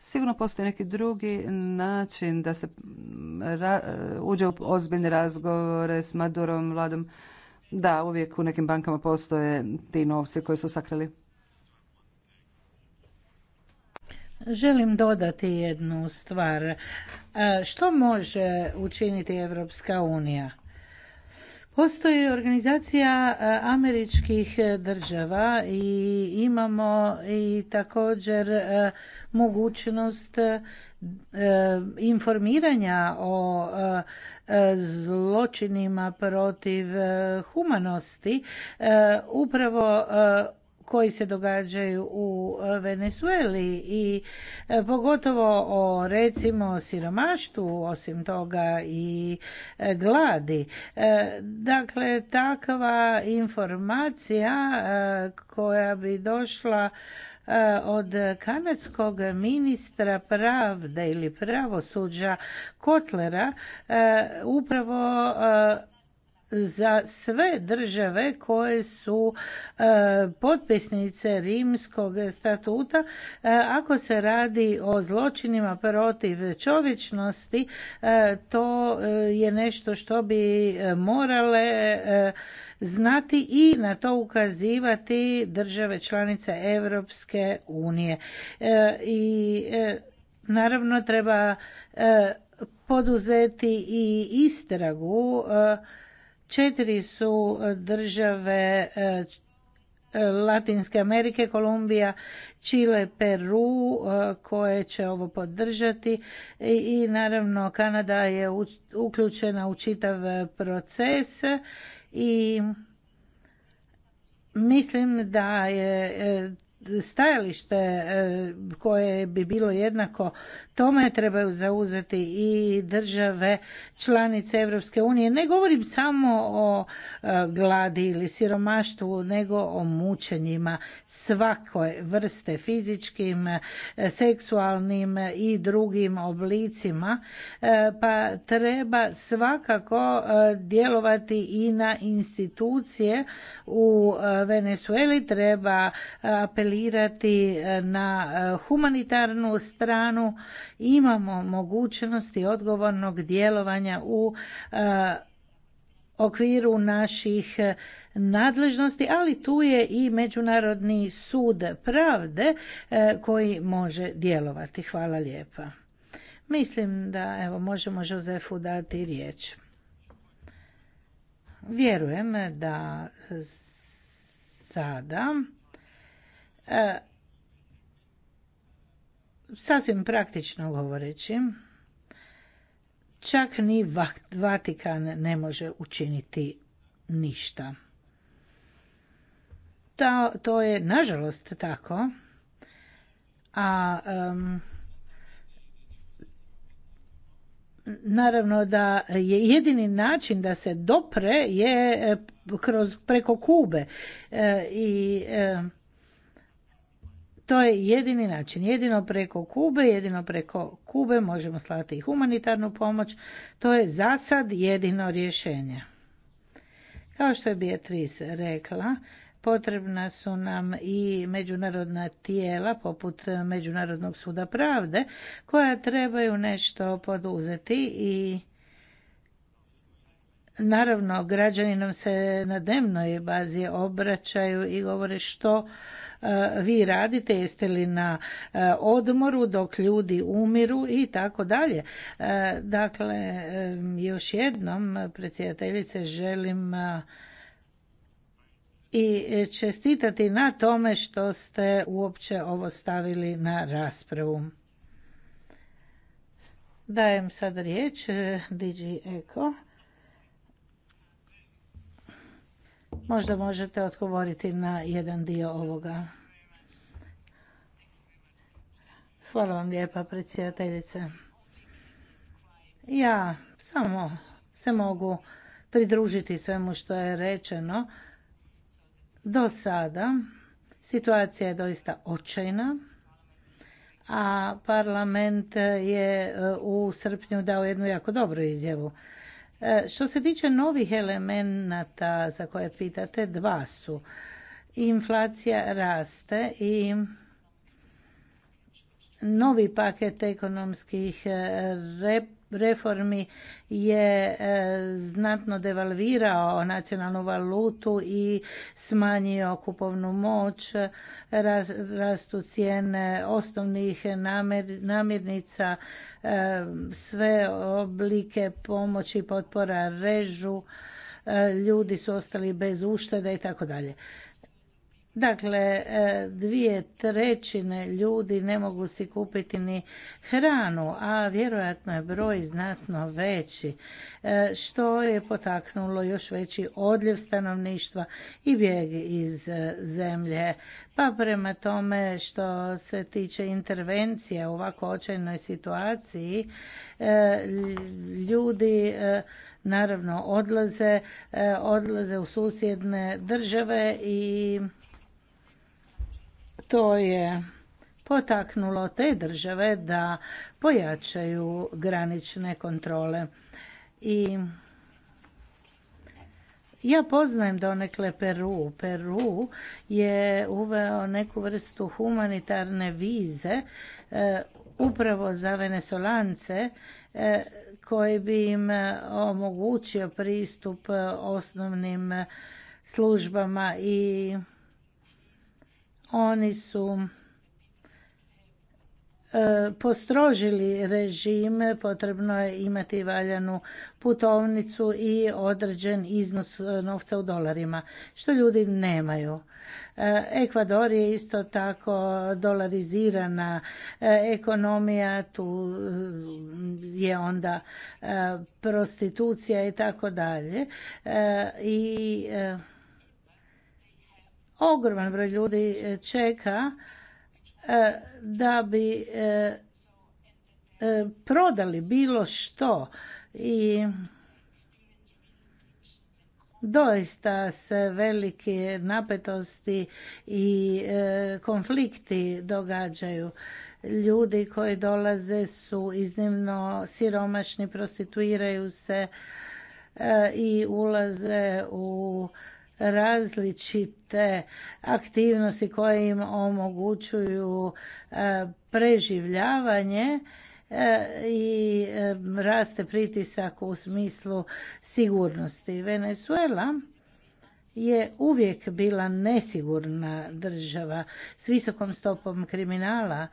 Sigurno postoji neki drugi način da se mm, e, uđe u ozbiljne razgovore s Madurom, vladom. Da, uvijek u nekim bankama postoje ti novci koji su sakrali. Želim dodati jednu stvar. E, što može učiniti Evropska unija? Postoji organizacija e, američkih država i imamo i također mogućnost e, informiranja o e, zločinima protiv e, humanosti upravo koji se događaju u Venezueli i pogotovo o recimo siromaštvu, osim toga i gladi. Dakle, takva informacija koja bi došla Eh, od kanadskog ministra pravde ili pravosuđa Kotlera eh, upravo eh, za sve države koje su potpisnice rimskog statuta ako se radi o zločinima protiv čovječnosti to je nešto što bi morale znati i na to ukazivati države članice Europske unije. E, I e, naravno treba e, poduzeti i istragu. Četiri su države Latinske Amerike, Kolumbija, Čile, Peru koje će ovo podržati i naravno Kanada je uključena u čitav proces i mislim da je e, stajalište e, koje bi bilo jednako tome trebaju zauzeti i države članice Europske unije. Ne govorim samo o e, gladi ili siromaštvu, nego o mučenjima svakoj vrste fizičkim, e, seksualnim i drugim oblicima. Pa treba svakako djelovati i na institucije u Venezueli, treba apelirati apelirati e, na e, humanitarnu stranu imamo mogućnosti odgovornog djelovanja u e, okviru naših nadležnosti, ali tu je i Međunarodni sud pravde koji može djelovati. Hvala lijepa. Mislim da evo možemo Jozefu dati riječ. Vjerujem da sada E, sasvim praktično govoreći, čak ni Vatikan ne može učiniti ništa. To, to je nažalost tako, a naravno da je jedini način da se dopre je e, kroz preko Kube e, i e, to je jedini način. Jedino preko Kube, jedino preko Kube možemo slati i humanitarnu pomoć. To je za sad jedino rješenje. Kao što je Beatrice rekla, potrebna su nam i međunarodna tijela poput Međunarodnog suda pravde koja trebaju nešto poduzeti i naravno građani nam se na dnevnoj bazi obraćaju i govore što E, vi radite, jeste li na e, odmoru dok ljudi umiru i tako dalje. E, dakle, još jednom predsjedateljice želim i čestitati na tome što ste uopće ovo stavili na raspravu. Dajem sad riječ Digi Eko Možda možete odgovoriti na jedan dio ovoga. Hvala vam lijepa, predsjedateljice. Ja samo se mogu pridružiti svemu što je rečeno. Do sada situacija je doista očajna, a parlament je e, u srpnju dao jednu jako dobru izjavu E, što se tiče novih elemenata za koje pitate, dva su. Inflacija raste i novi paket ekonomskih e, rep reformi je e, znatno devalvirao nacionalnu valutu i smanjio kupovnu moć, rastu cijene osnovnih namirnica, e, sve oblike pomoći potpora režu, e, ljudi su ostali bez uštede i tako dalje. Dakle, e, dvije trećine ljudi ne mogu si kupiti ni hranu, a vjerojatno je broj znatno veći, e, što je potaknulo još veći odljev stanovništva i bijeg iz e, zemlje. Pa prema tome što se tiče intervencije u ovako očajnoj situaciji, ljudi naravno odlaze, odlaze u susjedne države i to je potaknulo te države da pojačaju granične kontrole. I ja poznajem donekle Peru. Peru je uveo neku vrstu humanitarne vize e, upravo za venesolance e, koji bi im e, omogućio pristup osnovnim službama i oni su e, postrožili režim, potrebno je imati valjanu putovnicu i određen iznos e, novca u dolarima, što ljudi nemaju. E, Ekvador je isto tako dolarizirana ekonomija, tu je onda prostitucija i tako dalje. I Ogroman broj ljudi e, čeka e, da bi e, prodali bilo što i doista se velike napetosti i konflikti događaju ljudi koji dolaze su iznimno siromašni prostituiraju se i ulaze u različite aktivnosti koje im omogućuju e, preživljavanje e, i e, raste pritisak u smislu sigurnosti. Venezuela je uvijek bila nesigurna država s visokom stopom kriminala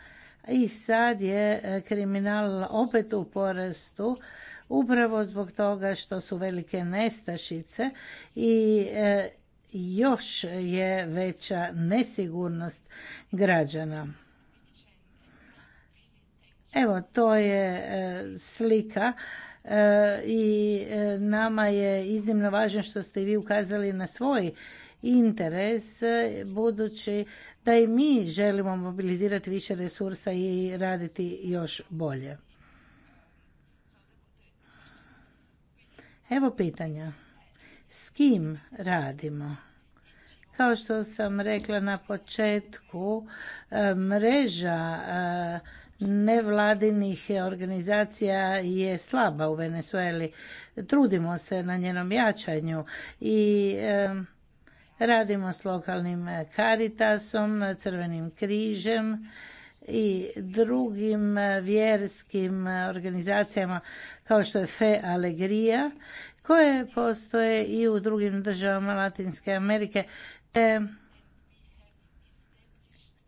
i sad je kriminal opet u porastu upravo zbog toga što su velike nestašice i e, još je veća nesigurnost građana. Evo, to je e, slika e, i nama je iznimno važno što ste vi ukazali na svoj interes budući da i mi želimo mobilizirati više resursa i raditi još bolje. Evo pitanja. S kim radimo? Kao što sam rekla na početku, e, mreža e, nevladinih organizacija je slaba u Venezueli. Trudimo se na njenom jačanju i e, radimo s lokalnim karitasom, crvenim križem i drugim e, vjerskim e, organizacijama kao što je Fe Alegria koje postoje i u drugim državama Latinske Amerike te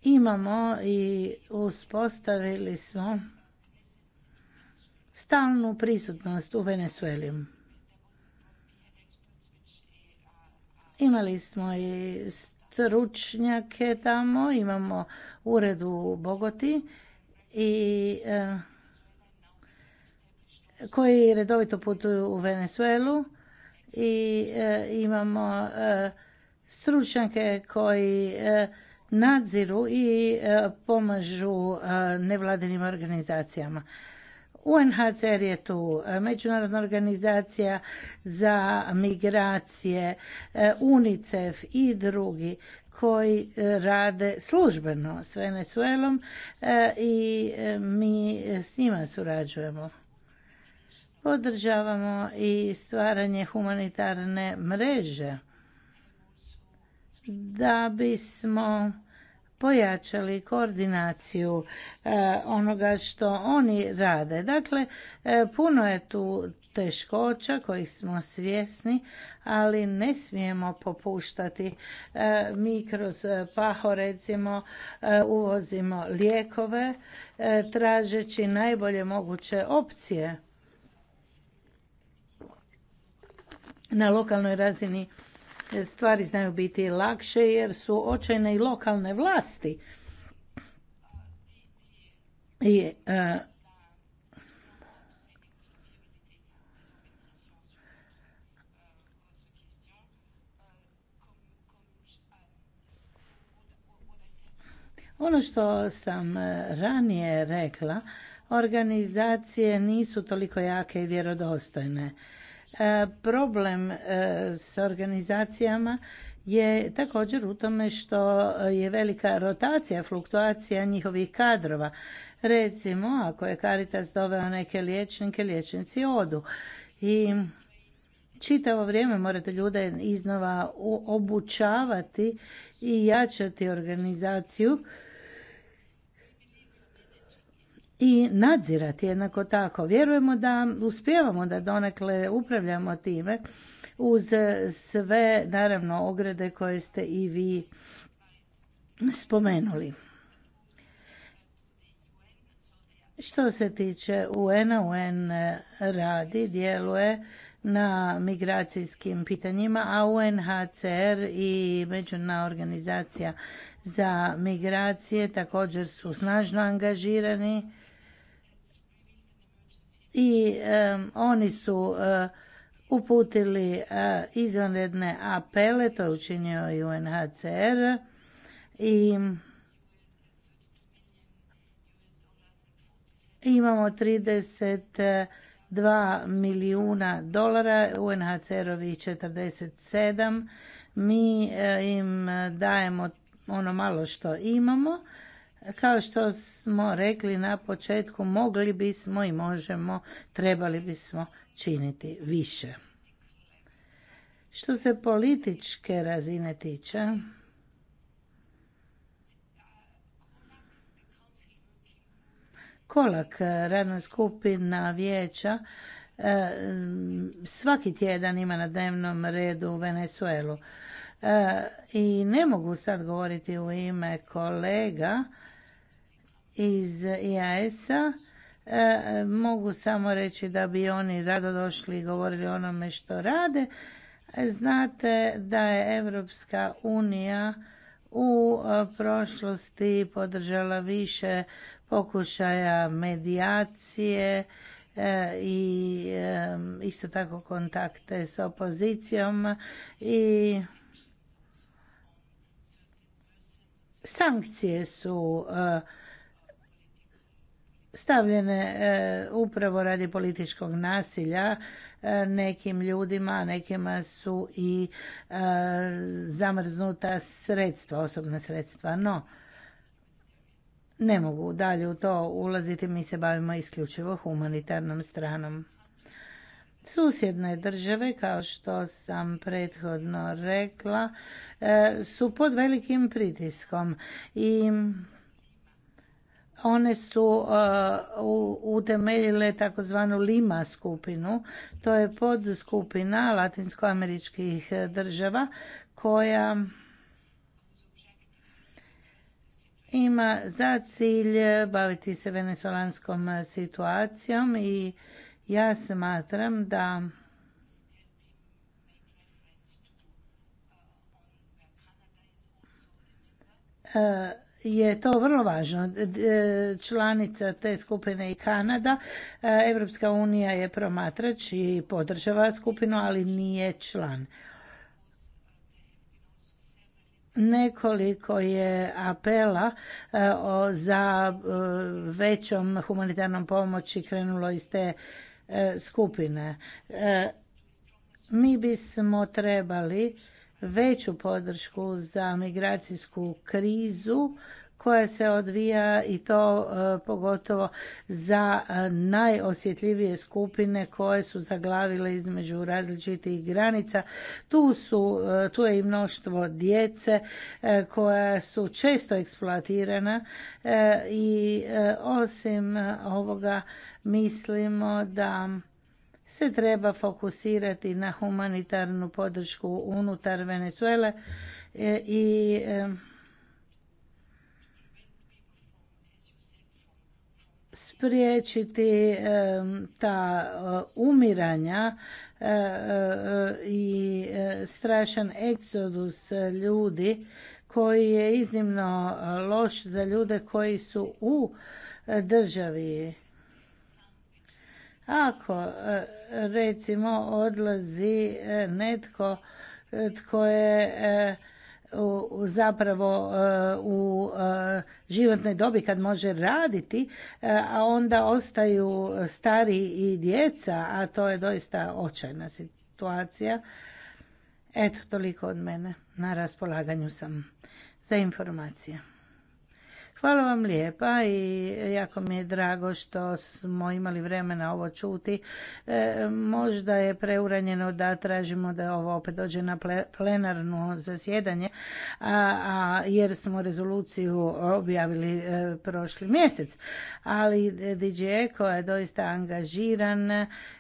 imamo i uspostavili smo stalnu prisutnost u Venezueli. Imali smo i stručnjake tamo, imamo ured u Bogoti i eh, koji redovito putuju u Venezuelu i eh, imamo eh, stručnjake koji nadziru i pomažu nevladinim organizacijama. UNHCR je tu, e, Međunarodna organizacija za migracije, e, UNICEF i drugi koji e, rade službeno s Venezuelom i mi s njima surađujemo. Podržavamo i stvaranje humanitarne mreže da bismo pojačali koordinaciju e, onoga što oni rade. Dakle, e, puno je tu teškoća kojih smo svjesni, ali ne smijemo popuštati. E, mi kroz paho recimo uvozimo lijekove tražeći najbolje moguće opcije. Na lokalnoj razini stvari znaju biti lakše jer su očajne i lokalne vlasti. I, e, Ono što sam e, ranije rekla, organizacije nisu toliko jake i vjerodostojne. E, problem e, s organizacijama je također u tome što je velika rotacija, fluktuacija njihovih kadrova. Recimo, ako je Caritas doveo neke liječnike, liječnici odu. I čitavo vrijeme morate ljude iznova obučavati i jačati organizaciju i nadzirati jednako tako. Vjerujemo da uspijevamo da donekle upravljamo time uz sve naravno ograde koje ste i vi spomenuli. Što se tiče un UN radi, djeluje na migracijskim pitanjima, a UNHCR i Međunarodna organizacija za migracije također su snažno angažirani i oni su eh, uputili eh, izvanredne apele, to je učinio i UNHCR i imamo 32 milijuna dolara, UNHCR-ovi 47, mi eh, im dajemo ono malo što imamo kao što smo rekli na početku, mogli bismo i možemo, trebali bismo činiti više. Što se političke razine tiče, kolak radna skupina vijeća e, svaki tjedan ima na dnevnom redu u Venezuelu. E, I ne mogu sad govoriti u ime kolega, iz IAS-a. E e, mogu samo reći da bi oni rado došli i govorili onome što rade. Znate da je Evropska unija u e, prošlosti podržala više pokušaja medijacije i isto tako kontakte s opozicijom i sankcije su stavljene e, upravo radi političkog nasilja e, nekim ljudima, nekima su i e, zamrznuta sredstva, osobna sredstva. No, ne mogu dalje u to ulaziti, mi se bavimo isključivo humanitarnom stranom. Susjedne države, kao što sam prethodno rekla, su pod velikim pritiskom i one su e, utemeljile takozvanu Lima skupinu. To je podskupina latinskoameričkih država koja ima za cilj baviti se venezolanskom situacijom i ja smatram da e, je to vrlo važno. Članica te skupine i Kanada. E, Evropska unija je promatrač i podržava skupinu, ali nije član. Nekoliko je apela e, za e, većom humanitarnom pomoći krenulo iz te skupine. Mi bismo trebali veću podršku za migracijsku krizu koja se odvija i to e, pogotovo za e, najosjetljivije skupine koje su zaglavile između različitih granica. Tu, su, e, tu je i mnoštvo djece koja su često eksploatirana i osim ovoga mislimo da se treba fokusirati na humanitarnu podršku unutar Venezuele e, i e, spriječiti e, ta umiranja i strašan eksodus ljudi koji je iznimno loš za ljude koji su u državi ako e, recimo odlazi e, netko e, tko je zapravo u životnoj dobi kad može raditi, a onda ostaju stari i djeca, a to je doista očajna situacija. Eto, toliko od mene. Na raspolaganju sam za informacije. Hvala vam lijepa i jako mi je drago što smo imali vremena ovo čuti. E, možda je preuranjeno da tražimo da ovo opet dođe na plenarno zasjedanje, a jer smo rezoluciju objavili e, prošli mjesec. Ali e, DJ koja je doista angažiran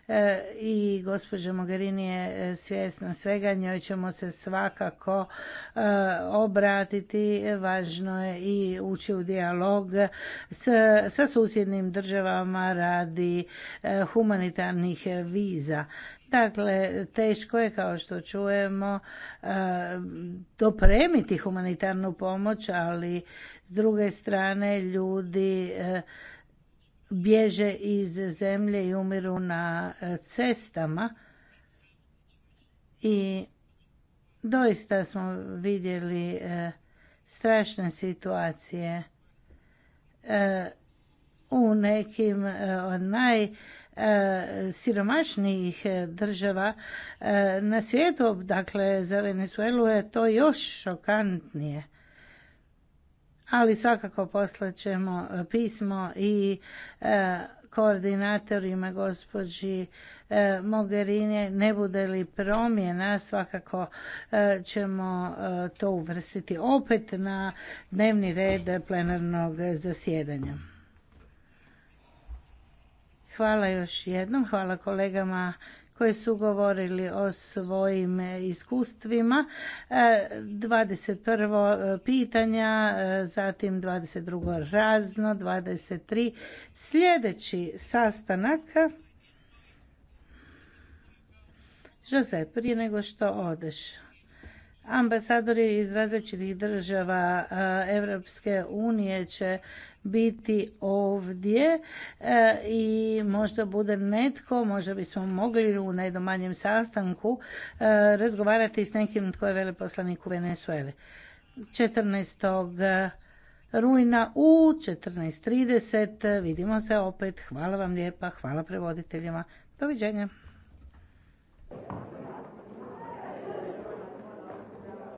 E, i gospođa Mogherini je e, svjesna svega, njoj ćemo se svakako e, obratiti, važno je i ući u dijalog sa susjednim državama radi humanitarnih viza. Dakle, teško je, kao što čujemo, dopremiti humanitarnu pomoć, ali s druge strane ljudi bježe iz zemlje i umiru na e, cestama i doista smo vidjeli e, strašne situacije e, u nekim od najsiromašnijih država na svijetu, dakle za Venezuelu je to još šokantnije ali svakako poslaćemo e, pismo i e, koordinatorima gospođi e, Mogherini ne bude li promjena svakako ćemo to uvrstiti opet na dnevni red plenarnog zasjedanja. Hvala još jednom, hvala kolegama koji su govorili o svojim iskustvima. 21. E, e, pitanja, e, zatim 22. razno, 23. Sljedeći sastanak Jose, prije nego što odeš. Ambasadori iz različitih država Europske unije će biti ovdje e, i možda bude netko, možda bismo mogli u najdomanjem sastanku e, razgovarati s nekim tko je veleposlanik u Venezueli. 14. rujna u 14.30 vidimo se opet. Hvala vam lijepa, hvala prevoditeljima. Doviđenja.